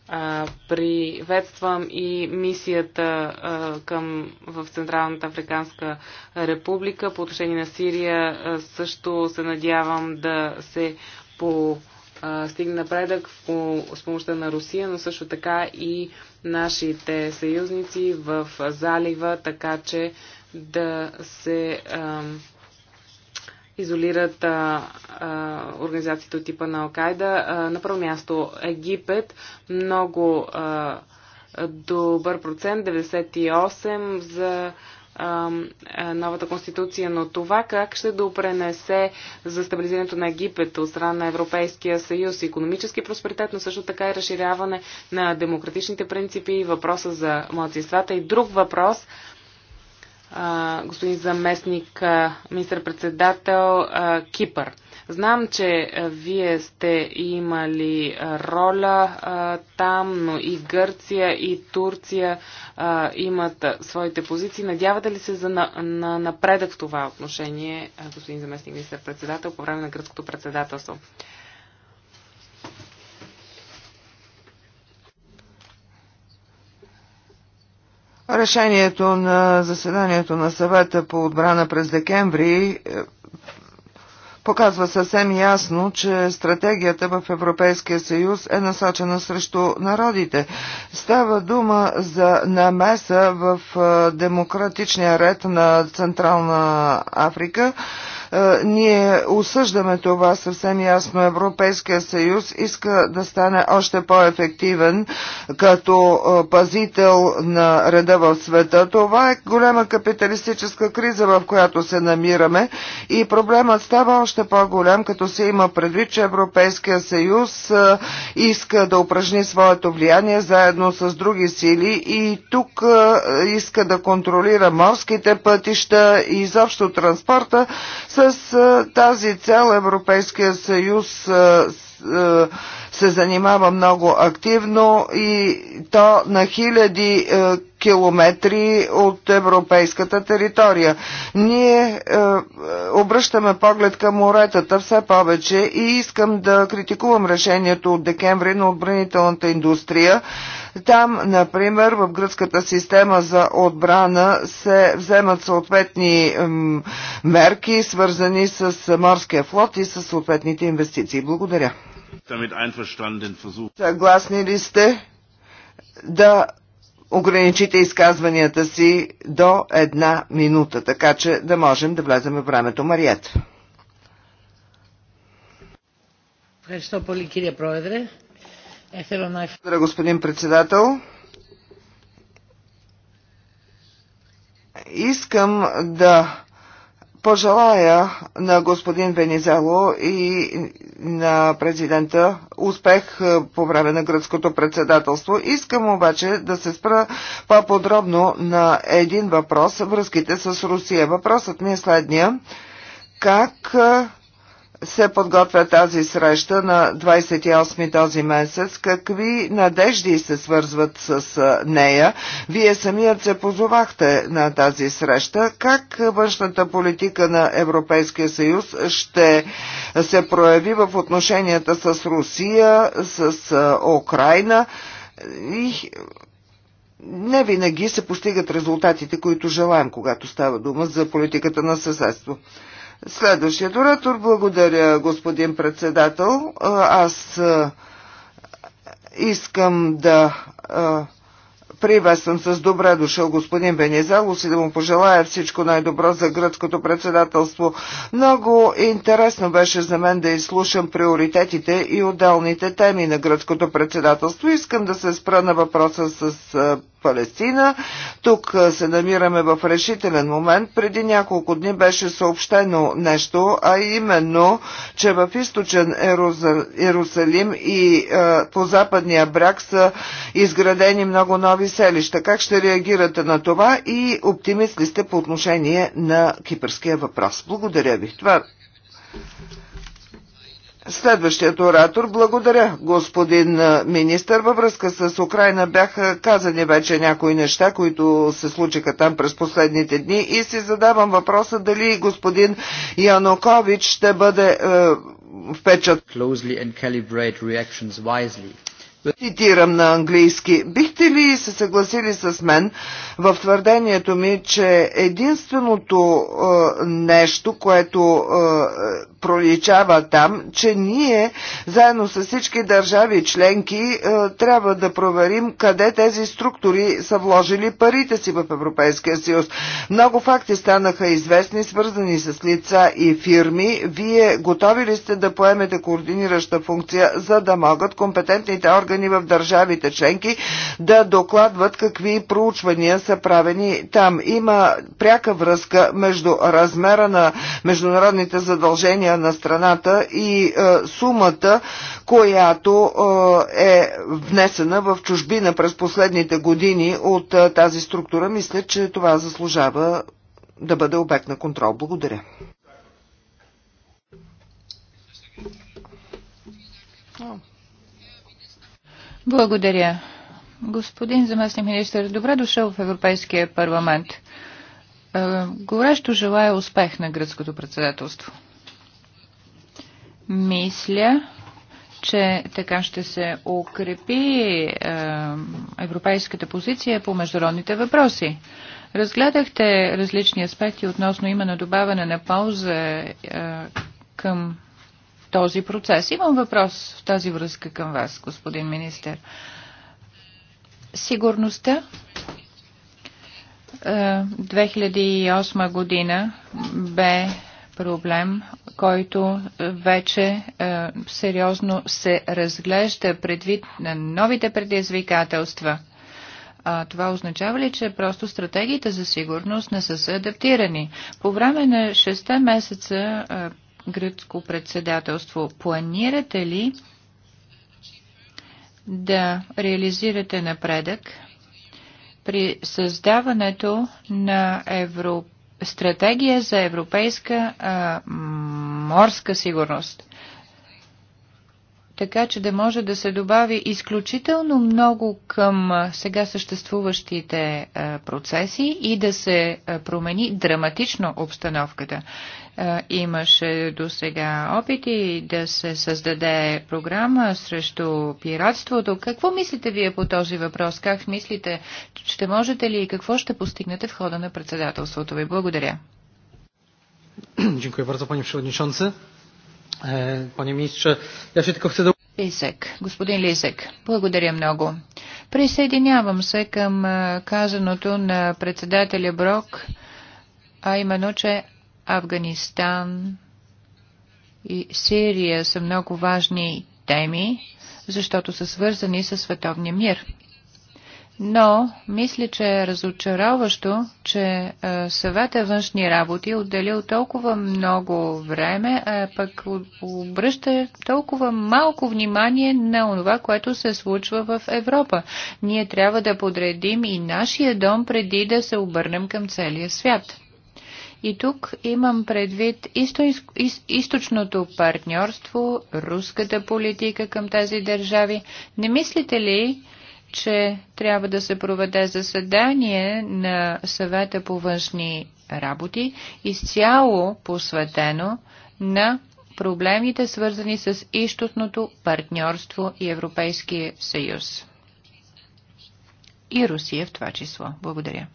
А, приветствам и мисията а, към, в Централната Африканска република. По отношение на Сирия а, също се надявам да се по стигне напредък с помощта на Русия, но също така и нашите съюзници в залива, така че да се изолират а, а, организациите от типа на Алкайда. На първо място Египет, много а, добър процент, 98 за а, новата конституция, но това как ще допренесе за стабилизирането на Египет от страна на Европейския съюз, економически просперитет, но също така и разширяване на демократичните принципи и въпроса за младсинствата. И друг въпрос господин заместник министър-председател Кипър. Знам, че вие сте имали роля а, там, но и Гърция, и Турция а, имат своите позиции. Надявате ли се за на, на напредък в това отношение, господин заместник министър-председател, по време на гръцкото председателство? Решението на заседанието на съвета по отбрана през декември е, показва съвсем ясно, че стратегията в Европейския съюз е насочена срещу народите. Става дума за намеса в е, демократичния ред на Централна Африка е, ние осъждаме това съвсем ясно. Европейския съюз иска да стане още по-ефективен като е, пазител на реда в света. Това е голяма капиталистическа криза, в която се намираме и проблемът става още по-голям, като се има предвид, че Европейския съюз е, иска да упражни своето влияние заедно с други сили и тук иска да контролира морските пътища и изобщо транспорта, с тази цел Европейския съюз се занимава много активно и то на хиляди е, километри от европейската територия. Ние е, обръщаме поглед към моретата все повече и искам да критикувам решението от декември на отбранителната индустрия. Там, например, в гръцката система за отбрана се вземат съответни мерки, свързани с морския флот и с съответните инвестиции. Благодаря. Съгласни ли сте да ограничите изказванията си до една минута, така че да можем да влезем в времето. Мариет. Благодаря, господин председател. Искам да пожелая на господин Венизело и на президента успех е, по време на гръцкото председателство. Искам обаче да се спра по-подробно на един въпрос – връзките с Русия. Въпросът ми е следния. Как е, се подготвя тази среща на 28 този месец? Какви надежди се свързват с нея? Вие самият се позовахте на тази среща. Как външната политика на Европейския съюз ще се прояви в отношенията с Русия, с Украина? И не винаги се постигат резултатите, които желаем, когато става дума за политиката на съседство. Следващият оратор. Благодаря, господин председател. Аз искам да приветствам с добре дошъл господин Бенезалос и да му пожелая всичко най-добро за гръцкото председателство. Много интересно беше за мен да изслушам приоритетите и отделните теми на гръцкото председателство. Искам да се спра на въпроса с Палестина. Тук се намираме в решителен момент. Преди няколко дни беше съобщено нещо, а именно, че в източен Иерусалим и по западния бряг са изградени много нови селища. Как ще реагирате на това и оптимист ли сте по отношение на кипърския въпрос? Благодаря ви. Това Следващият оратор. Благодаря, господин министър. Във връзка с Украина бяха казани вече някои неща, които се случиха там през последните дни и си задавам въпроса дали господин Янукович ще бъде е, впечат. Цитирам на английски. Бихте ли се съгласили с мен в твърдението ми, че единственото е, нещо, което е, проличава там, че ние, заедно с всички държави членки, е, трябва да проверим къде тези структури са вложили парите си в Европейския съюз. Много факти станаха известни, свързани с лица и фирми. Вие готови ли сте да поемете координираща функция, за да могат компетентните органи в държавите членки да докладват какви проучвания са правени там? Има пряка връзка между размера на международните задължения на страната и е, сумата, която е, е внесена в чужбина през последните години от е, тази структура. Мисля, че това заслужава да бъде обект на контрол. Благодаря. Благодаря. Господин заместник министр, добре дошъл в Европейския парламент. Горещо желая успех на гръцкото председателство. Мисля, че така ще се укрепи е, европейската позиция по международните въпроси. Разгледахте различни аспекти относно именно добавяне на полза е, към този процес. Имам въпрос в тази връзка към вас, господин министр. Сигурността 2008 е, година бе проблем, който вече е, сериозно се разглежда предвид на новите предизвикателства. А, това означава ли, че просто стратегиите за сигурност не са се адаптирани? По време на 6 месеца е, гръцко председателство, планирате ли да реализирате напредък при създаването на Европа? стратегия за европейска а, морска сигурност. Така че да може да се добави изключително много към сега съществуващите а, процеси и да се промени драматично обстановката. Е, имаше до сега опити да се създаде програма срещу пиратството. Какво мислите вие по този въпрос? Как мислите? Ще можете ли и какво ще постигнете в хода на председателството ви? Благодаря. Дякую bardzo, пани przewodniczący. Пани e, ministrze, я ще така chcę do... Лисек. Господин Лисек, благодаря много. Присъединявам се към е, казаното на председателя Брок, а именно, че Афганистан и Сирия са много важни теми, защото са свързани със световния мир. Но мисля, че е разочароващо, че е, съвета външни работи отделил толкова много време, а пък обръща толкова малко внимание на това, което се случва в Европа. Ние трябва да подредим и нашия дом преди да се обърнем към целия свят. И тук имам предвид източното партньорство, руската политика към тези държави. Не мислите ли, че трябва да се проведе заседание на съвета по външни работи, изцяло посветено на проблемите, свързани с източното партньорство и Европейския съюз. И Русия в това число. Благодаря.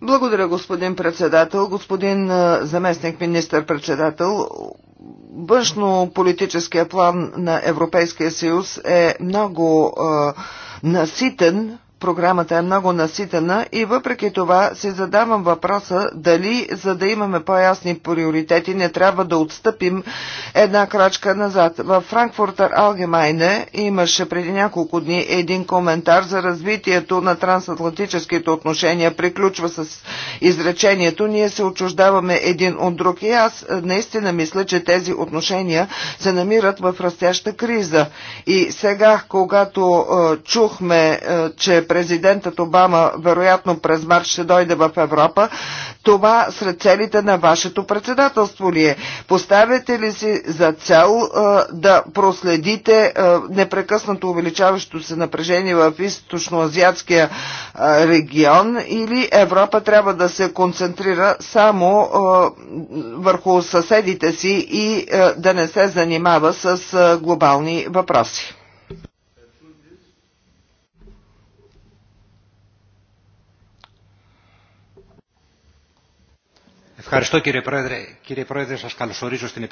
Благодаря, господин председател. Господин заместник министър-председател, външно-политическия план на Европейския съюз е много е, наситен програмата е много наситена и въпреки това си задавам въпроса дали, за да имаме по-ясни приоритети, не трябва да отстъпим една крачка назад. В Франкфуртер Алгемайне имаше преди няколко дни един коментар за развитието на трансатлантическите отношения. Приключва с изречението «Ние се отчуждаваме един от друг» и аз наистина мисля, че тези отношения се намират в растяща криза. И сега, когато е, чухме, е, че президентът Обама вероятно през март ще дойде в Европа, това сред целите на вашето председателство ли е? Поставяте ли си за цел да проследите непрекъснато увеличаващо се напрежение в източноазиатския регион или Европа трябва да се концентрира само върху съседите си и да не се занимава с глобални въпроси? Ευχαριστώ κύριε Πρόεδρε. Κύριε Πρόεδρε, σας καλωσορίζω στην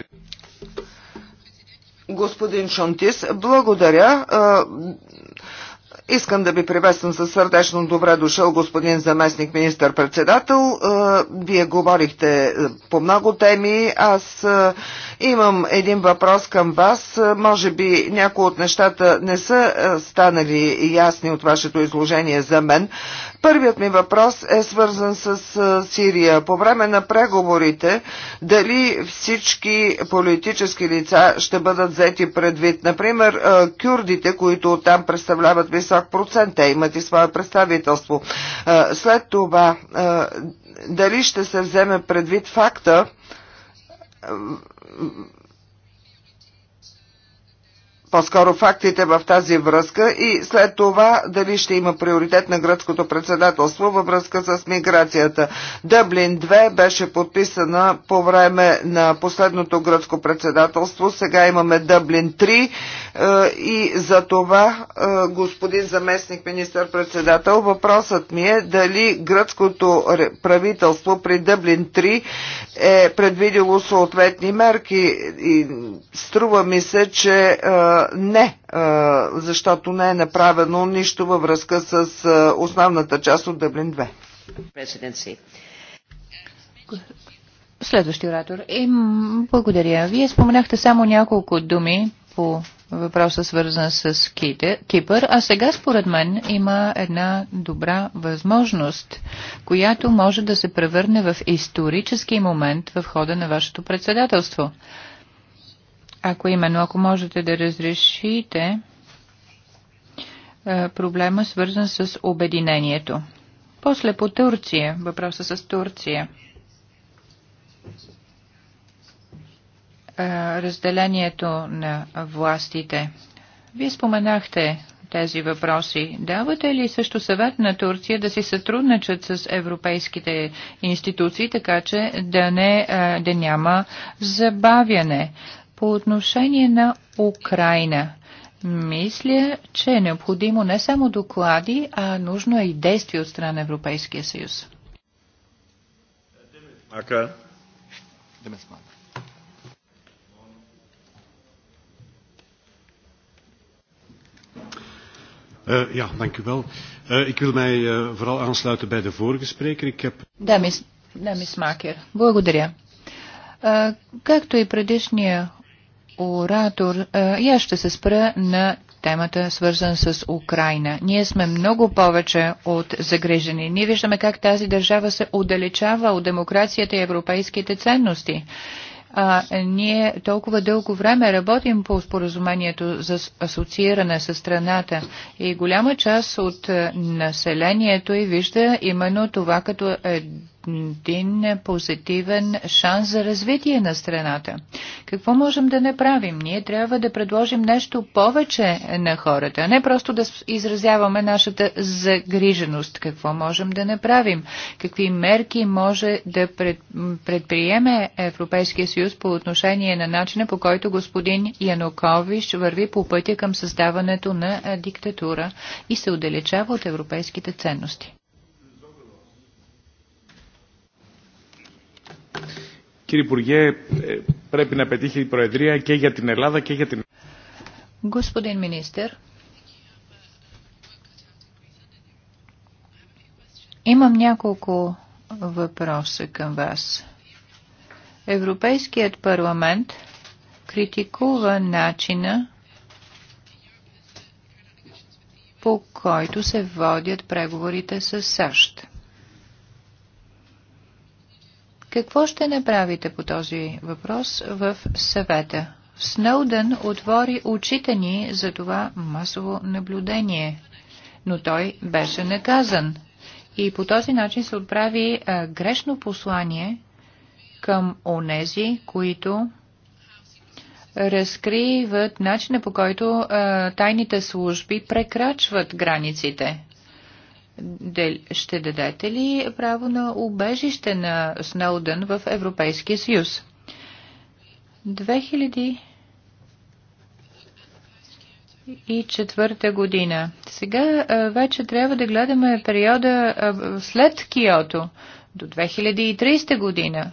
Господин Шонтис, благодаря. Е, искам да ви приветствам със сърдечно добре дошъл, господин заместник министър-председател. Е, вие говорихте е, по много теми. Аз имам един въпрос към вас. Може би някои от нещата не са станали ясни от вашето изложение за мен. Първият ми въпрос е свързан с Сирия. По време на преговорите, дали всички политически лица ще бъдат взети предвид? Например, кюрдите, които там представляват висок процент, те имат и свое представителство. След това, дали ще се вземе предвид факта, по-скоро фактите в тази връзка и след това дали ще има приоритет на гръцкото председателство във връзка с миграцията. Дъблин 2 беше подписана по време на последното гръцко председателство. Сега имаме Дъблин 3 е, и за това, е, господин заместник министър-председател, въпросът ми е дали гръцкото правителство при Дъблин 3 е предвидело съответни мерки и струва ми се, че е, не, защото не е направено нищо във връзка с основната част от Дъблин 2. Следващия оратор. И, е, благодаря. Вие споменахте само няколко думи по въпроса свързан с Кипър, а сега според мен има една добра възможност, която може да се превърне в исторически момент в хода на вашето председателство. Ако но ако можете да разрешите е, проблема, свързан с обединението. После по Турция, въпроса с Турция. Е, разделението на властите. Вие споменахте тези въпроси. Давате ли също съвет на Турция да си сътрудничат с европейските институции, така че да, не, е, да няма забавяне? По отношение на Украина, мисля, че е необходимо не само доклади, а нужно е и действие от страна на Европейския съюз. Eh, ja, dank u wel. Eh, ik wil mij eh, vooral aansluiten bij de vorige spreker. благодаря. Е, както и предишния оратор е, и аз ще се спра на темата, свързана с Украина. Ние сме много повече от загрижени. Ние виждаме как тази държава се отдалечава от демокрацията и европейските ценности. А, ние толкова дълго време работим по споразумението за асоцииране с страната и голяма част от е, населението и вижда именно това като е един позитивен шанс за развитие на страната. Какво можем да направим? Ние трябва да предложим нещо повече на хората, а не просто да изразяваме нашата загриженост. Какво можем да направим? Какви мерки може да предприеме Европейския съюз по отношение на начина по който господин Янукович върви по пътя към създаването на диктатура и се отдалечава от европейските ценности? Κύριε Υπουργέ, πρέπει να πετύχει η Προεδρία και για την Ελλάδα και για την... Господин министър, имам няколко въпроса към вас. Европейският парламент критикува начина по който се водят преговорите с САЩ. Какво ще направите по този въпрос в съвета? Сноудън отвори очите ни за това масово наблюдение, но той беше наказан. И по този начин се отправи а, грешно послание към онези, които разкриват начина по който а, тайните служби прекрачват границите ще дадете ли право на убежище на Сноудън в Европейския съюз? 2000 и четвърта година. Сега вече трябва да гледаме периода след Киото, до 2030 година.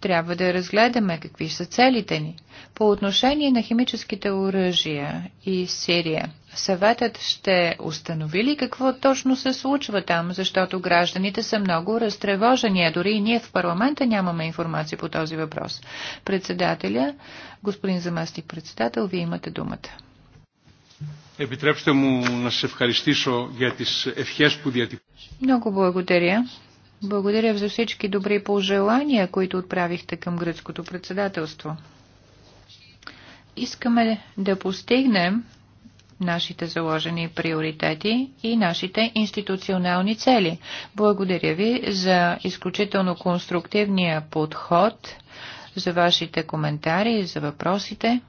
Трябва да разгледаме какви са целите ни. По отношение на химическите оръжия и Сирия, съветът ще установи ли какво точно се случва там, защото гражданите са много разтревожени, а дори и ние в парламента нямаме информация по този въпрос. Председателя, господин заместник председател, вие имате думата. Епитрепте му на σας ευχαριστήσω για τις Много благодаря. Благодаря за всички добри пожелания, които отправихте към гръцкото председателство. Искаме да постигнем нашите заложени приоритети и нашите институционални цели. Благодаря ви за изключително конструктивния подход, за вашите коментари, за въпросите.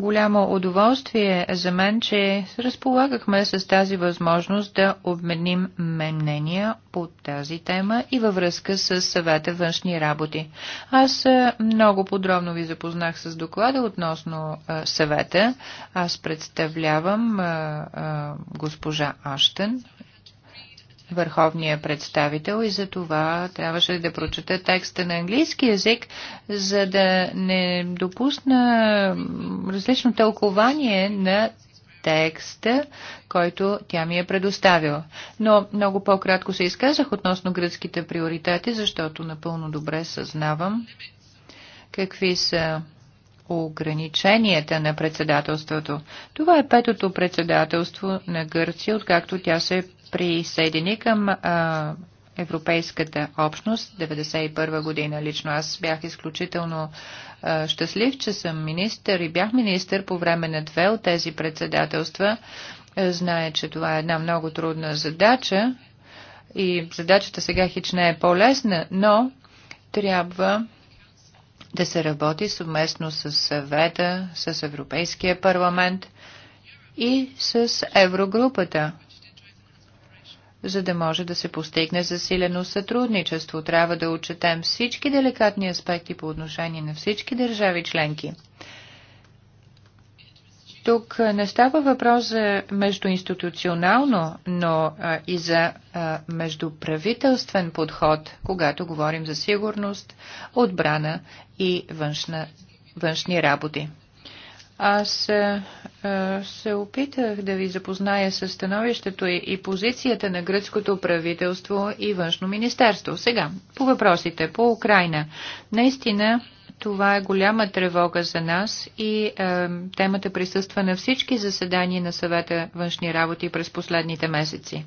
Голямо удоволствие е за мен, че разполагахме с тази възможност да обменим мнения по тази тема и във връзка с съвета външни работи. Аз е, много подробно ви запознах с доклада относно е, съвета. Аз представлявам е, госпожа Аштен върховния представител и за това трябваше да прочета текста на английски язик, за да не допусна различно тълкование на текста, който тя ми е предоставила. Но много по-кратко се изказах относно гръцките приоритети, защото напълно добре съзнавам какви са ограниченията на председателството. Това е петото председателство на Гърция, откакто тя се присъедини към а, Европейската общност 1991 година. Лично аз бях изключително а, щастлив, че съм министър и бях министър по време на две от тези председателства. Знае, че това е една много трудна задача и задачата сега хич не е по-лесна, но трябва да се работи съвместно с съвета, с Европейския парламент и с Еврогрупата за да може да се постигне засилено сътрудничество. Трябва да отчетем всички деликатни аспекти по отношение на всички държави членки. Тук не става въпрос за междуинституционално, но а, и за а, междуправителствен подход, когато говорим за сигурност, отбрана и външна, външни работи. Аз е, е, се опитах да ви запозная с становището и позицията на гръцкото правителство и външно министерство. Сега, по въпросите, по Украина. Наистина, това е голяма тревога за нас и е, темата присъства на всички заседания на съвета външни работи през последните месеци.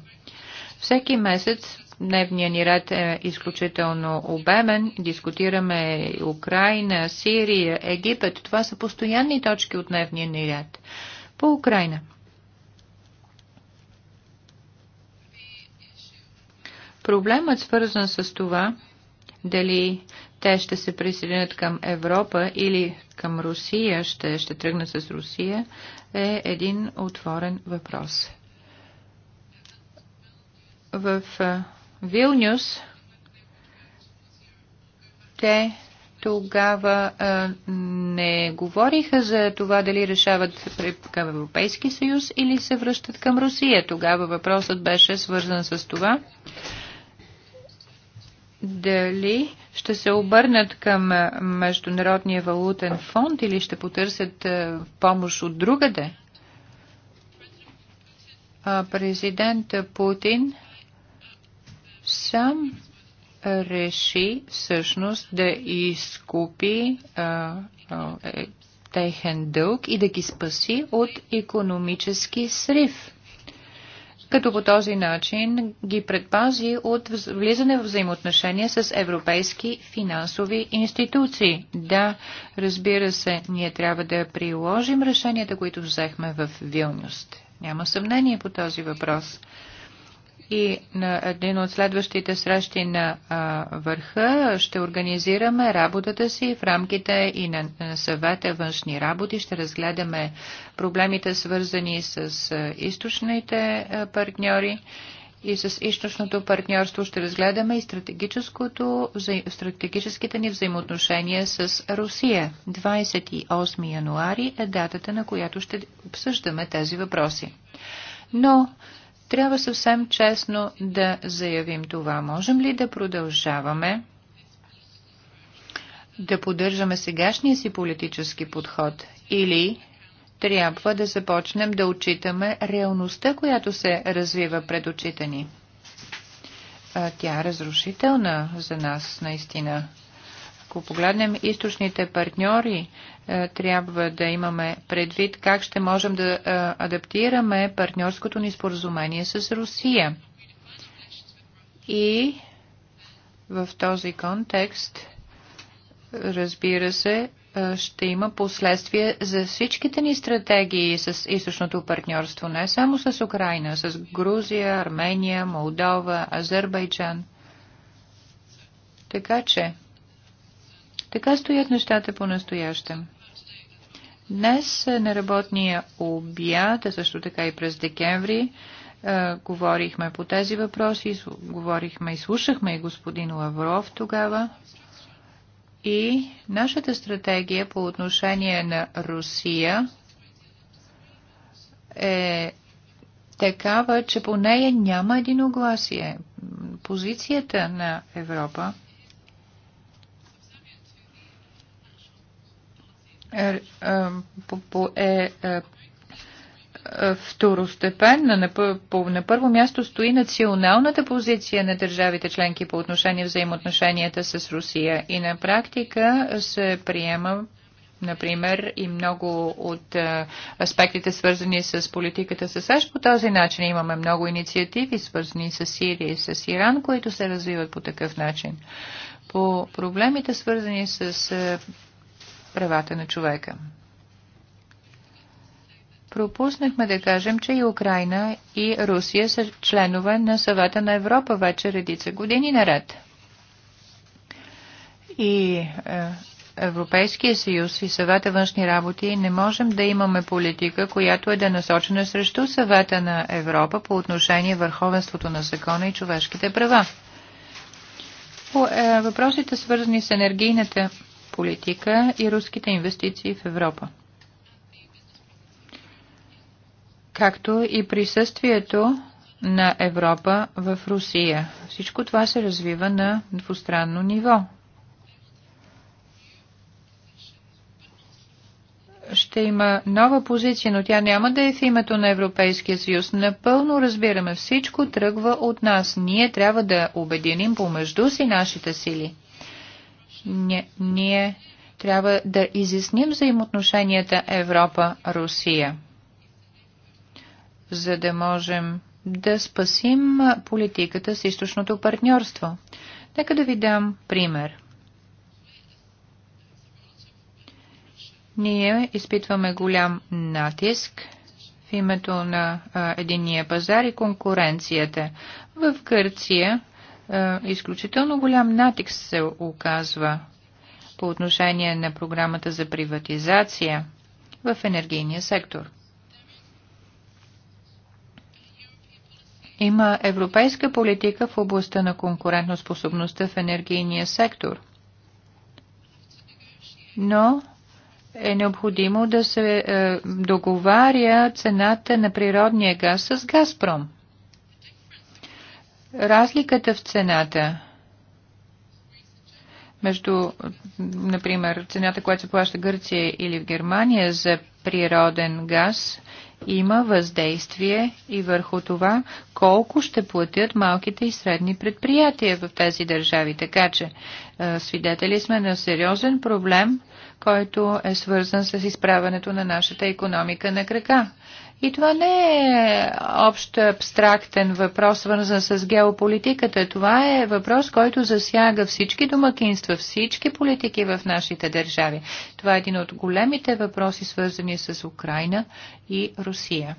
Всеки месец Дневният ни ред е изключително обемен. Дискутираме Украина, Сирия, Египет. Това са постоянни точки от дневния ни ред. По Украина. Проблемът свързан с това, дали те ще се присъединят към Европа или към Русия, ще, ще тръгнат с Русия, е един отворен въпрос. В Вилнюс, те тогава а, не говориха за това дали решават към Европейски съюз или се връщат към Русия. Тогава въпросът беше свързан с това дали ще се обърнат към Международния валутен фонд или ще потърсят помощ от другаде. Президент Путин сам реши всъщност да изкупи е, техен дълг и да ги спаси от економически срив като по този начин ги предпази от влизане в взаимоотношения с европейски финансови институции. Да, разбира се, ние трябва да приложим решенията, които взехме в Вилнюст. Няма съмнение по този въпрос и на един от следващите срещи на а, върха ще организираме работата си в рамките и на, на съвета външни работи. Ще разгледаме проблемите свързани с източните партньори и с източното партньорство ще разгледаме и стратегическото, стратегическите ни взаимоотношения с Русия. 28 януари е датата, на която ще обсъждаме тези въпроси. Но трябва съвсем честно да заявим това. Можем ли да продължаваме да поддържаме сегашния си политически подход или трябва да започнем да отчитаме реалността, която се развива пред очите ни? Тя е разрушителна за нас, наистина ако погледнем източните партньори, е, трябва да имаме предвид как ще можем да е, адаптираме партньорското ни споразумение с Русия. И в този контекст, разбира се, е, ще има последствия за всичките ни стратегии с източното партньорство, не само с Украина, с Грузия, Армения, Молдова, Азербайджан. Така че така стоят нещата по-настоящем. Днес е, на работния обяд, а също така и през декември, е, говорихме по тези въпроси, говорихме и слушахме и господин Лавров тогава. И нашата стратегия по отношение на Русия е такава, че по нея няма единогласие. Позицията на Европа е, е, е, е второстепенна. На първо място стои националната позиция на държавите членки по отношение взаимоотношенията с Русия. И на практика се приема например, и много от аспектите, свързани с политиката с САЩ. По този начин имаме много инициативи, свързани с Сирия и с Иран, които се развиват по такъв начин. По проблемите, свързани с правата на човека. Пропуснахме да кажем, че и Украина и Русия са членове на съвета на Европа вече редица години наред. И е, Европейския съюз и съвета външни работи не можем да имаме политика, която е да е насочена срещу съвета на Европа по отношение върховенството на закона и човешките права. По е, въпросите свързани с енергийната политика и руските инвестиции в Европа. Както и присъствието на Европа в Русия. Всичко това се развива на двустранно ниво. ще има нова позиция, но тя няма да е в името на Европейския съюз. Напълно разбираме, всичко тръгва от нас. Ние трябва да обединим помежду си нашите сили. Ние, трябва да изясним взаимоотношенията Европа-Русия, за да можем да спасим политиката с източното партньорство. Нека да ви дам пример. Ние изпитваме голям натиск в името на единия пазар и конкуренцията. В Гърция е, изключително голям натиск се оказва по отношение на програмата за приватизация в енергийния сектор. Има европейска политика в областта на конкурентоспособността в енергийния сектор. Но е необходимо да се е, договаря цената на природния газ с Газпром разликата в цената между, например, цената, която се плаща Гърция или в Германия за природен газ, има въздействие и върху това колко ще платят малките и средни предприятия в тези държави. Така че свидетели сме на сериозен проблем, който е свързан с изправането на нашата економика на крака. И това не е общ абстрактен въпрос, свързан с геополитиката. Това е въпрос, който засяга всички домакинства, всички политики в нашите държави. Това е един от големите въпроси, свързани с Украина и Русия.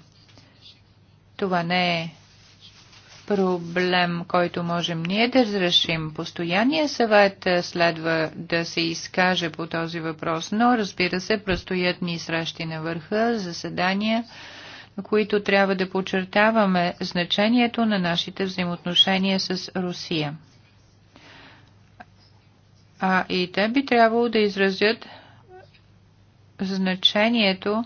Това не е проблем, който можем ние да разрешим. Постоянният съвет е, следва да се изкаже по този въпрос, но разбира се, предстоят ни срещи на върха, заседания които трябва да подчертаваме значението на нашите взаимоотношения с Русия. А и те би трябвало да изразят значението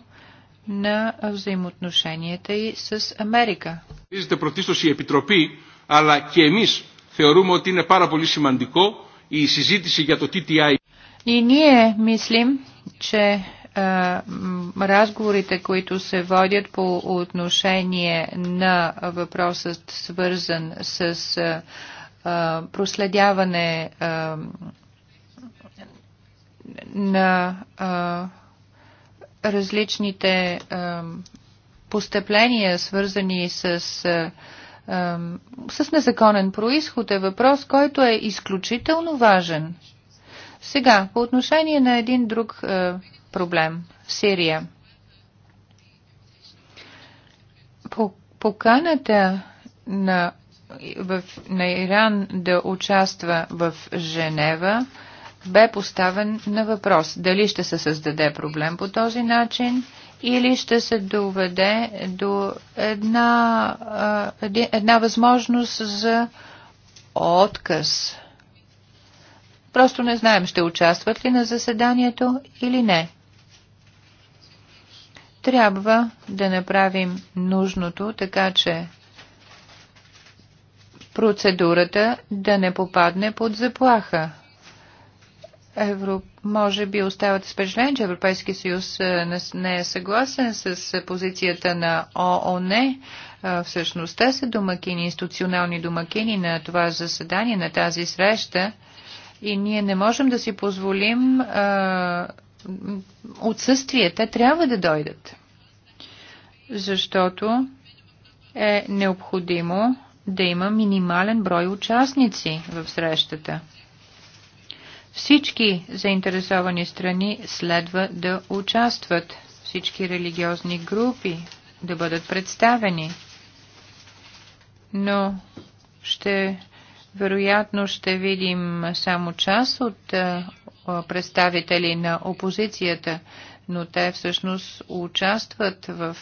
на взаимоотношенията и с Америка. Виждате πρωτίστως епитропи, ала αλλά και εμείς θεωρούμε ότι είναι πάρα πολύ σημαντικό η συζήτηση για το TTI. И ние мислим, че разговорите, които се водят по отношение на въпросът свързан с проследяване на различните постъпления, свързани с с незаконен происход е въпрос, който е изключително важен. Сега, по отношение на един друг проблем – в Сирия. Поканата на, в, на Иран да участва в Женева бе поставен на въпрос дали ще се създаде проблем по този начин или ще се доведе до една, една възможност за отказ. Просто не знаем ще участват ли на заседанието или не. Трябва да направим нужното, така че процедурата да не попадне под заплаха. Евро... Може би остават впечатление, че Европейски съюз е, не е съгласен с е, позицията на ООН. Е, всъщност те са домакини, институционални домакини на това заседание, на тази среща. И ние не можем да си позволим отсъствие. Те трябва да дойдат защото е необходимо да има минимален брой участници в срещата. Всички заинтересовани страни следва да участват, всички религиозни групи да бъдат представени. Но ще, вероятно ще видим само част от представители на опозицията но те всъщност участват в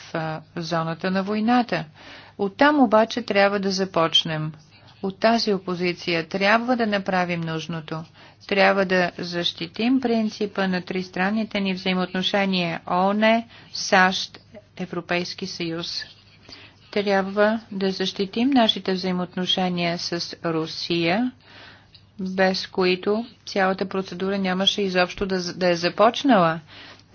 зоната на войната. Оттам обаче трябва да започнем. От тази опозиция трябва да направим нужното. Трябва да защитим принципа на тристранните ни взаимоотношения ООН, САЩ, Европейски съюз. Трябва да защитим нашите взаимоотношения с Русия, без които цялата процедура нямаше изобщо да, да е започнала.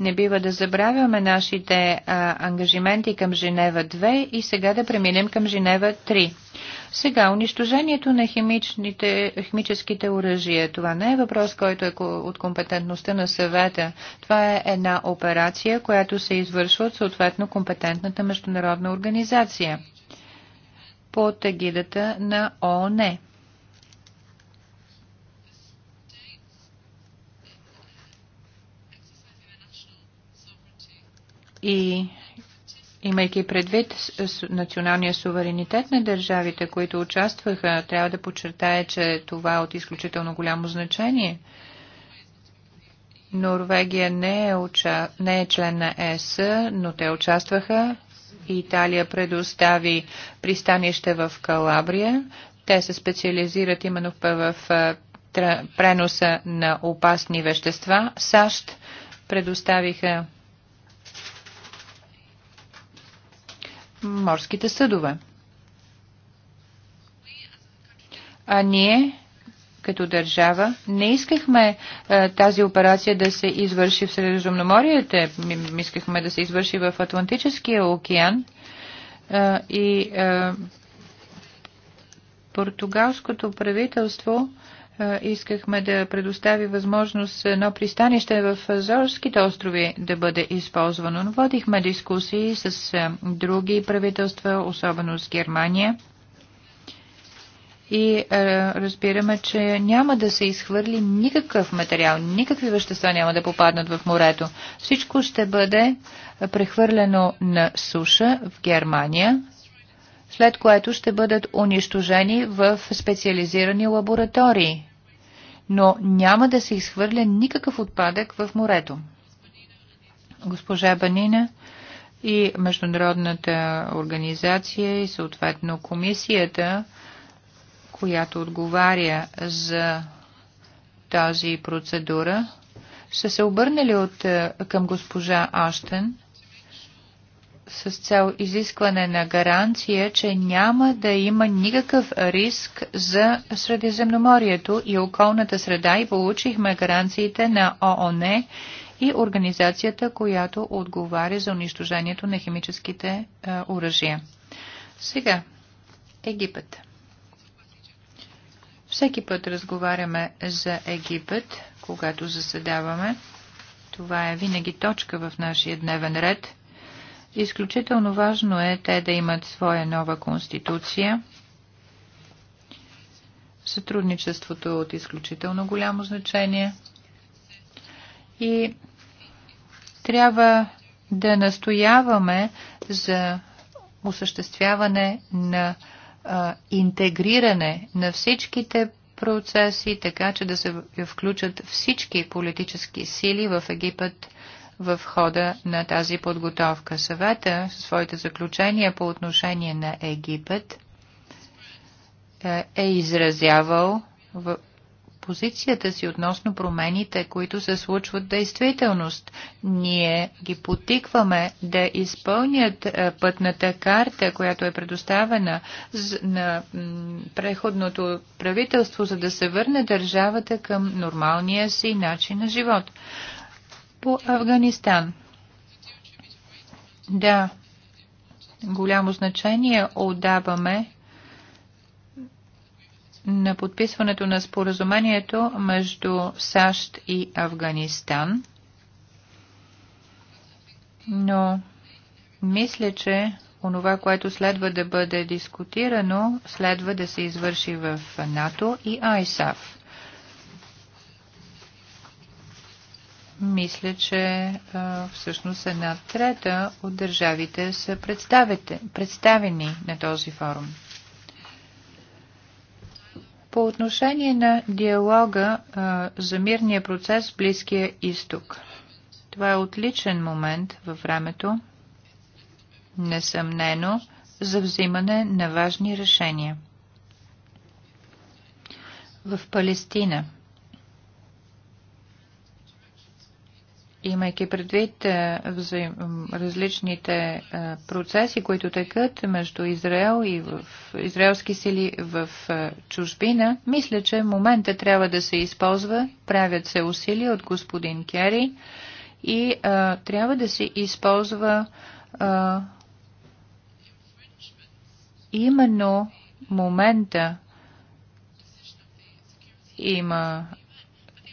Не бива да забравяме нашите а, ангажименти към Женева 2 и сега да преминем към Женева 3. Сега, унищожението на химичните, химическите оръжия. Това не е въпрос, който е от компетентността на съвета. Това е една операция, която се извършва от съответно компетентната международна организация под егидата на ООН. и Имайки предвид националния суверенитет на държавите, които участваха, трябва да подчертая, че това е от изключително голямо значение. Норвегия не е, уча... не е член на ЕС, но те участваха. Италия предостави пристанище в Калабрия. Те се специализират именно в преноса на опасни вещества. САЩ предоставиха морските съдове. А ние, като държава, не искахме е, тази операция да се извърши в Средиземноморието, искахме да се извърши в Атлантическия океан е, и е, португалското правителство искахме да предостави възможност едно пристанище в Азорските острови да бъде използвано. Но водихме дискусии с други правителства, особено с Германия. И разбираме, че няма да се изхвърли никакъв материал, никакви вещества няма да попаднат в морето. Всичко ще бъде прехвърлено на суша в Германия, след което ще бъдат унищожени в специализирани лаборатории но няма да се изхвърля никакъв отпадък в морето. Госпожа Банина и Международната организация и съответно комисията, която отговаря за тази процедура, са се обърнали от, към госпожа Аштен – с цел изискване на гаранция, че няма да има никакъв риск за Средиземноморието и околната среда и получихме гаранциите на ООН и организацията, която отговаря за унищожението на химическите е, оръжия. Сега, Египет. Всеки път разговаряме за Египет, когато заседаваме. Това е винаги точка в нашия дневен ред – Изключително важно е те да имат своя нова конституция. Сътрудничеството е от изключително голямо значение. И трябва да настояваме за осъществяване на а, интегриране на всичките процеси, така че да се включат всички политически сили в Египет в хода на тази подготовка. Съвета своите заключения по отношение на Египет е, е изразявал в позицията си относно промените, които се случват действителност. Ние ги потикваме да изпълнят е, пътната карта, която е предоставена на преходното правителство, за да се върне държавата към нормалния си начин на живот. По Афганистан. Да, голямо значение отдаваме на подписването на споразумението между САЩ и Афганистан. Но мисля, че онова, което следва да бъде дискутирано, следва да се извърши в НАТО и ISAF. мисля, че всъщност една трета от държавите са представени на този форум. По отношение на диалога за мирния процес в Близкия изток. Това е отличен момент във времето, несъмнено, за взимане на важни решения. В Палестина – имайки предвид е, различните е, процеси, които текат между Израел и в израелски сили в е, чужбина, мисля, че момента трябва да се използва. Правят се усилия от господин Кери и а, трябва да се използва а, именно момента има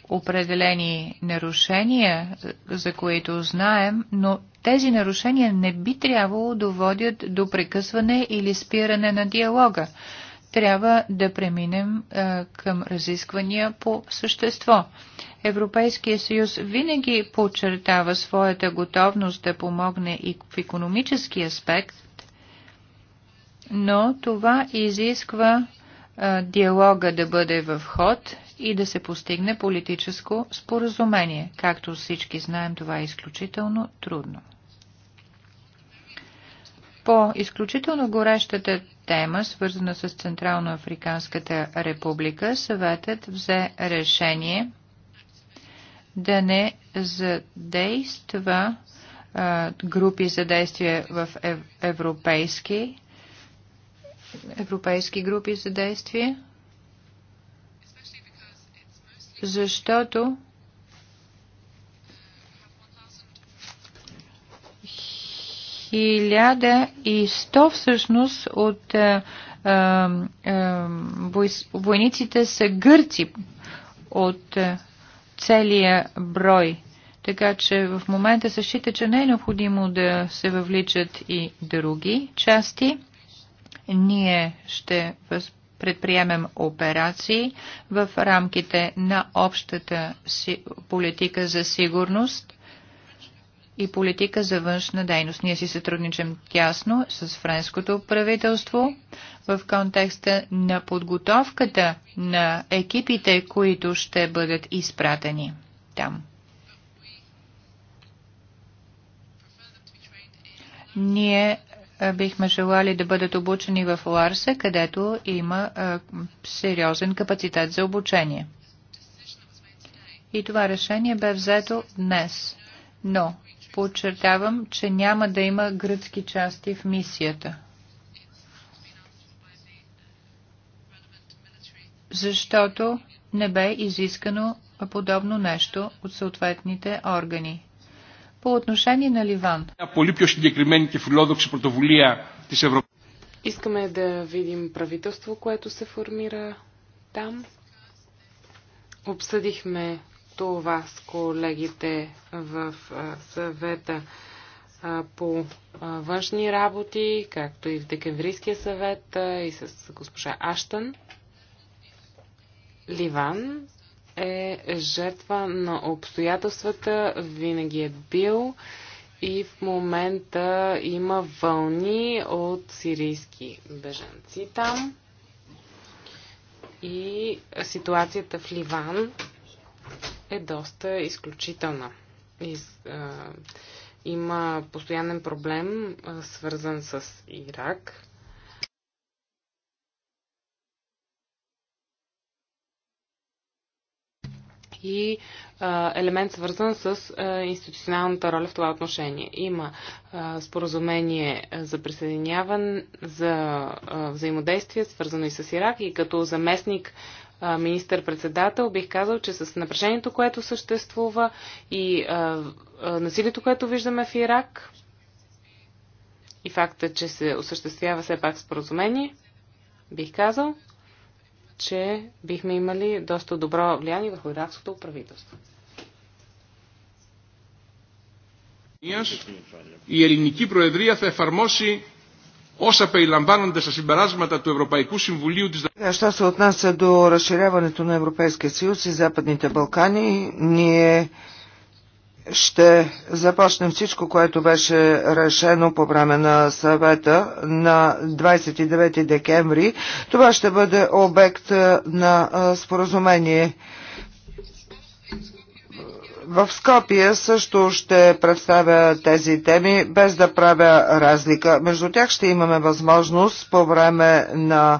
определени нарушения, за които знаем, но тези нарушения не би трябвало да водят до прекъсване или спиране на диалога. Трябва да преминем е, към разисквания по същество. Европейския съюз винаги подчертава своята готовност да помогне и в економически аспект, но това изисква е, диалога да бъде в ход и да се постигне политическо споразумение. Както всички знаем, това е изключително трудно. По изключително горещата тема, свързана с Централно-Африканската република, съветът взе решение да не задейства а, групи за действие в европейски, европейски групи за действие, защото Хиляда и сто всъщност от а, е, а, е, е, войниците са гърци от а, целия брой. Така че в момента се счита, че не е необходимо да се въвличат и други части. Ние ще възпитаме предприемем операции в рамките на общата си политика за сигурност и политика за външна дейност. Ние си сътрудничам тясно с френското правителство в контекста на подготовката на екипите, които ще бъдат изпратени там. Ние бихме желали да бъдат обучени в Ларса, където има сериозен капацитет за обучение. И това решение бе взето днес. Но подчертавам, че няма да има гръцки части в мисията. Защото не бе изискано подобно нещо от съответните органи по отношение на Ливан. Искаме да видим правителство, което се формира там. Обсъдихме това с колегите в съвета по външни работи, както и в Декемврийския съвет и с госпожа Аштън. Ливан е жертва на обстоятелствата, винаги е бил и в момента има вълни от сирийски бежанци там. И ситуацията в Ливан е доста изключителна. Из, а, има постоянен проблем, а, свързан с Ирак. и елемент свързан с институционалната роля в това отношение. Има споразумение за присъединяване, за взаимодействие, свързано и с Ирак и като заместник министър-председател, бих казал, че с напрежението, което съществува и а, насилието, което виждаме в Ирак и факта, че се осъществява все пак споразумение, бих казал, че бихме имали доста добро влияние върху иракското правителство. Η ελληνική προεδρία θα εφαρμόσει όσα περιλαμβάνονται στα συμπεράσματα του Ευρωπαϊκού Συμβουλίου της Що се отнася до του на Европейския съюз и Западните Балкани, ние ще започнем всичко, което беше решено по време на съвета на 29 декември. Това ще бъде обект на споразумение. В Скопия също ще представя тези теми, без да правя разлика. Между тях ще имаме възможност по време на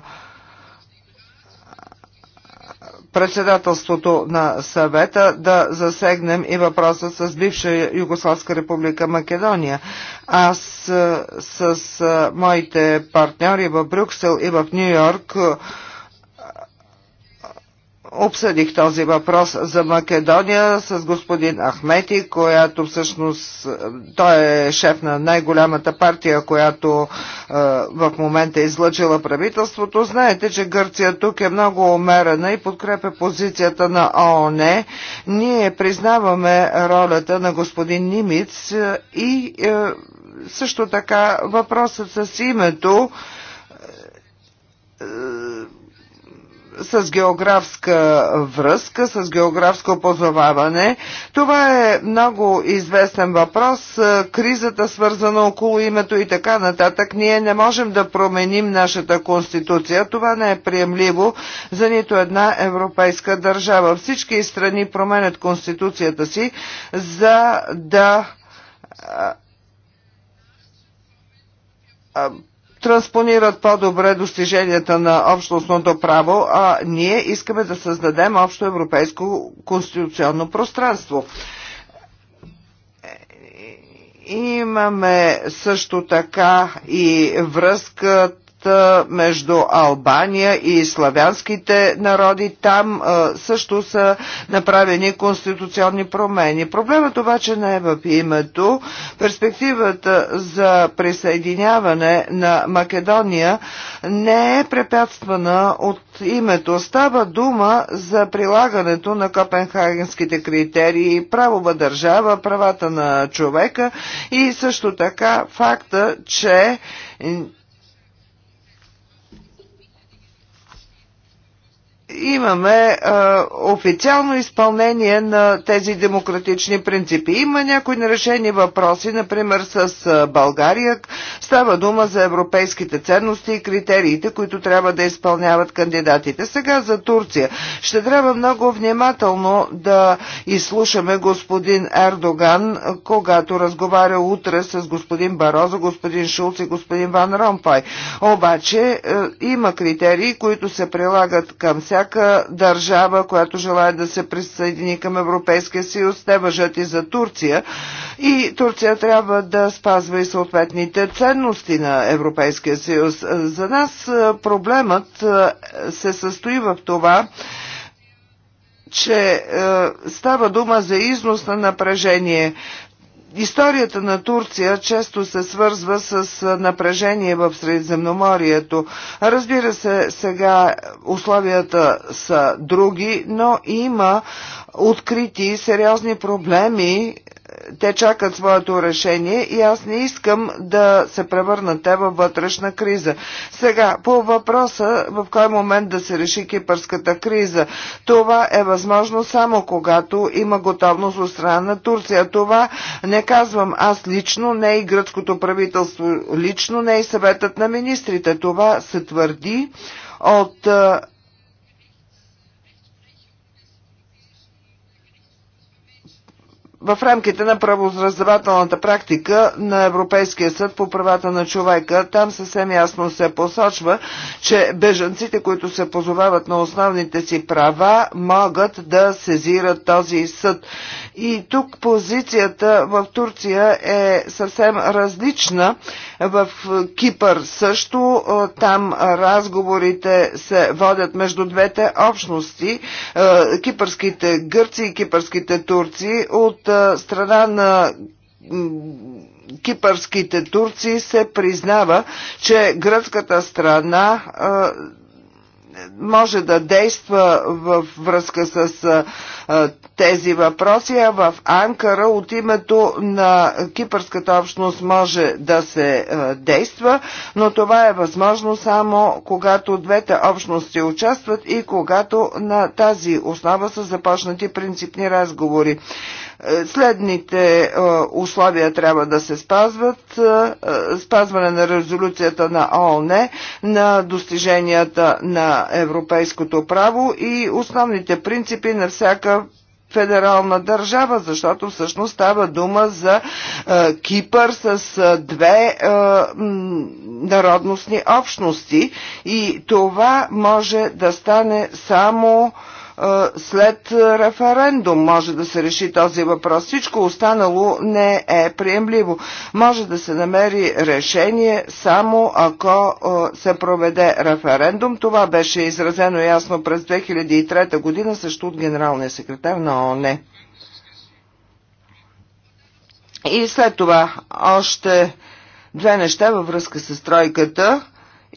председателството на съвета да засегнем и въпроса с бивша Югославска република Македония. Аз е, с, с е, моите партньори в Брюксел и в Нью-Йорк обсъдих този въпрос за Македония с господин Ахмети, която всъщност е, той е шеф на най-голямата партия, която е, в момента е излъчила правителството. Знаете, че Гърция тук е много умерена и подкрепя позицията на ООН. Ние признаваме ролята на господин Нимиц е, и е, също така въпросът с името е, с географска връзка, с географско позоваване. Това е много известен въпрос. Кризата свързана около името и така нататък. Ние не можем да променим нашата конституция. Това не е приемливо за нито една европейска държава. Всички страни променят конституцията си, за да транспонират по-добре достиженията на общностното право, а ние искаме да създадем общо европейско конституционно пространство. Имаме също така и връзка между Албания и славянските народи. Там също са направени конституционни промени. Проблемът обаче не е в името. Перспективата за присъединяване на Македония не е препятствана от името. Става дума за прилагането на копенхагенските критерии, правова държава, правата на човека и също така факта, че имаме а, официално изпълнение на тези демократични принципи. Има някои нарешени въпроси, например с България. Става дума за европейските ценности и критериите, които трябва да изпълняват кандидатите. Сега за Турция. Ще трябва много внимателно да изслушаме господин Ердоган, когато разговаря утре с господин Барозо, господин Шулц и господин Ван Ромпай. Обаче има критерии, които се прилагат към сега всяка държава, която желая да се присъедини към Европейския съюз, те въжат и за Турция. И Турция трябва да спазва и съответните ценности на Европейския съюз. За нас проблемът се състои в това, че е, става дума за износ на напрежение. Историята на Турция често се свързва с напрежение в Средиземноморието. Разбира се, сега условията са други, но има открити сериозни проблеми те чакат своето решение и аз не искам да се превърнат те във вътрешна криза. Сега, по въпроса в кой момент да се реши кипърската криза, това е възможно само когато има готовност от страна на Турция. Това не казвам аз лично, не и гръцкото правителство лично, не и съветът на министрите. Това се твърди от в рамките на правозразвателната практика на Европейския съд по правата на човека. Там съвсем ясно се посочва, че бежанците, които се позовават на основните си права, могат да сезират този съд. И тук позицията в Турция е съвсем различна. В Кипър също е, там разговорите се водят между двете общности, е, кипърските гърци и кипърските турци. От е, страна на кипърските турци се признава, че гръцката страна може да действа във връзка с тези въпроси, а в Анкара от името на кипърската общност може да се е, действа, но това е възможно само когато двете общности участват и когато на тази основа са започнати принципни разговори. Е, следните е, условия трябва да се спазват. Спазване на резолюцията на ООН, на достиженията на европейското право и основните принципи на всяка федерална държава, защото всъщност става дума за е, Кипър с е, две е, народностни общности и това може да стане само е, след референдум може да се реши този въпрос. Всичко останало не е приемливо. Може да се намери решение само ако се проведе референдум. Това беше изразено ясно през 2003 година също от генералния секретар на ООН. И след това още две неща във връзка с тройката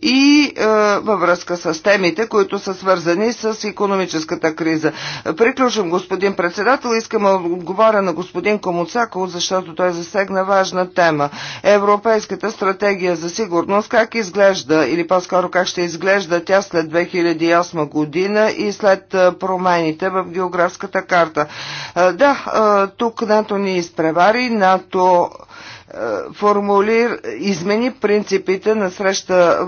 и е, във връзка с темите, които са свързани с економическата криза. Приключвам, господин председател. Искам да отговоря на господин Комуцаков, защото той засегна важна тема. Европейската стратегия за сигурност, как изглежда или по-скоро как ще изглежда тя след 2008 година и след е, промените в географската карта. Е, да, е, тук НАТО ни изпревари, НАТО формулир, измени принципите на среща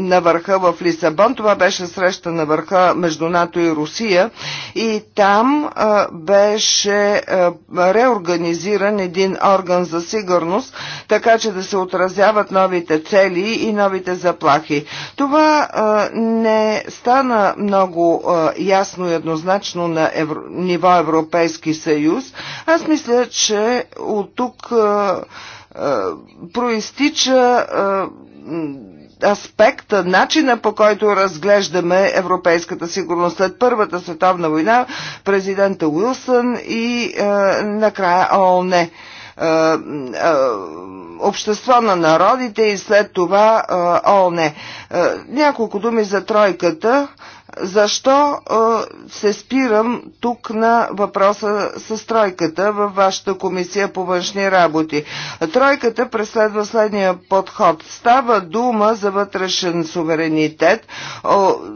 на върха в Лисабон. Това беше среща на върха между НАТО и Русия и там беше реорганизиран един орган за сигурност, така че да се отразяват новите цели и новите заплахи. Това не стана много ясно и еднозначно на евро... ниво Европейски съюз. Аз мисля, че от тук проистича аспекта, начина по който разглеждаме европейската сигурност. След Първата световна война президента Уилсън и е, накрая ООН. Е, е, общество на народите и след това ООН. Няколко думи за тройката. Защо се спирам тук на въпроса с тройката във вашата комисия по външни работи? Тройката преследва следния подход. Става дума за вътрешен суверенитет,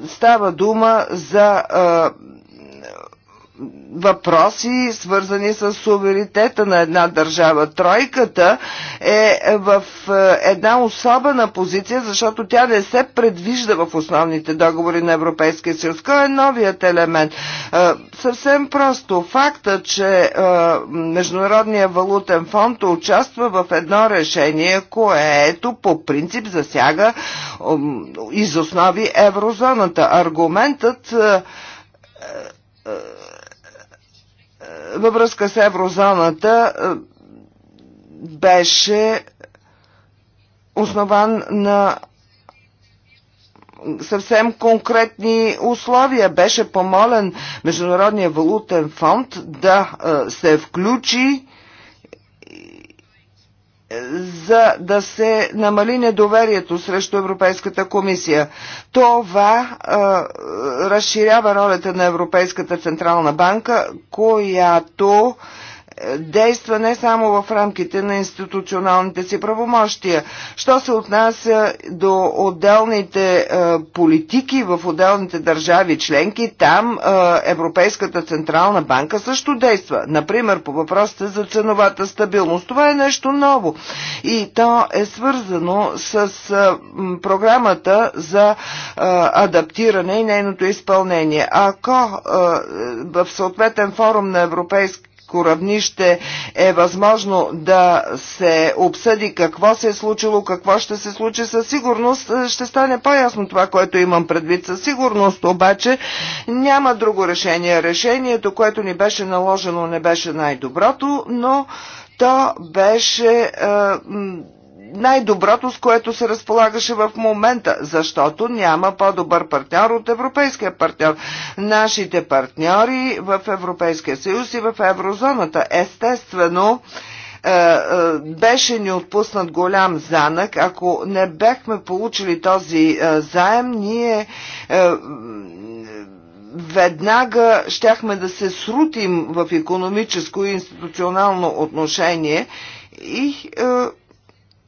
става дума за въпроси, свързани с суверенитета на една държава. Тройката е в е, една особена позиция, защото тя не се предвижда в основните договори на Европейския съюз. Кой е новият елемент? Е, съвсем просто факта, че е, Международният валутен фонд участва в едно решение, което по принцип засяга из основи еврозоната. Аргументът във връзка с еврозоната е, беше основан на съвсем конкретни условия. Беше помолен Международния валутен фонд да е, се включи за да се намали недоверието срещу Европейската комисия. Това а, разширява ролята на Европейската централна банка, която а, действа не само в рамките на институционалните си правомощия. Що се отнася до отделните е, политики в отделните държави членки, там е, Европейската Централна банка също действа. Например, по въпросите за ценовата стабилност. Това е нещо ново. И то е свързано с е, програмата за е, адаптиране и нейното изпълнение. Ако е, в съответен форум на Европейския равнище е възможно да се обсъди какво се е случило, какво ще се случи, със сигурност ще стане по-ясно това, което имам предвид. Със сигурност обаче няма друго решение. Решението, което ни беше наложено, не беше най-доброто, но то беше е, най-доброто, с което се разполагаше в момента, защото няма по-добър партньор от европейския партньор. Нашите партньори в Европейския съюз и в еврозоната естествено е, е, беше ни отпуснат голям занък. Ако не бехме получили този е, заем, ние веднага щяхме да се срутим в економическо и институционално отношение и е,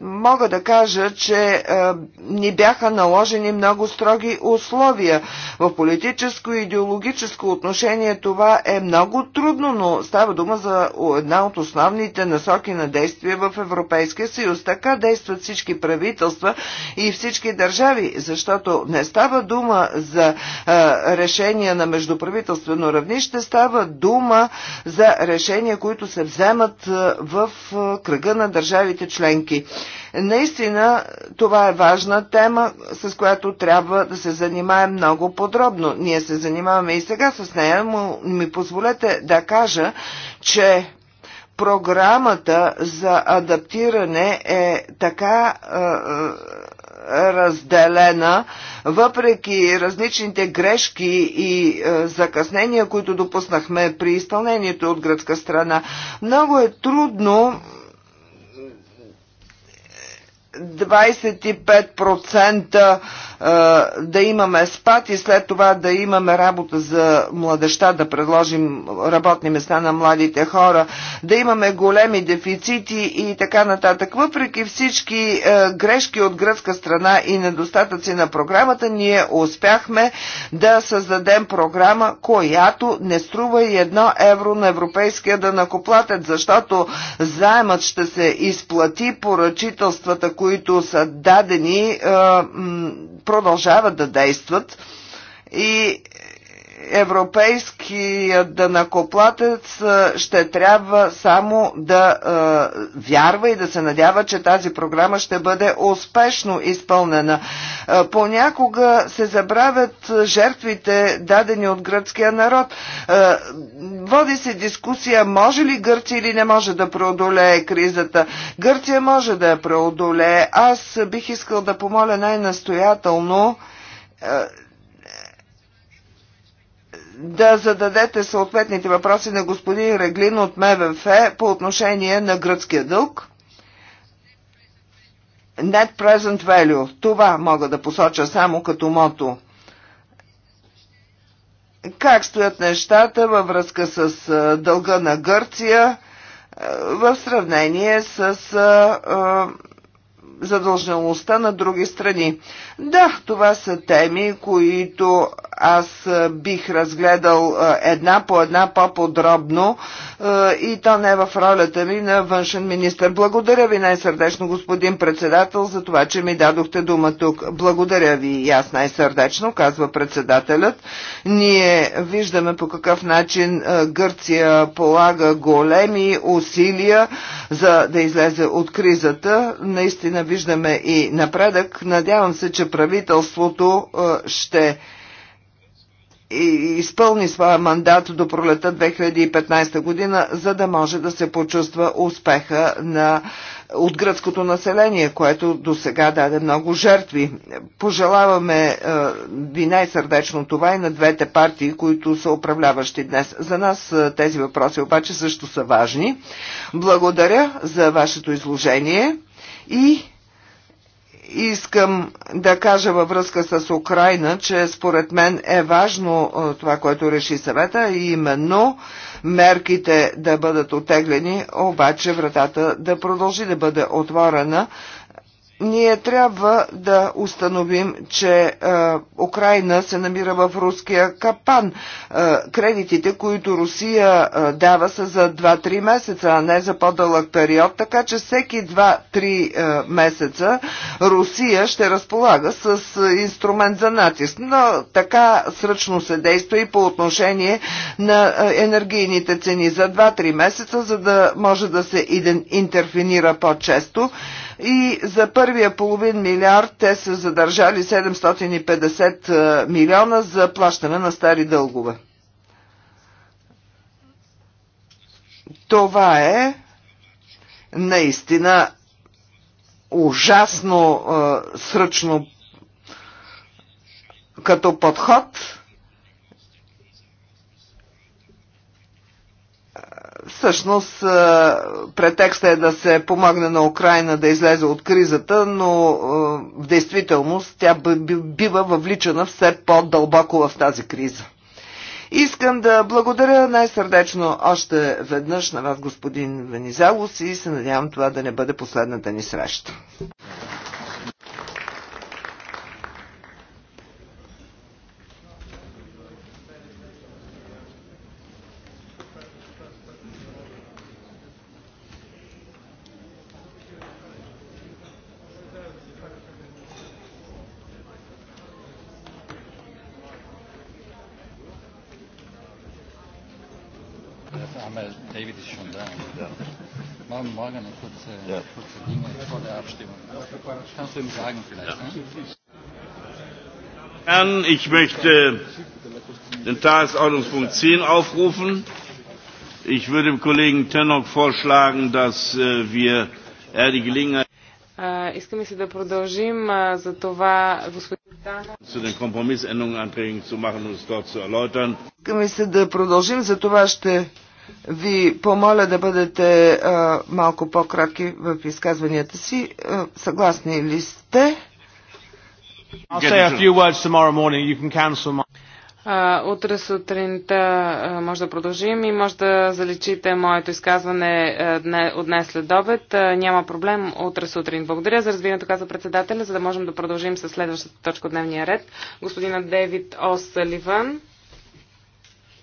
мога да кажа, че е, ни бяха наложени много строги условия. В политическо и идеологическо отношение това е много трудно, но става дума за една от основните насоки на действие в Европейския съюз. Така действат всички правителства и всички държави, защото не става дума за е, решения на междуправителствено равнище, става дума за решения, които се вземат е, в е, кръга на държавите членки. Наистина, това е важна тема, с която трябва да се занимаем много подробно. Ние се занимаваме и сега с нея, но ми позволете да кажа, че програмата за адаптиране е така разделена, въпреки различните грешки и е, закъснения, които допуснахме при изпълнението от гръцка страна. Много е трудно 25% да имаме спад и след това да имаме работа за младеща, да предложим работни места на младите хора, да имаме големи дефицити и така нататък. Въпреки всички грешки от гръцка страна и недостатъци на програмата, ние успяхме да създадем програма, която не струва и едно евро на европейския накоплатят, защото заемът ще се изплати поръчителствата, които които са дадени, продължават да действат и европейският данакоплатец ще трябва само да е, вярва и да се надява, че тази програма ще бъде успешно изпълнена. Е, понякога се забравят жертвите, дадени от гръцкия народ. Е, води се дискусия, може ли Гърция или не може да преодолее кризата. Гърция може да я преодолее. Аз бих искал да помоля най-настоятелно да зададете съответните въпроси на господин Реглин от МВФ по отношение на гръцкия дълг. Net Present Value. Това мога да посоча само като мото. Как стоят нещата във връзка с дълга на Гърция в сравнение с задължеността на други страни. Да, това са теми, които аз бих разгледал една по една по-подробно и то не е в ролята ми на външен министр. Благодаря ви най-сърдечно, господин председател, за това, че ми дадохте дума тук. Благодаря ви и аз най-сърдечно, казва председателят. Ние виждаме по какъв начин Гърция полага големи усилия за да излезе от кризата. Наистина виждаме и напредък. Надявам се, че правителството е, ще изпълни своя мандат до пролета 2015 година, за да може да се почувства успеха на, от гръцкото население, което до сега даде много жертви. Пожелаваме е, ви най-сърдечно това и на двете партии, които са управляващи днес. За нас е, тези въпроси обаче също са важни. Благодаря за вашето изложение и Искам да кажа във връзка с Украина, че според мен е важно е, това, което реши съвета, и именно мерките да бъдат отеглени, обаче вратата да продължи да бъде отворена ние трябва да установим, че е, Украина се намира в руския капан. Е, кредитите, които Русия е, дава са за 2-3 месеца, а не за по-дълъг период, така че всеки 2-3 е, месеца Русия ще разполага с е, инструмент за натиск. Но така сръчно се действа и по отношение на е, енергийните цени за 2-3 месеца, за да може да се интерфинира по-често и за първия половин милиард те са задържали 750 е, милиона за плащане на стари дългове. Това е наистина ужасно е, сръчно като подход. Всъщност, претекста е да се помогне на Украина да излезе от кризата, но в действителност тя бива въвличана все по-дълбоко в тази криза. Искам да благодаря най-сърдечно още веднъж на вас, господин Венизалус, и се надявам това да не бъде последната ни среща. ist schon da. Ja. morgen eine kurze, ja. kurze Dinge vor der Abstimmung. Kannst du ihm sagen vielleicht? Ja. Ne? Ich möchte den Tagesordnungspunkt 10 aufrufen. Ich würde dem Kollegen Tenok vorschlagen, dass wir er die Gelegenheit. Искаме се да продължим за това, господин zu den Kompromissänderungsanträgen zu machen und es dort zu erläutern. Искаме се да продължим, за това ще ви помоля да бъдете а, малко по-кратки в изказванията си. А, съгласни ли сте? утре сутринта може да продължим и може да заличите моето изказване от днес след обед. Няма проблем утре сутрин. Благодаря за развиването, каза председателя, за да можем да продължим с следващата точка от дневния ред. Господина Дейвид Саливан.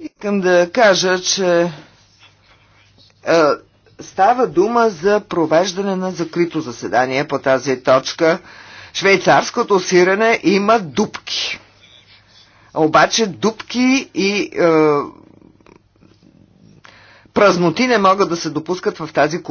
Искам да кажа, че е, става дума за провеждане на закрито заседание по тази точка. Швейцарското сирене има дупки. Обаче дупки и е, празноти не могат да се допускат в тази комисия.